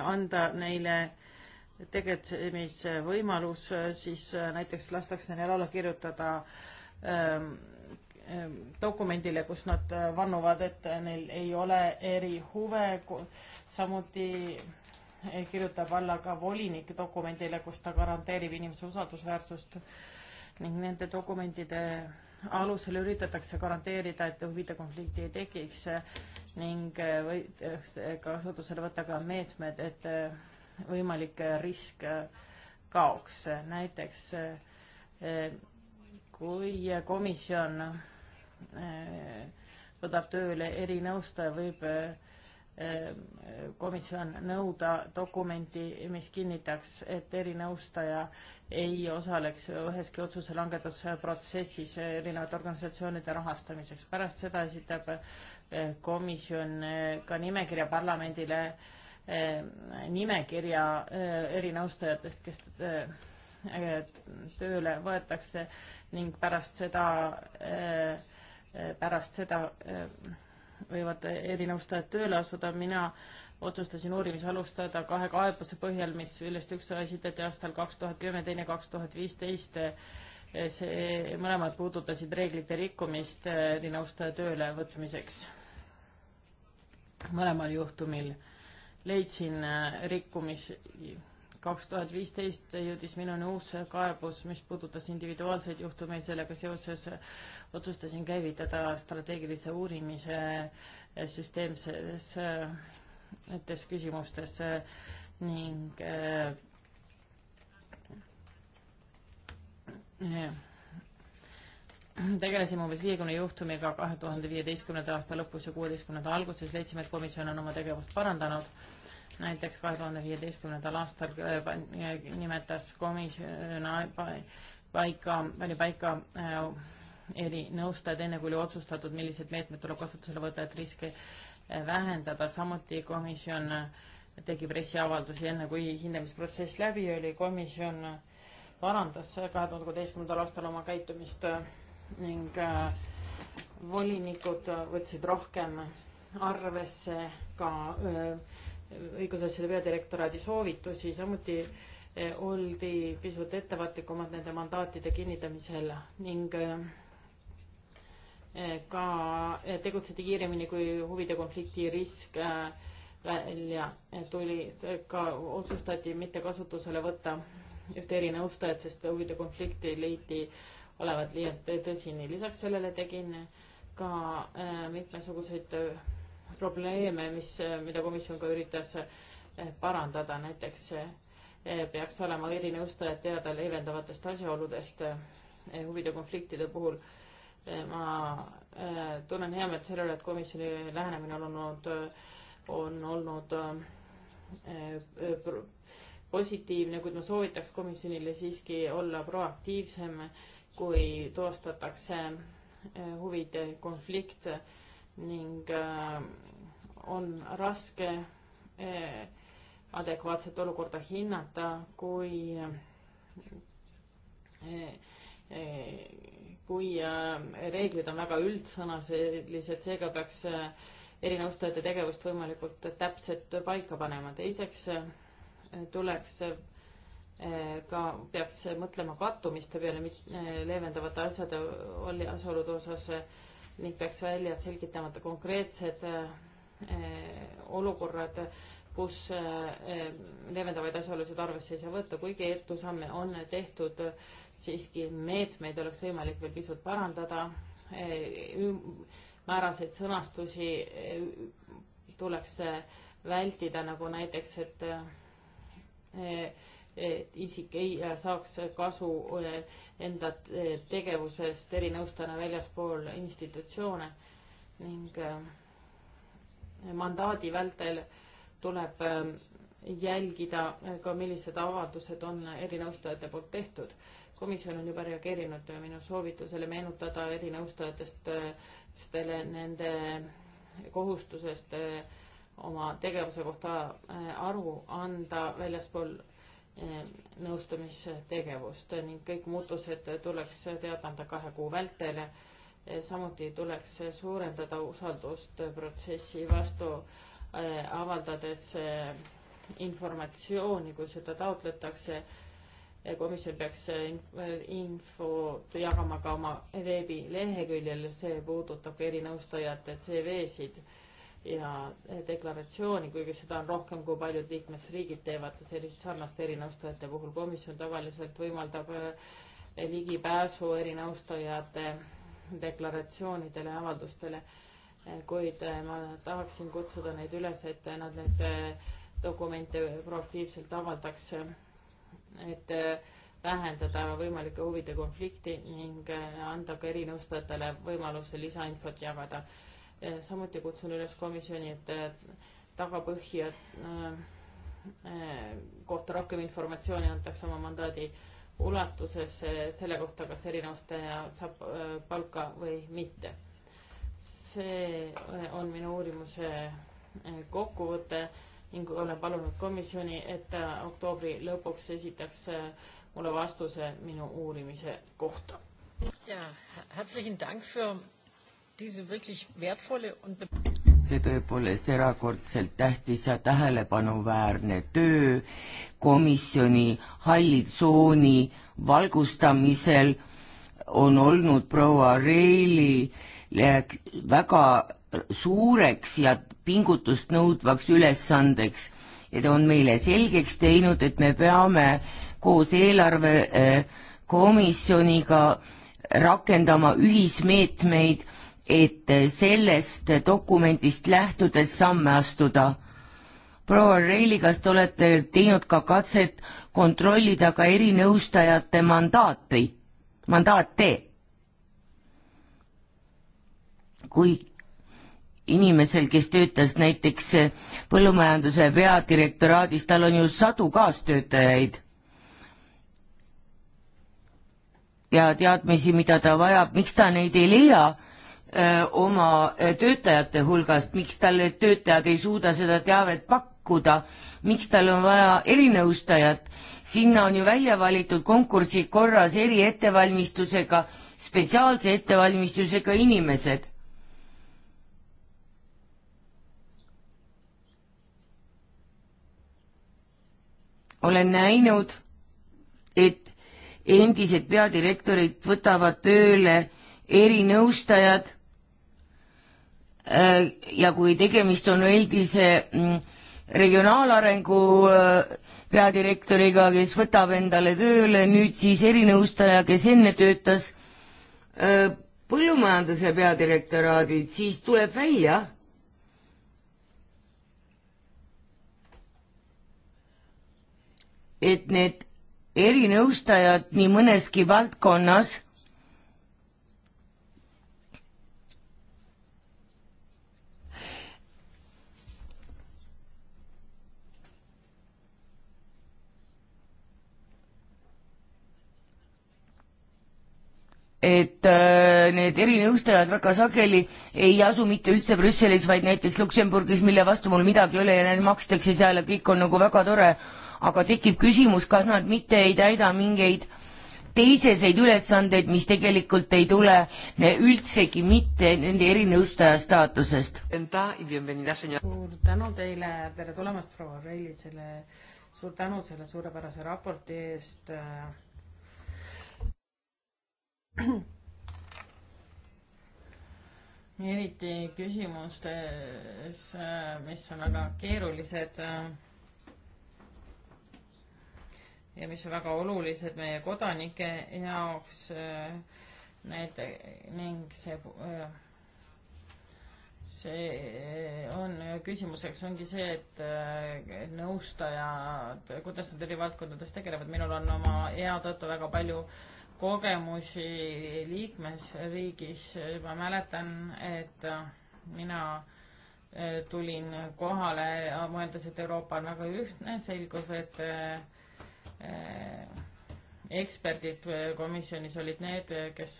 anda neile tegutsemisvõimalus, siis eh, näiteks lastakse neil alla kirjutada eh, dokumendile, kus nad vannuvad, et neil ei ole erihuve, samuti kirjutab alla ka volinik dokumendile, kus ta garanteerib inimese usaldusväärsust ning nende dokumentide alusel üritatakse garanteerida, et huvide konflikti ei tekiks eh, ning eh, võidakse eh, kasutusele võtta ka meetmed, et võimalik risk kaoks. näiteks kui komisjon võtab tööle erinõustaja, võib komisjon nõuda dokumenti, mis kinnitaks, et erinõustaja ei osaleks üheski otsuse langetusprotsessis erinevate organisatsioonide rahastamiseks. pärast seda esitab eh, komisjon eh, ka nimekirja parlamendile, eh, nimekirja erinõustajatest, kes tööle võetakse ning pärast seda, pärast seda võivad erinõustajad tööle asuda, mina otsustasin uurimisi alustada kahe kaebuse põhjal, mis üles üks esitati aastal kaks tuhat kümme, teine kaks tuhat viisteist. see, mõlemad puudutasid reeglite rikkumist eh, erinõustaja töölevõtmiseks. mõlemal juhtumil leidsin eh, rikkumisi. kaks tuhat viisteist jõudis minuni uus kaebus, mis puudutas individuaalseid juhtumeid sellega seoses otsustasin käivitada strateegilise uurimise süsteemses nendes küsimustes ning eh, tegelesime umbes viiekümne juhtumiga kahe tuhande viieteistkümnenda aasta lõpus ja kuueteistkümnenda alguses, leidsime, et komisjon on oma tegevust parandanud. näiteks kahe tuhande viieteistkümnendal aastal eh, nimetas komisjon eh, paika, pani paika eri nõustajad, enne kui oli otsustatud, millised meetmed tuleb kasutusele võtta, et riske eh, vähendada, samuti komisjon eh, tegi pressiavaldusi, enne kui hindamisprotsess läbi oli, komisjon eh, parandas kahe tuhande kuueteistkümnendal aastal oma käitumist ning volinikud võtsid rohkem arvesse ka õigusasjade peadirektoraadi soovitusi, samuti oldi pisut ettevaatlikumad nende mandaatide kinnitamisel ning ka eh, tegutseti kiiremini, kui huvide konflikti risk eh, välja tuli, ka otsustati mitte kasutusele võtta ühte erinõustajat, sest huvide konflikti leiti olevat liialt tõsine. lisaks sellele tegin ka eh, mitmesuguseid probleeme, mis, mida komisjon ka üritas parandada, näiteks peaks olema erinõustajad teada leevendavatest asjaoludest huvide konfliktide puhul Eh, ma eh, tunnen heameelt selle üle, et komisjoni lähenemine on olnud, eh, on olnud positiivne, kuid ma soovitaks komisjonile siiski olla proaktiivsem, kui tuvastatakse huvide konflikt ning on raske adekvaatset olukorda hinnata, kui kui äh, reeglid on väga üldsõnasõnalised, seega peaks äh, erinõustajate tegevust võimalikult täpselt paika panema. teiseks äh, tuleks ka, peaks mõtlema kattumiste peale, leevendavate asjade asjaolude osas ning peaks välja selgitama konkreetsed olukorrad, kus äh, äh, leevendavaid asjaolusid arvesse ei saa võtta, kuigi edusamme on tehtud, siiski meetmeid oleks võimalik veel pisut parandada, äh, määraseid sõnastusi tuleks vältida, nagu näiteks, et et isik ei saaks kasu enda tegevusest erinõustajana väljaspool institutsioone ning mandaadi vältel äh, tuleb ähm, jälgida äh, ka, millised avaldused on erinõustajate poolt tehtud. komisjon on juba reageerinud äh, minu soovitusele meenutada erinõustajatest äh, nende kohustusest oma tegevuse kohta aru anda väljaspool nõustamistegevust ning kõik muutused tuleks teada anda kahe kuu vältel. samuti tuleks suurendada usaldust protsessi vastu äh, Äh, avaldades äh, informatsiooni, kui seda taotletakse. Äh, komisjon peaks infot jagama ka oma veebileheküljel, see puudutab ka erinõustajate CV-sid ja deklaratsiooni, kuigi seda on rohkem, kui paljud liikmesriigid teevad sellist sarnast erinõustajate puhul. komisjon tavaliselt võimaldab ligipääsu erinõustajate deklaratsioonidele ja avaldustele kuid äh, ma tahaksin kutsuda neid üles, et nad neid äh, dokumente proaktiivselt avaldaks, et äh, vähendada võimalike huvide konflikti ning anda ka erinõustajatele võimaluse lisainfot jagada. samuti kutsun üles komisjoni, et tagapõhja kohta rohkem informatsiooni antakse oma mandaadi ulatuses selle kohta, kas erinõustaja saab palka või mitte see eh, on minu uurimuse eh, kokkuvõte ning olen palunud komisjoni, et ta oktoobri lõpuks esitaks eh, mulle vastuse minu uurimise kohta. see tõepoolest erakordselt tähtis ja tähelepanuväärne töö komisjoni halli tsooni valgustamisel on olnud proua Reili äh, väga suureks ja pingutust nõudvaks ülesandeks ja ta on meile selgeks teinud, et me peame koos eelarvekomisjoniga eh, rakendama ühismeetmeid, et sellest dokumendist lähtudes samme astuda. proua Reili, kas te olete teinud ka katset kontrollida ka erinõustajate mandaati, mandaate? kui inimesel, kes töötas näiteks põllumajanduse peadirektoraadis, tal on ju sadu kaastöötajaid ja teadmisi, mida ta vajab, miks ta neid ei leia öö, äh, oma äh, töötajate hulgast, miks tal need töötajad ei suuda seda teavet pakkuda, miks tal on vaja erinõustajat, sinna on ju välja valitud konkursi korras eriettevalmistusega, spetsiaalse ettevalmistusega inimesed. olen näinud, et endised peadirektorid võtavad tööle erinõustajad äh, ja kui tegemist on endise mm, regionaalarengu äh, peadirektoriga, kes võtab endale tööle nüüd siis erinõustaja, kes enne töötas äh, põllumajanduse peadirektoraadid, siis tuleb välja, et need erinõustajad nii mõneski valdkonnas et äh, need erinõustajad väga sageli ei asu mitte üldse Brüsselis, vaid näiteks Luksemburgis, mille vastu mul midagi ei ole ja neile makstakse seal ja kõik on nagu väga tore. aga tekib küsimus, kas nad mitte ei täida mingeid teiseseid ülesandeid, mis tegelikult ei tule üldsegi mitte nende erinõustaja staatusest. suur tänu teile, tere tulemast, proua Reili, selle, suur tänu selle suurepärase raporti eest (clears throat) eriti küsimustes, äh, mis on väga keerulised äh, ja mis on väga olulised meie kodanike jaoks, äh, need ning see, see on, küsimuseks ongi see, et nõustajad, kuidas nad eri valdkondades tegelevad, minul on oma ea tõttu väga palju äh, kogemusi liikmesriigis, ma mäletan, et mina eh, tulin kohale, mõeldes, et Euroopa on väga ühtne, selgus, et eh, eksperdid komisjonis olid need, kes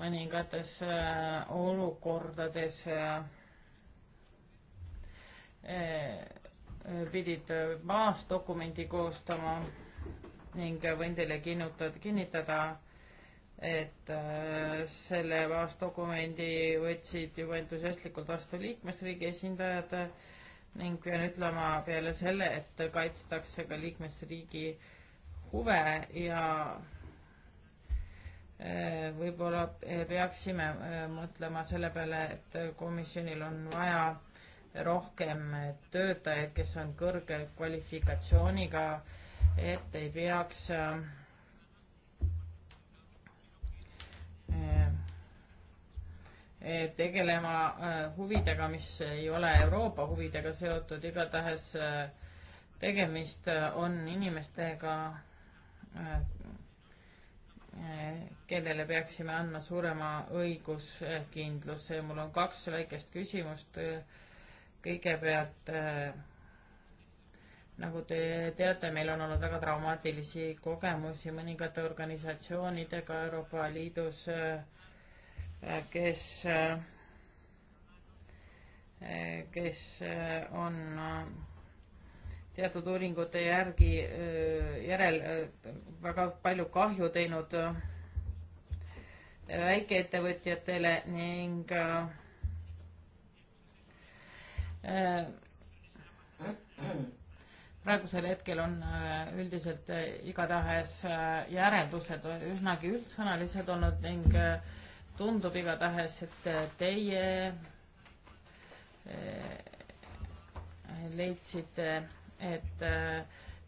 mõningates eh, olukordades pidid baasdokumendi koostama ning võin teile kinnitada, kinnitada, et äh, selle baasdokumendi võtsid juba entusiastlikult vastu liikmesriigi esindajad äh, ning pean ütlema peale selle, et kaitstakse ka liikmesriigi huve ja äh, võib-olla peaksime mõtlema selle peale, et komisjonil on vaja rohkem töötajaid, kes on kõrge kvalifikatsiooniga äh, et ei peaks äh, äh, tegelema äh, huvidega, mis ei ole Euroopa huvidega seotud, igatahes tegemist on inimestega, kellele peaksime andma suurema õiguskindluse. mul on kaks väikest küsimust. kõigepealt nagu te teate, meil on olnud väga traumaatilisi kogemusi mõningate organisatsioonidega Euroopa Liidus, äh, kes, äh, äh, kes on teatud uuringute järgi, järel väga palju kahju teinud väikeettevõtjatele ning äh, praegusel hetkel on äh, üldiselt äh, igatahes äh, järeldused üsnagi üldsõnalised olnud ning tundub igatahes, et teie leidsite, et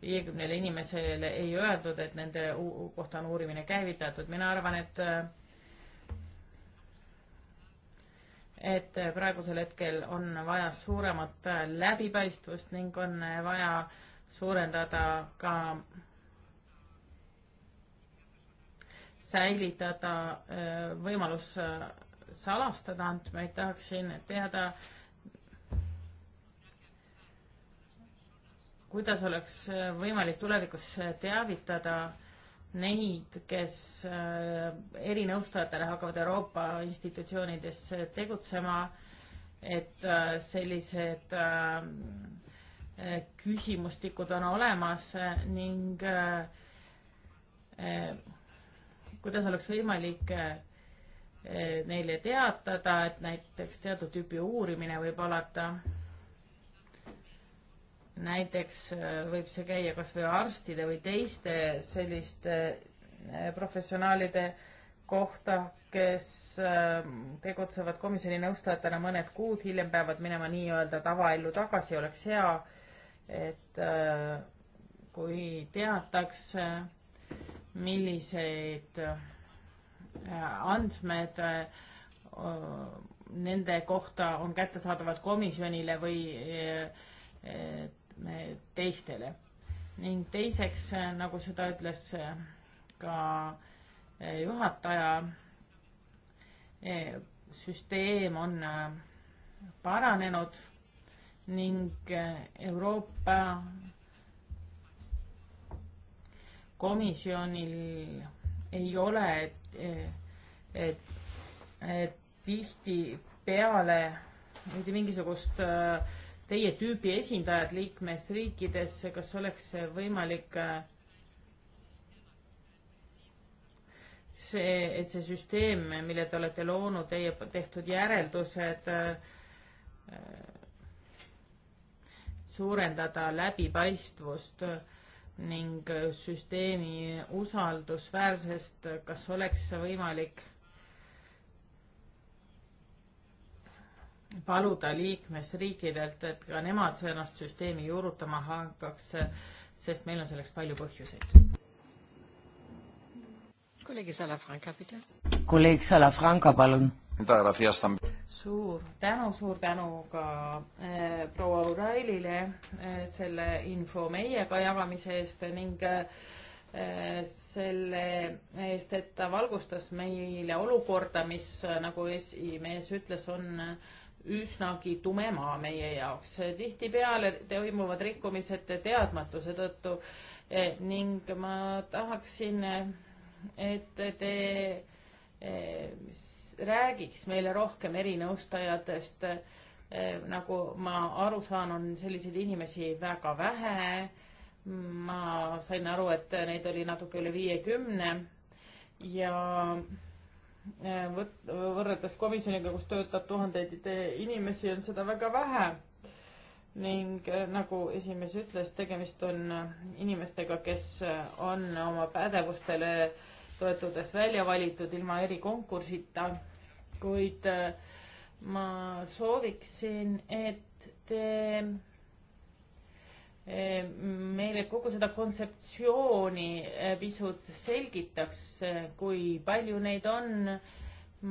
viiekümnele inimesele ei öeldud, et nende kohta on uurimine käivitatud. mina arvan, et et praegusel hetkel on vaja suuremat läbipaistvust ning on vaja äh, suurendada ka, säilitada äh, võimalus äh, salastada andmeid, tahaksin teada, kuidas oleks äh, võimalik tulevikus teavitada neid, kes erinõustajatele hakkavad Euroopa institutsioonides tegutsema, et sellised äh, küsimustikud on olemas eh, ning eh, eh, kuidas oleks võimalik neile teatada, et näiteks teatud tüübi uurimine võib alata. näiteks võib see käia kas või arstide või teiste selliste professionaalide kohta, kes tegutsevad komisjoni nõustajatena mõned kuud, hiljem peavad minema nii-öelda tavaellu tagasi, oleks hea äh, et äh, kui teatakse, millised äh, andmed äh, nende kohta on kättesaadavad komisjonile või teistele. ning teiseks, nagu seda ütles ka juhataja, süsteem on paranenud ning eh, Euroopa Komisjonil ei ole et, eh, et tihtipeale mitte mingisugust eh, teie tüübi esindajat liikmesriikides, kas oleks võimalik see, et see süsteem, mille te olete loonud, teie tehtud järeldused äh, suurendada läbipaistvust ning süsteemi usaldusväärsest, kas oleks võimalik paluda liikmesriikidelt, et ka nemad ennast süsteemi juurutama hakkaks, sest meil on selleks palju põhjuseid. kolleeg Salafranca, aitäh kolleeg Salafranca, palun. suur tänu, suur tänu ka äh, proua Urailile äh, eh, selle info meiega jagamise eest ning äh, selle eest, et ta valgustas meile olukorda, mis nagu esimees ütles, on üsnagi tume maa meie jaoks. tihtipeale toimuvad rikkumised teadmatuse tõttu ning ma tahaksin, et te räägiks meile rohkem erinõustajatest. Eh, nagu ma aru saan, on selliseid inimesi väga vähe. ma sain aru, et neid oli natuke üle viiekümne ja eh, võt-, võrreldes komisjoniga, kus töötab tuhandeid inimesi, on seda väga vähe. ning eh, nagu esimees ütles, tegemist on inimestega, kes on oma pädevustele äh, toetudes välja valitud ilma erikonkursita, kuid äh, ma sooviksin, et te äh, meile kogu seda kontseptsiooni äh, pisut selgitaks, kui palju neid on.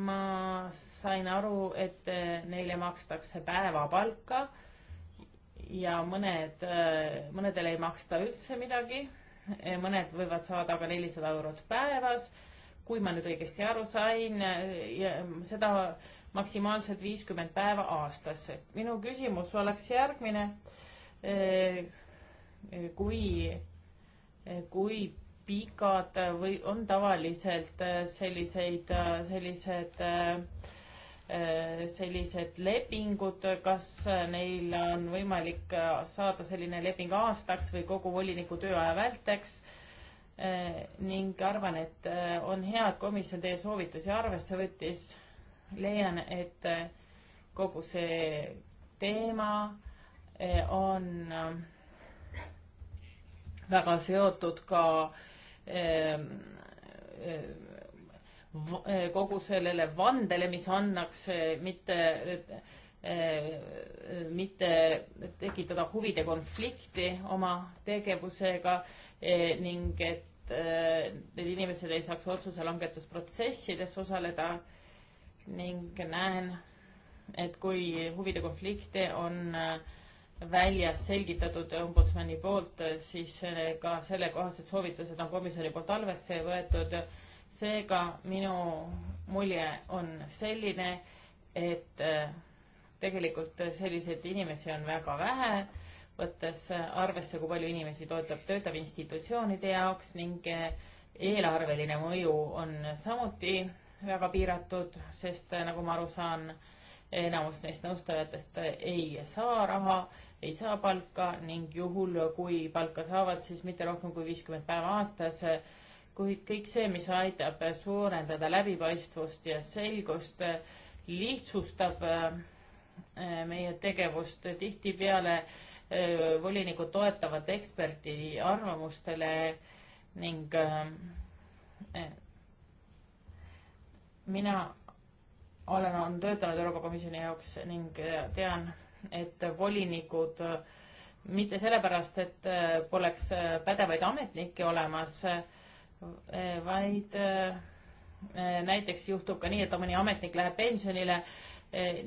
ma sain aru, et neile makstakse päevapalka ja mõned, mõnedele ei maksta üldse midagi Eh, mõned võivad saada ka nelisada eurot päevas, kui ma nüüd õigesti aru sain, eh, seda maksimaalselt viiskümmend päeva aastas. minu küsimus oleks järgmine. Eh, kui, kui pikad või on tavaliselt selliseid, sellised, sellised Äh, sellised lepingud, kas äh, neil on võimalik äh, saada selline leping aastaks või kogu voliniku tööaja välteks ning arvan, et on hea, et komisjon teie soovitusi arvesse võttis. leian, et kogu see teema on väga seotud ka Eh, kogu sellele vandele, mis annaks eh, mitte, eh, mitte tekitada huvide konflikti oma tegevusega ning et need inimesed ei saaks otsuse langetusprotsessides osaleda ning näen, et kui huvide konflikte on välja selgitatud ombudsmani poolt, siis ka sellekohased soovitused on komisjoni poolt arvesse võetud seega minu mulje on selline, et äh, tegelikult selliseid inimesi on väga vähe, võttes arvesse, kui palju inimesi toetab, töötab institutsioonide jaoks ning äh, eelarveline mõju on samuti väga piiratud, sest äh, nagu ma aru saan, enamus neist nõustajatest ei saa raha, ei saa palka ning juhul, kui palka saavad, siis mitte rohkem kui viiskümmend päeva aastas kuid kõik see, mis aitab suurendada läbipaistvust ja selgust, lihtsustab äh, meie tegevust. tihtipeale äh, volinikud toetavad eksperdi arvamustele ning äh, mina olen, olen töötanud Euroopa Komisjoni jaoks ning tean, et volinikud mitte sellepärast, et poleks pädevaid ametnikke olemas, Eh, vaid eh, eh, näiteks juhtub ka nii, et mõni ametnik läheb pensionile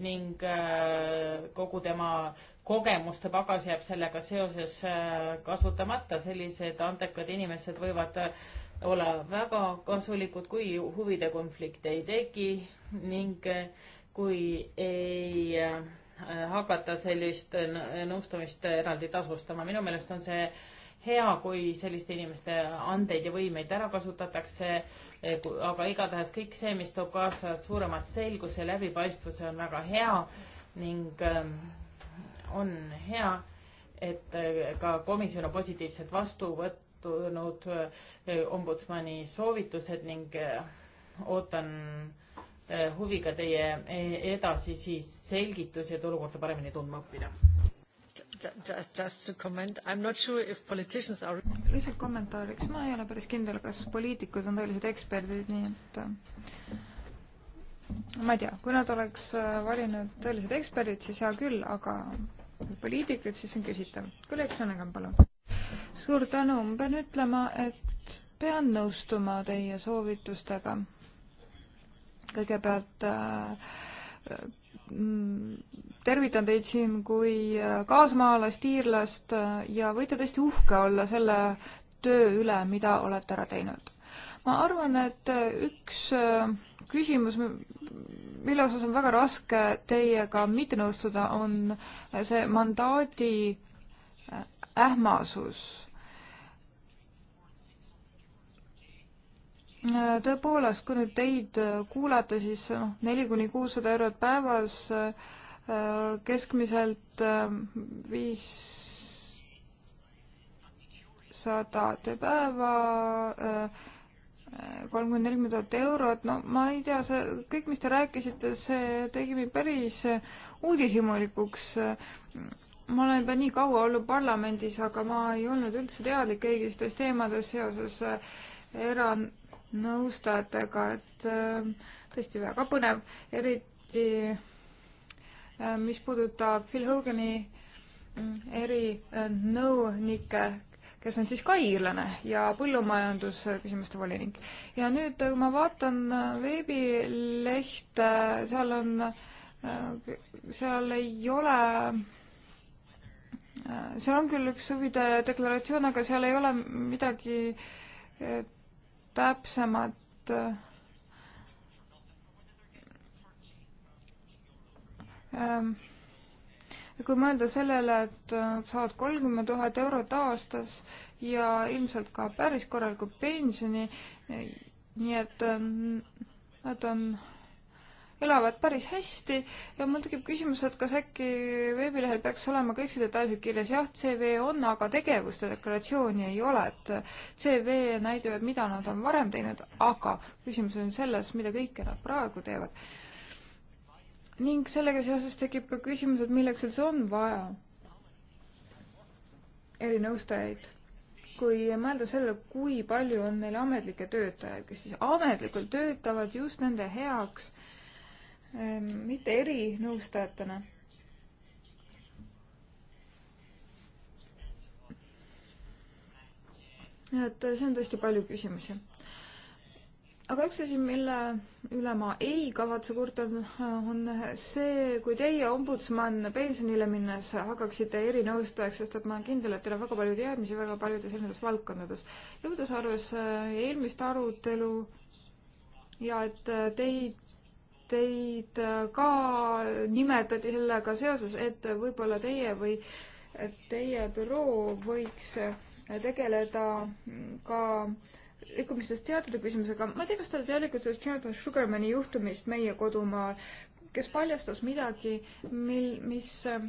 ning kogu tema kogemuste pagas jääb sellega seoses kasutamata. sellised andekad inimesed võivad olla väga kasulikud, kui huvide konflikte ei teki ning kui ei hakata sellist nõustamist eraldi tasustama. minu meelest on see äh, hea, kui selliste inimeste andeid ja võimeid ära kasutatakse, e, aga igatahes kõik see, mis toob kaasa suurema selguse, läbipaistvuse, on väga hea ning ähm, on hea, et äh, ka komisjon on positiivselt vastu võtnud äh, ombudsmani soovitused ning äh, ootan huviga teie e, edasisi selgitusi, et olukorda paremini tundma õppida Just to comment, I am not sure if politicians are lihtsalt kommentaariks, ma ei ole päris kindel, kas poliitikud on tõelised eksperdid, nii et äh, ma ei tea, kui nad oleks äh, valinud tõelised eksperdid, siis hea küll, aga poliitikud, siis on küsitav. kolleeg Sõnagan, palun. suur tänu, ma pean ütlema, et pean nõustuma teie soovitustega. kõigepealt äh, äh tervitan teid siin kui äh, kaasmaalast, iirlast äh, ja võite tõesti uhke olla selle töö üle, mida olete ära teinud. ma arvan, et äh, üks küsimus, mille osas on väga raske teiega mitte nõustuda, on see mandaadi ähmasus. tõepoolest, kui nüüd teid kuulata, siis noh, neli kuni kuussada eurot päevas äh, keskmiselt ähm, viissada tööpäeva, äh, kolmkümmend, nelikümmend tuhat eurot, no ma ei tea, see kõik, mis te rääkisite, see tegi mind päris äh, uudishimulikuks. ma olen juba nii kaua olnud parlamendis, aga ma ei olnud üldse teadlik kõigist neist teemadest seoses äh, eranõustajatega, et tõesti väga põnev, eriti Äh, mis puudutab Phil Hogani mm, erinõunikke, äh, kes on siis ka iirlane ja põllumajandusküsimuste volinik. ja nüüd, äh, kui ma vaatan veebilehte, seal on, seal ei ole seal on küll üks huvide deklaratsioon, aga seal ei ole midagi täpsemat Ähm, kui mõelda sellele, et äh, nad saavad kolmkümmend tuhat eurot aastas ja ilmselt ka päris korraliku pensioni, äh, nii et äh, nad on, elavad päris hästi ja mul tekib küsimus, et kas äkki veebilehel peaks olema kõik see detailselt kirjas, jah, CV on, aga tegevuste deklaratsiooni ei ole, et CV näitab, mida nad on varem teinud, aga küsimus on selles, mida kõike nad praegu teevad ning sellega seoses tekib ka küsimus, et milleks üldse on vaja erinõustajaid. kui mõelda sellele, kui palju on neil ametlikke töötajaid, kes siis ametlikult töötavad just nende heaks, ehm, mitte erinõustajatena nii et see on tõesti palju küsimusi aga üks asi, mille üle ma ei kavatse kurta, on see, kui teie ombudsman pensionile minnes hakkaksite erinõustajaks, sest et ma olen kindel, et teil on väga palju teadmisi väga paljudes erinevates valdkondades. ja võttes arvesse eelmist arutelu ja et teid teid ka nimetati sellega seoses, et võib-olla teie või teie büroo võiks tegeleda ka äh, rikkumistest teatada küsimusega, ma ei tea, kas te olete teadlikud sellest Jonathan Sugarmani juhtumist meie kodumaal, kes paljastas midagi, mil, mis äh,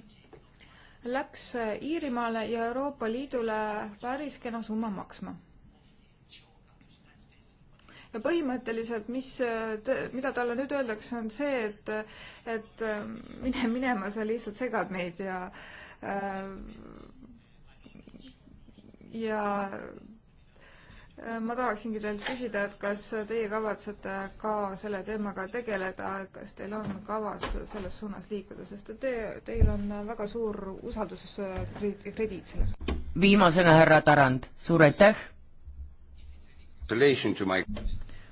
läks äh, Iirimaale ja Euroopa Liidule päris kena summa maksma. ja põhimõtteliselt, mis, äh, mida talle nüüd öeldakse, on see, et, et mine minema, sa lihtsalt segad meid ja äh, ja Äh, ma tahaksingi teilt küsida, et kas teie kavatsete ka selle teemaga tegeleda, kas teil on kavas selles suunas liikuda, sest te, teil on väga suur usalduskrediit äh, selles. viimasena härra Tarand, suur aitäh!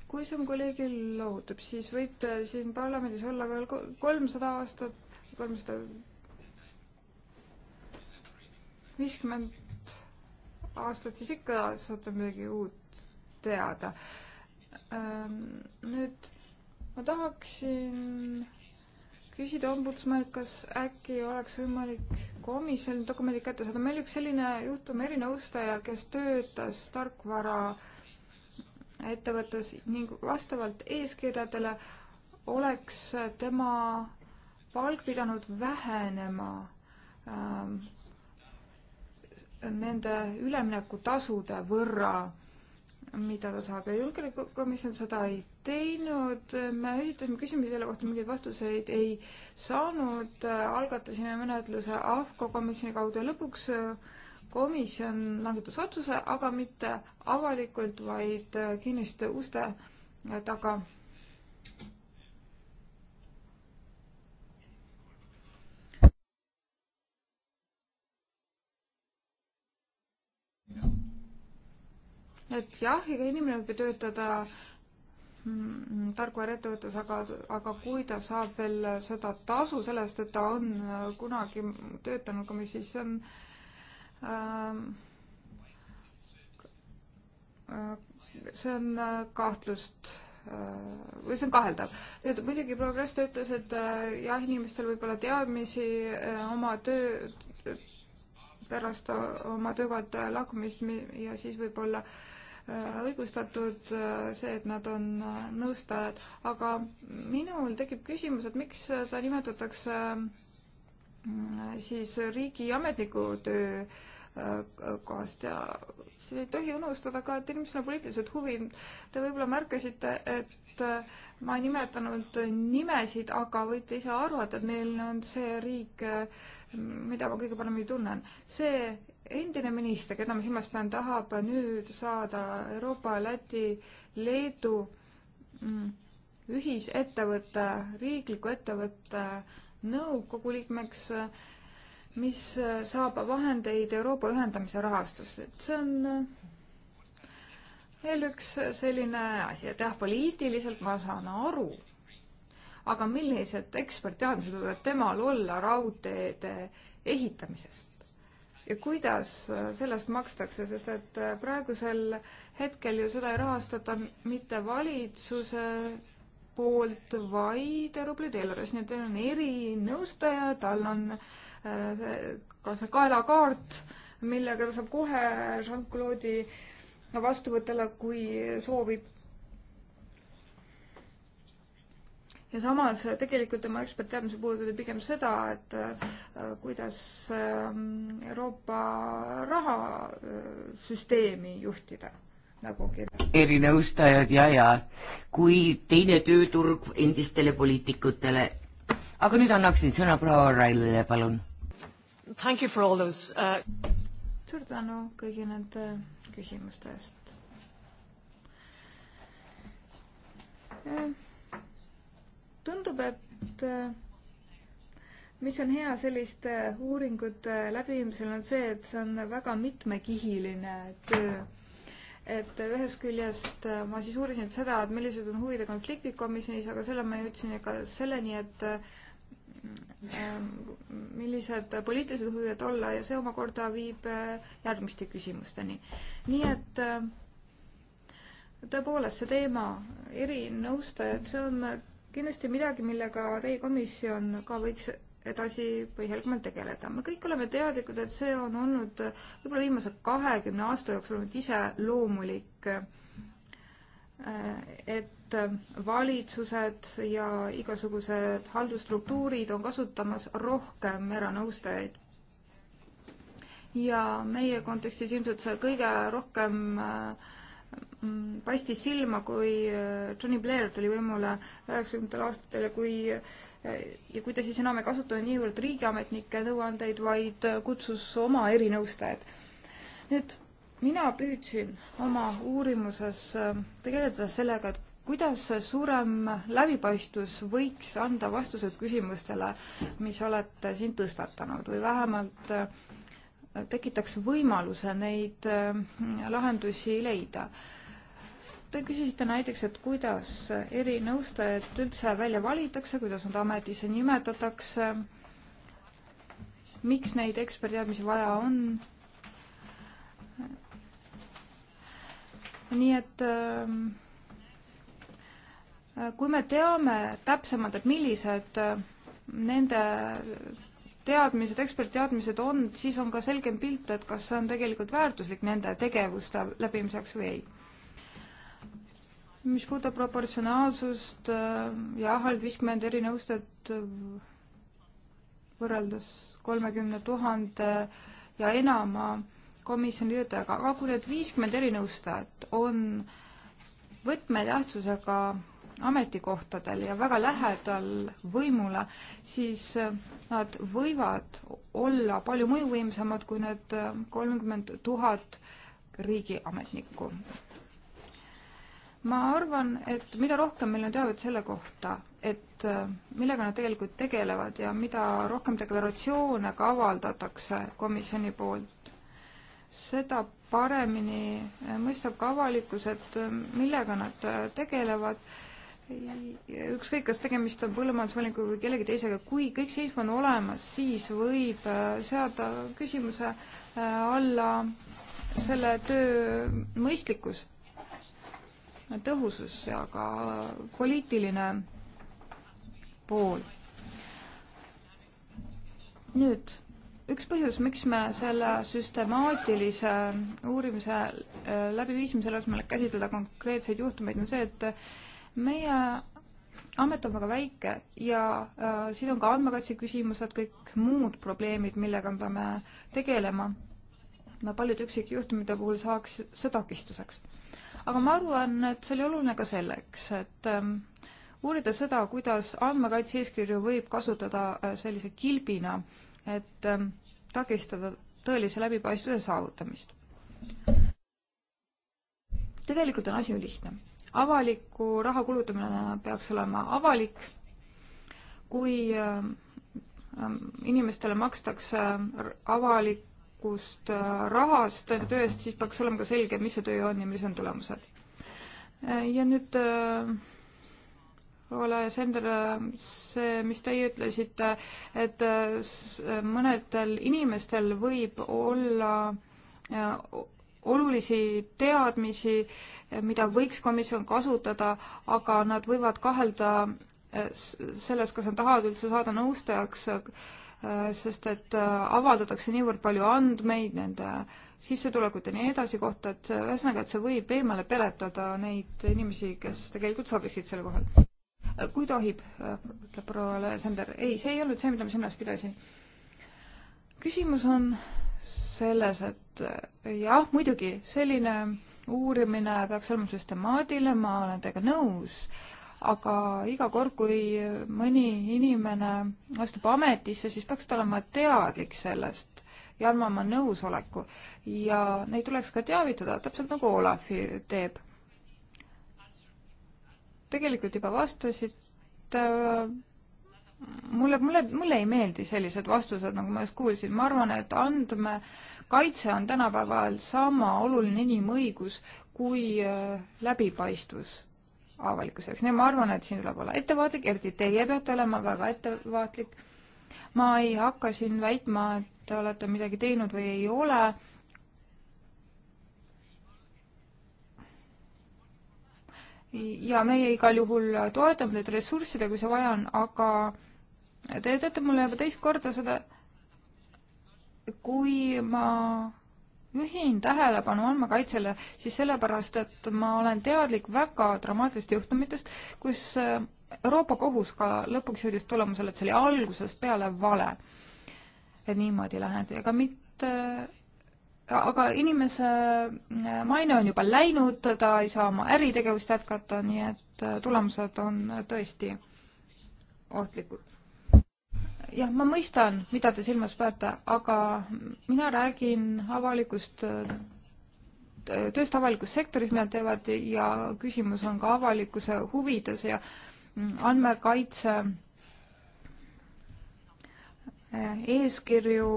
kui see on kolleegil lohutab, siis võib siin parlamendis olla veel kolmsada aastat, kolmsada viiskümmend aastat, siis ikka saate midagi uut teada. Ähm, nüüd ma tahaksin küsida ombudsmanilt, kas äkki oleks võimalik komisjoni dokumendid kätte saada. meil üks selline juhtum, erinõustaja, kes töötas tarkvara ettevõttes ning vastavalt eeskirjadele oleks tema palk pidanud vähenema ähm, nende üleminekutasude võrra, mida ta saab ja julgeolekukomisjon seda ei teinud. me esitasime küsimusi selle kohta, mingeid vastuseid ei saanud. algatasime menetluse AFCO komisjoni kaudu ja lõpuks komisjon langetas otsuse, aga mitte avalikult, vaid kinniste uste taga et jah, iga inimene võib ju töötada mm, tarkvaraettevõttes, aga, aga kui ta saab veel seda tasu selle eest, et ta on äh, kunagi töötanud komisjonis, siis see on ähm, äh, see on äh, kahtlust äh, või see on kaheldav. nüüd muidugi Progress ta ütles, et jah, inimestel võib olla teadmisi oma töö, pärast oma töökohalt lahkumist ja siis võib-olla äh, Äh, õigustatud äh, see, et nad on äh, nõustajad, aga minul tekib küsimus, et miks ta nimetatakse siis riigiametniku töö kohast ja siin ei tohi unustada ka, et inimesel on poliitilised huvid. Te võib-olla märkasite, et ma ei nimetanud nimesid, aga võite ise arvata, et meil on see riik, mida ma kõige paremini tunnen. see endine minister, keda ma silmas pean, tahab nüüd saada Euroopa, Läti, Leedu mm, ühisettevõtte, riikliku ettevõtte nõukogu liikmeks, mis saab vahendeid Euroopa ühendamise rahastust, et see on äh, veel üks selline asi, et jah, poliitiliselt ma saan aru, aga millised ekspertteadmised võivad temal olla raudteede ehitamisest? ja kuidas äh, sellest makstakse, sest et äh, praegusel hetkel ju seda ei rahastata mitte valitsuse poolt, vaid Euroopa Liidu eelarves, nii et teil on erinõustaja, tal on äh, see, ka see kaelakaart, millega ta saab kohe Jean-Claude'i vastuvõtule, kui soovib ja samas tegelikult tema ekspertteadmise puudutab pigem seda, et äh, kuidas ähm, Euroopa rahasüsteemi äh, juhtida nagu kirjas. erinõustajad ja, ja kui teine tööturg endistele poliitikutele. aga nüüd annaksin sõna proua Railile, palun. Thank you for all those uh.... suur tänu kõigi nende küsimuste eest tundub, et äh, mis on hea selliste äh, uuringute äh, läbiviimisel, on see, et see on väga mitmekihiline töö. et ühest küljest ma siis uurisin seda, et millised on huvide konfliktid komisjonis, aga selle ma jõudsin ka selleni, et millised poliitilised huvid olla ja see omakorda viib järgmiste küsimusteni. nii et tõepoolest, see teema, erinõustajad, see on kindlasti midagi, millega teie komisjon ka võiks edasi põhjalikumalt tegeleda. me kõik oleme teadlikud, et see on olnud võib-olla viimase kahekümne aasta jooksul olnud iseloomulik, et valitsused ja igasugused haldusstruktuurid on kasutamas rohkem eranõustajaid. ja meie kontekstis ilmselt see kõige rohkem äh, Mm, paistis silma, kui Tony äh, Blair tuli võimule üheksakümnendatel aastatel ja kui äh, ja kui ta siis enam ei kasutanud niivõrd riigiametnike nõuandeid, vaid äh, kutsus oma erinõustajad. nüüd mina püüdsin oma uurimuses tegeleda sellega, et kuidas suurem läbipaistvus võiks anda vastused küsimustele, mis olete siin tõstatanud või vähemalt äh, tekitaks võimaluse neid äh, lahendusi leida. Te küsisite näiteks, et kuidas erinõustajad üldse välja valitakse, kuidas nad ametisse nimetatakse, miks neid ekspertteadmisi vaja on. nii et äh, kui me teame täpsemalt, et millised äh, nende teadmised, ekspertteadmised on, siis on ka selgem pilt, et kas see on tegelikult väärtuslik nende tegevuste läbimiseks või ei. mis puudutab proportsionaalsust, äh, jah, ainult viiskümmend erinõustajat äh, võrreldes kolmekümne tuhande ja enama komisjoni töötajaga, aga kui need viiskümmend erinõustajat on võtmetähtsusega ametikohtadel ja väga lähedal võimule, siis nad võivad olla palju mõjuvõimsamad kui need kolmkümmend tuhat riigiametnikku. ma arvan, et mida rohkem meil on teavet selle kohta, et millega nad tegelikult tegelevad ja mida rohkem deklaratsioone ka avaldatakse komisjoni poolt, seda paremini mõistab ka avalikkus, et millega nad tegelevad ükskõik, kas tegemist on põllumajandusvolinikuga või kellegi teisega, kui kõik see info on olemas, siis võib äh, seada küsimuse äh, alla selle töö mõistlikkus, tõhusus ja ka poliitiline pool. nüüd, üks põhjus, miks me selle süstemaatilise uurimise äh, läbiviisimise asemel käsitleda konkreetseid juhtumeid, on see, et meie amet on väga väike ja äh, siin on ka andmekaitse küsimused, kõik muud probleemid, millega me peame tegelema. no paljude üksikjuhtumite puhul saaks see takistuseks. aga ma arvan, et see oli oluline ka selleks, et ähm, uurida seda, kuidas andmekaitse eeskirju võib kasutada äh, sellise kilbina, et ähm, takistada tõelise läbipaistvuse saavutamist. tegelikult on asi ju lihtne avaliku raha kulutamine peaks olema avalik. kui ähm, inimestele makstakse avalikust äh, rahast töö eest, siis peaks olema ka selge, mis see töö on ja mis on tulemused. Äh, ja nüüd äh, Ole Sender, see, mis teie ütlesite, et mõnedel inimestel võib olla olulisi teadmisi, mida võiks komisjon kasutada, aga nad võivad kahelda eh, selles, kas nad tahavad üldse saada nõustajaks, eh, sest et eh, avaldatakse niivõrd palju andmeid nende sissetulekute ja nii edasi kohta, et ühesõnaga, et see võib eemale peletada neid inimesi, kes tegelikult sobiksid selle kohale. kui tohib, ütleb proua Aleksander, ei, see ei olnud see, mida ma silmas pidasin. küsimus on selles, et eh, jah, muidugi selline uurimine peaks olema süstemaatiline, ma olen teiega nõus, aga iga kord, kui mõni inimene astub ametisse, siis peaks ta olema teadlik sellest ja andma oma nõusoleku ja neid tuleks ka teavitada, täpselt nagu Olafi teeb. tegelikult juba vastasite mulle, mulle, mulle ei meeldi sellised vastused, nagu ma just kuulsin, ma arvan, et andmekaitse on tänapäeval sama oluline inimõigus kui äh, läbipaistvus avalikkuseks, nii et ma arvan, et siin tuleb olla ettevaatlik, eriti teie peate olema väga ettevaatlik. ma ei hakka siin väitma, et te olete midagi teinud või ei ole ja meie igal juhul toetame teid ressurssidega, kui see vaja on, aga Te teete mulle juba teist korda seda, kui ma juhin tähelepanu andmekaitsele, siis sellepärast, et ma olen teadlik väga dramaatilistest juhtumitest, kus äh, Euroopa Kohus ka lõpuks jõudis tulemusele, et see oli algusest peale vale. et niimoodi lähendi, aga mitte, äh, aga inimese äh, maine on juba läinud, ta ei saa oma äritegevust jätkata, nii et tulemused on tõesti ohtlikud jah, ma mõistan, mida te silmas peate, aga mina räägin avalikust, tööst avalikus sektoris, mida teevad ja küsimus on ka avalikkuse huvides ja andmekaitse eh, eeskirju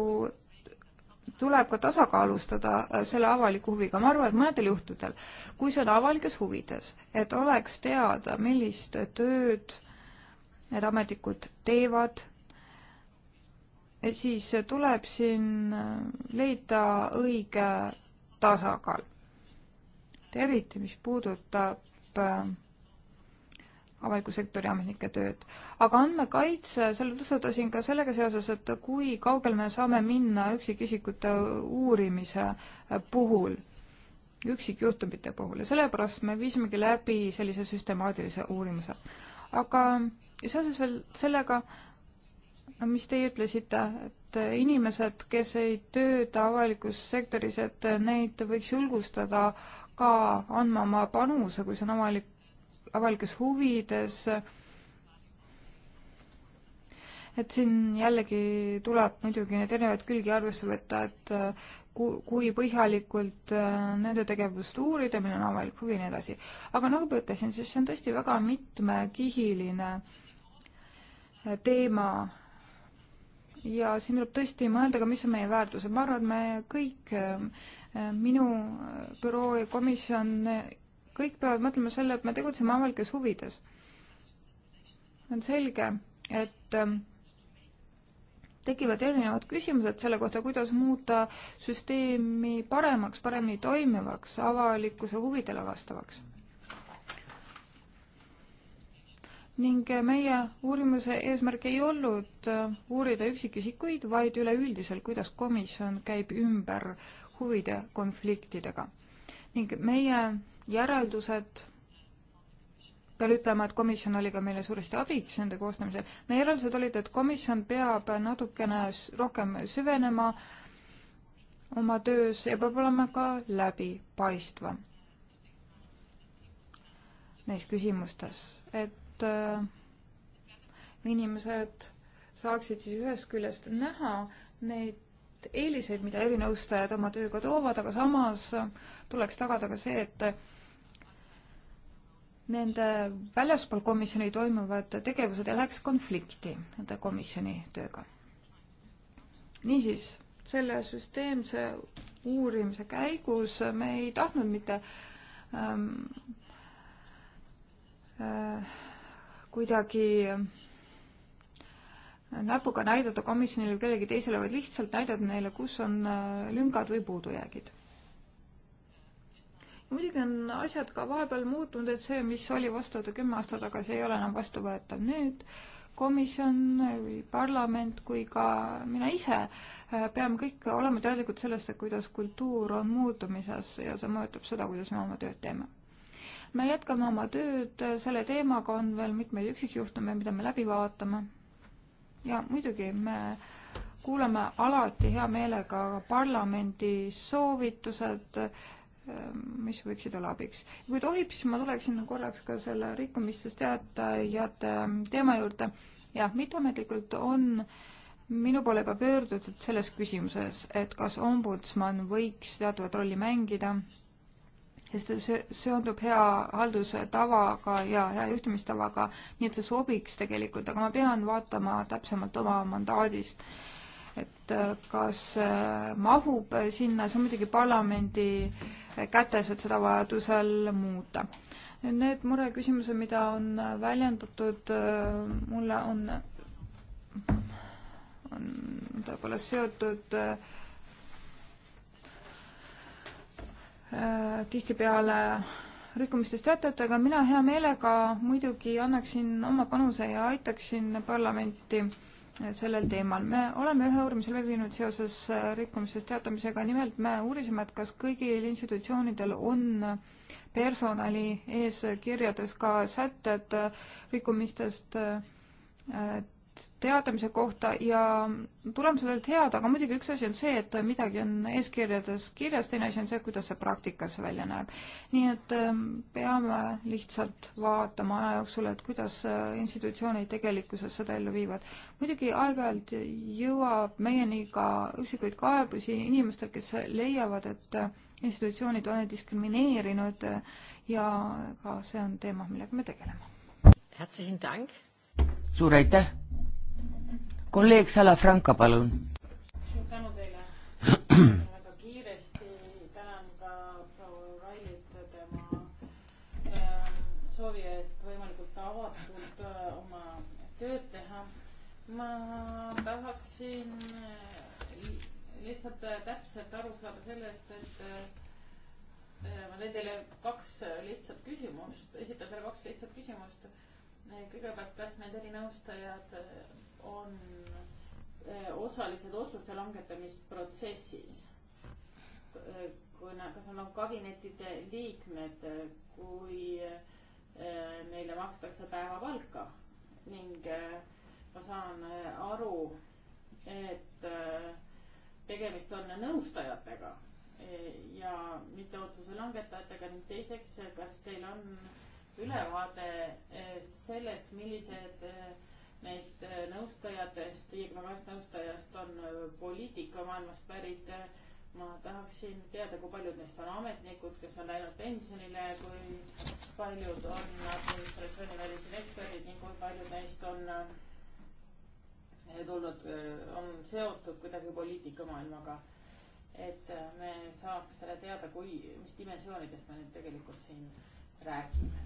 tuleb ka tasakaalustada eh, selle avaliku huviga. ma arvan, et mõnedel juhtudel, kui see on avalikes huvides, et oleks teada, millist tööd need ametnikud teevad, siis tuleb siin leida õige tasakaal. eriti, mis puudutab äh, avaliku sektori ametnike tööd. aga andmekaitse, selle tõstatasin ka sellega seoses, et kui kaugel me saame minna üksikisikute uurimise äh, puhul, üksikjuhtumite puhul ja sellepärast me viisimegi läbi sellise süstemaatilise uurimise. aga seoses veel sellega mis teie ütlesite, et inimesed, kes ei tööta avalikus sektoris, et neid võiks julgustada ka andma oma panuse, kui see on avalik, avalikes huvides. et siin jällegi tuleb muidugi neid erinevaid külgi arvesse võtta, et äh, kui põhjalikult äh, nende tegevust uurida, milline on avalik huvi ja nii edasi. aga nagu ma ütlesin, siis see on tõesti väga mitmekihiline äh, teema ja siin tuleb tõesti mõelda ka, mis on meie väärtused. ma arvan, et me kõik, äh, minu büroo ja komisjon, kõik peavad mõtlema selle, et me tegutseme avalikes huvides. on selge, et ähm, tekivad erinevad küsimused selle kohta, kuidas muuta süsteemi paremaks, paremini toimivaks, avalikkuse huvidele vastavaks ning meie uurimuse eesmärk ei olnud äh, uurida üksikisikuid, vaid üleüldiselt, kuidas komisjon käib ümber huvide konfliktidega. ning meie järeldused, pean ütlema, et komisjon oli ka meile suuresti abiks nende koostamisel, meie järeldused olid, et komisjon peab natukene rohkem süvenema oma töös ja peab olema ka läbipaistvam neis küsimustes, et et äh, inimesed saaksid siis ühest küljest näha neid eeliseid, mida erinõustajad oma tööga toovad, aga samas tuleks tagada ka see, et nende väljaspool komisjoni toimuvad tegevused ei läheks konflikti nende komisjoni tööga. niisiis, selle süsteemse uurimise käigus me ei tahtnud mitte ähm, äh, kuidagi näpuga näidata komisjonile või kellegi teisele, vaid lihtsalt näidata neile, kus on äh, lüngad või puudujäägid. muidugi on asjad ka vahepeal muutunud, et see, mis oli vastuvõetu kümme aastat tagasi, ei ole enam vastuvõetav nüüd. komisjon või parlament kui ka mina ise äh, peame kõik olema teadlikud sellest, et kuidas kultuur on muutumises ja see mõjutab seda, kuidas me oma tööd teeme me jätkame oma tööd, selle teemaga on veel mitmeid üksikjuhtumeid, mida me läbi vaatame. ja muidugi me kuulame alati hea meelega parlamendi soovitused, mis võiksid olla abiks. kui tohib, siis ma tuleksin korraks ka selle rikkumistest teatajate teema juurde. jah, mitteametlikult on minu poole juba pöördutud selles küsimuses, et kas ombudsman võiks teatavat rolli mängida sest see seondub hea haldustavaga ja hea juhtimistavaga, nii et see sobiks tegelikult, aga ma pean vaatama täpsemalt oma mandaadist, et äh, kas äh, mahub sinna, see on muidugi parlamendi kätes, et seda vajadusel muuta. Need mureküsimused, mida on väljendatud, äh, mulle on, on tõepoolest seotud äh, Äh, tihtipeale rikkumistest teatajate, aga mina hea meelega muidugi annaksin oma panuse ja aitaksin parlamenti äh, sellel teemal. me oleme ühe uurimise läbi viinud seoses äh, rikkumisest teatamisega, nimelt me uurisime, et kas kõigil institutsioonidel on personali eeskirjades ka sätted rikkumistest teatamise kohta ja tulemused olid head, aga muidugi üks asi on see, et midagi on eeskirjades kirjas, teine asi on see, kuidas see praktikas välja näeb. nii et ähm, peame lihtsalt vaatama aja jooksul, et kuidas äh, institutsioonid tegelikkuses seda ellu viivad. muidugi aeg-ajalt jõuab meieni ka üksikuid kaebusi inimestel, kes leiavad, et äh, institutsioonid on diskrimineerinud äh, ja ka see on teema, millega me tegeleme. Herzlichen Dank! suur aitäh! kolleeg Salafranca, palun. suur tänu teile. väga kiiresti tänan ka proua Railit tema äh, soovi eest võimalikult avatult äh, oma tööd teha. ma tahaksin äh, lihtsalt äh, täpselt aru saada sellest, et äh, äh, ma teen teile kaks lihtsat küsimust, esitan teile kaks lihtsat küsimust kõigepealt, kas need erinõustajad äh, on äh, osalised otsuste langetamisprotsessis? Äh, kui nad, kas nad on kabinetide liikmed, kui neile makstakse päevapalka ning ma saan aru, et tegemist on nõustajatega ja mitte otsuse langetajatega ning teiseks, kas teil on äh, ülevaade eh, sellest, millised eh, neist eh, nõustajatest, viiekümne kahest nõustajast on poliitikamaailmast pärit. ma tahaksin teada, kui paljud neist on ametnikud, kes on läinud pensionile, kui paljud on administratsioonivälised eksperdid ning kui paljud neist on tulnud, on seotud kuidagi poliitikamaailmaga. et me saaks teada, kui, mis dimensioonidest me nüüd tegelikult siin räägime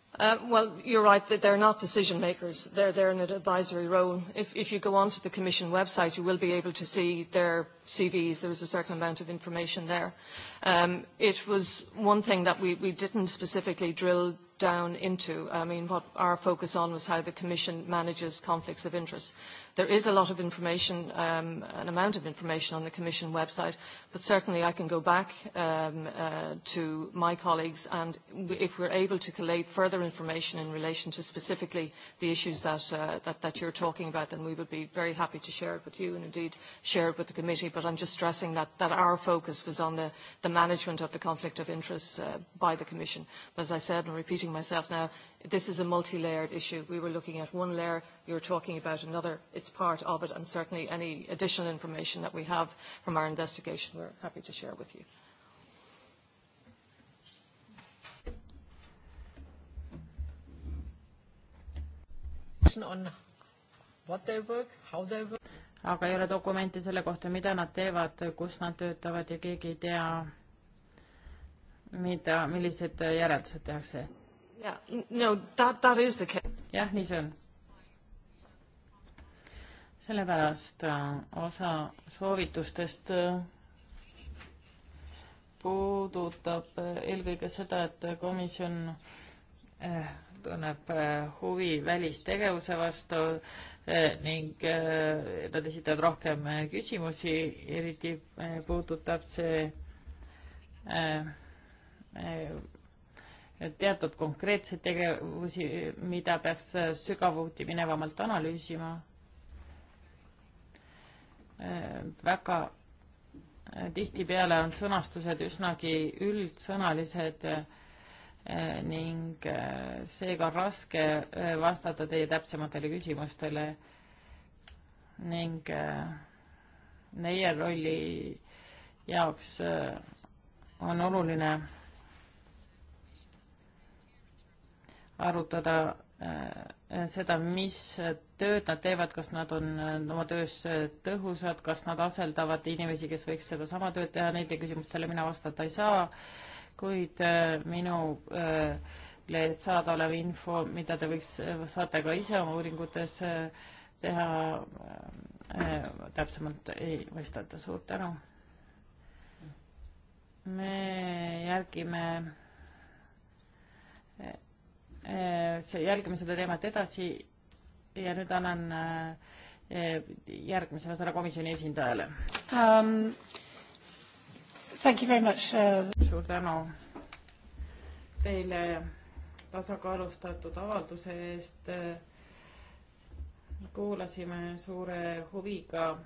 Uh, well, you're right that they're not decision makers. They're there in an advisory role. If, if you go onto the Commission website, you will be able to see their CVs. There is a certain amount of information there. Um, it was one thing that we, we didn't specifically drill down into. I mean, what our focus on was how the Commission manages conflicts of interest. There is a lot of information, um, an amount of information on the Commission website, but certainly I can go back um, uh, to my colleagues and if we're able to collate further further information in relation to specifically the issues that, uh, that, that you're talking about, then we would be very happy to share it with you and indeed share it with the committee. But I'm just stressing that, that our focus was on the, the management of the conflict of interests uh, by the Commission. But as I said, and repeating myself now, this is a multi-layered issue. We were looking at one layer, you were talking about another. It's part of it, and certainly any additional information that we have from our investigation, we're happy to share with you. aga ei ole dokumenti selle kohta, mida nad teevad, kus nad töötavad ja keegi ei tea, mida, millised järeldused tehakse. jah, nii see on. sellepärast äh, osa soovitustest äh, puudutab äh, eelkõige seda, et komisjon tunneb äh, huvi välistegevuse vastu äh, ning äh, nad esitavad rohkem küsimusi, eriti puudutab see teatud konkreetseid tegevusi, mida peaks sügavuti minevamalt analüüsima. väga tihtipeale on sõnastused üsnagi üldsõnalised Äh, ning äh, seega on raske äh, vastata teie täpsematele küsimustele ning meie rolli jaoks on oluline arutada seda, mis tööd nad teevad, kas nad on oma töös tõhusad, kas nad aseldavad inimesi, kes võiks sedasama tööd teha, neile küsimustele mina vastata ei saa kuid äh, minule äh, saadaolev info, mida te võiks, saate ka ise oma uuringutes äh, teha, täpsemalt ei vastata, suur tänu. me järgime jälgime seda teemat edasi ja nüüd annan järgmisena sõna komisjoni esindajale um,. Uh, suur tänu teile tasakaalustatud avalduse eest. kuulasime suure huviga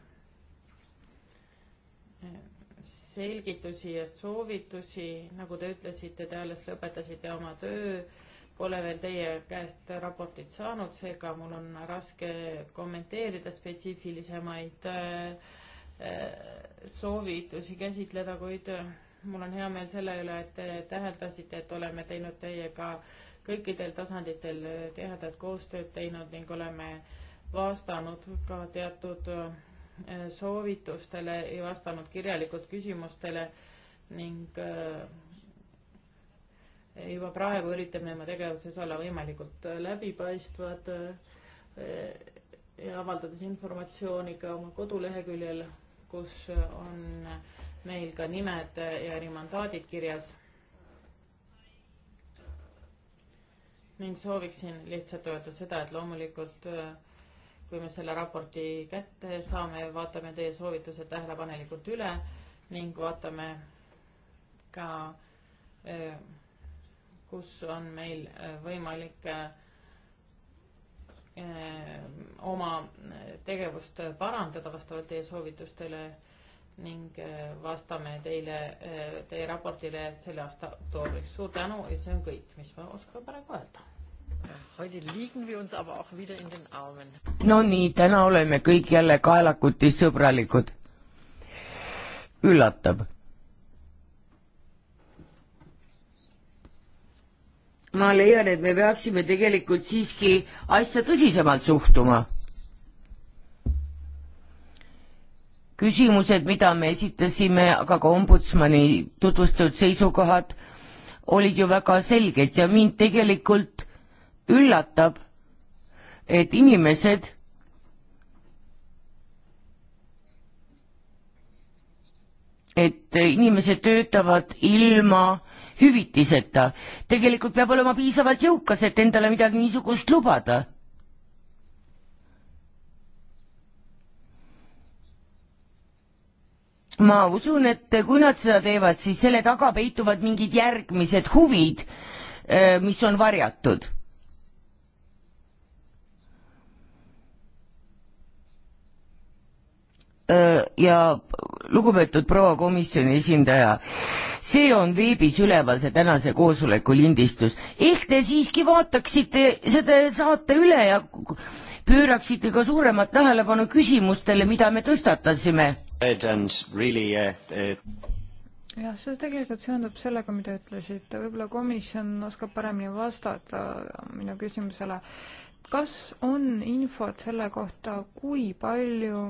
selgitusi ja soovitusi, nagu te ütlesite, te alles lõpetasite oma töö, pole veel teie käest raportit saanud, seega mul on raske kommenteerida spetsiifilisemaid äh, soovitusi käsitleda, kuid äh, mul on hea meel selle üle, et te täheldasite, et oleme teinud teiega kõikidel tasanditel äh, tihedat koostööd teinud ning oleme vastanud ka teatud äh, soovitustele ja vastanud kirjalikult küsimustele ning juba praegu üritame oma tegevuses olla võimalikult läbipaistvad ja avaldades informatsiooni ka oma koduleheküljel kus on meil ka nimed ja erimandaadid kirjas. ning sooviksin lihtsalt öelda seda, et loomulikult äh, kui me selle raporti kätte saame, vaatame teie soovitused tähelepanelikult üle ning vaatame ka, äh, kus on meil äh, võimalik Äh, oma äh, tegevust parandada vastavalt teie soovitustele ning äh, vastame teile, teie raportile selle aasta oktoobriks. suur tänu ja see on kõik, mis ma oskan praegu öelda. no nii, täna oleme kõik jälle kaelakutis sõbralikud. üllatav ma leian, et me peaksime tegelikult siiski asja tõsisemalt suhtuma. küsimused, mida me esitasime, aga ka ombudsmani tutvustatud seisukohad olid ju väga selged ja mind tegelikult üllatab, et inimesed et inimesed töötavad ilma hüvitiseta. tegelikult peab olema piisavalt jõukas, et endale midagi niisugust lubada. ma usun, et kui nad seda teevad, siis selle taga peituvad mingid järgmised huvid, mis on varjatud Äh, ja lugupeetud proua komisjoni esindaja, see on veebis üleval, see tänase koosoleku lindistus. ehk te siiski vaataksite seda saate üle ja pööraksite ka suuremat tähelepanu küsimustele, mida me tõstatasime? Uh, uh, jah, see tegelikult seondub sellega, mida ütlesite, võib-olla komisjon oskab paremini vastata minu küsimusele kas on infot selle kohta, kui palju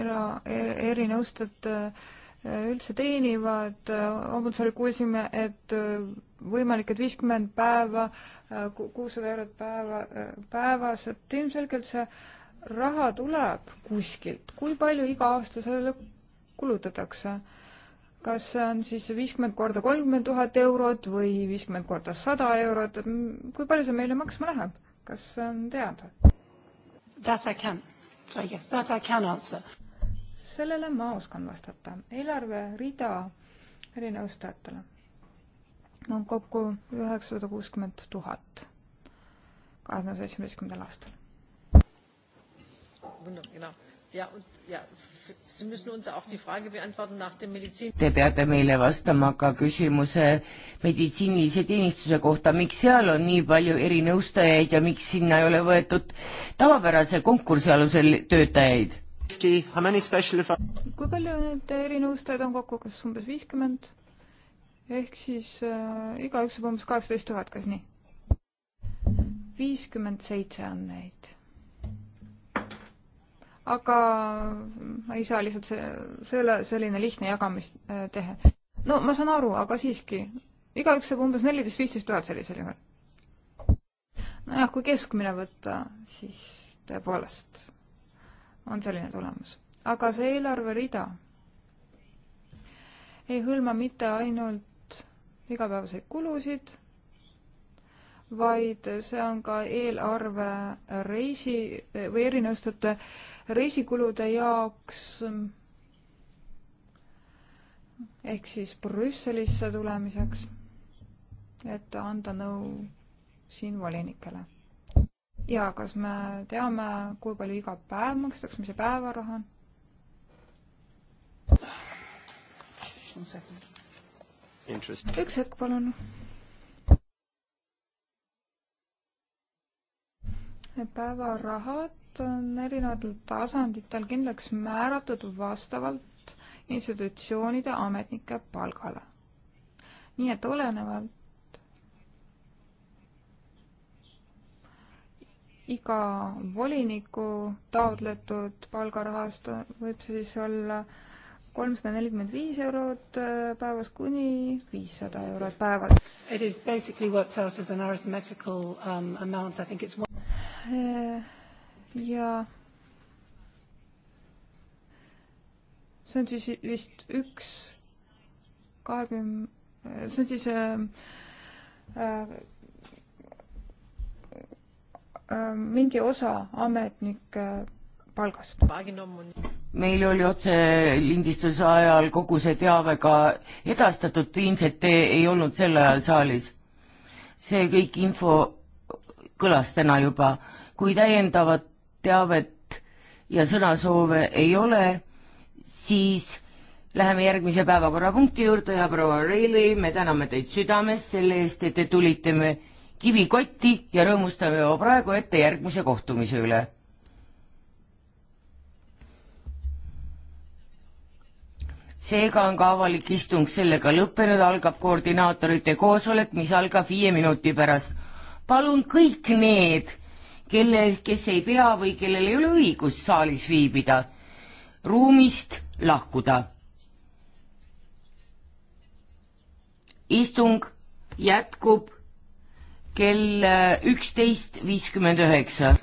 era- er,, erinõustajad äh, üldse teenivad, ombudsman äh, kuulsime, et äh, võimalik, et viiskümmend päeva, kuussada eurot päeva, päevas, et ilmselgelt see raha tuleb kuskilt, kui palju iga aasta sellele kulutatakse? kas see on siis viiskümmend korda kolmkümmend tuhat eurot või viiskümmend korda sada eurot, kui palju see meile maksma läheb? kas see on teada? That I can, yes, that I can answer. sellele ma oskan vastata. eelarverida erinõustajatele on kokku üheksasada kuuskümmend tuhat kahe tuhande seitsmeteistkümnendal aastal. Te peate meile vastama ka küsimuse meditsiinilise teenistuse kohta, miks seal on nii palju erinõustajaid ja miks sinna ei ole võetud tavapärase konkursi alusel töötajaid? kui palju neid erinõustajaid on kokku, kas umbes viiskümmend? ehk siis äh, igaüks saab umbes kaheksateist tuhat, kas nii? viiskümmend seitse on neid aga ma ei saa lihtsalt see, selle, selline lihtne jagamist äh, teha. no ma saan aru, aga siiski, igaüks saab umbes neliteist, viisteist tuhat sellisel juhul. nojah, kui keskmine võtta, siis tõepoolest on selline tulemus. aga see eelarverida ei hõlma mitte ainult igapäevaseid kulusid, vaid see on ka eelarve reisi või erinõustute äh, reisikulude jaoks ehk siis Brüsselisse tulemiseks, et anda nõu siin volinikele. ja kas me teame, kui palju iga päev makstakse, mis see päevaraha on? üks hetk, palun. päevarahad on erinevatel tasanditel kindlaks määratud vastavalt institutsioonide ametnike palgale. nii et olenevalt iga voliniku taotletud palgarahast võib see siis olla kolmsada nelikümmend viis eurot äh, päevas kuni viissada eurot päevas. It is basically worked out as an arithmetical um, amount, I think it's one äh, ja see on siis vist üks kahekümne, see on siis äh, äh, äh mingi osa ametnike palgast. meil oli otselindistuse ajal kogu see teave ka edastatud, ilmselt te ei olnud sel ajal saalis. see kõik info kõlas täna juba. kui täiendavat teavet ja sõnasoove ei ole, siis läheme järgmise päevakorrapunkti juurde ja proua Reili, me täname teid südamest selle eest, et te tulite me kivikotti ja rõõmustame juba praegu ette järgmise kohtumise üle. seega on ka avalik istung sellega lõppenud, algab koordinaatorite koosolek, mis algab viie minuti pärast. palun kõik need kellel, kes ei pea või kellel ei ole õigust saalis viibida, ruumist lahkuda. istung jätkub kell äh, üksteist viiskümmend üheksa.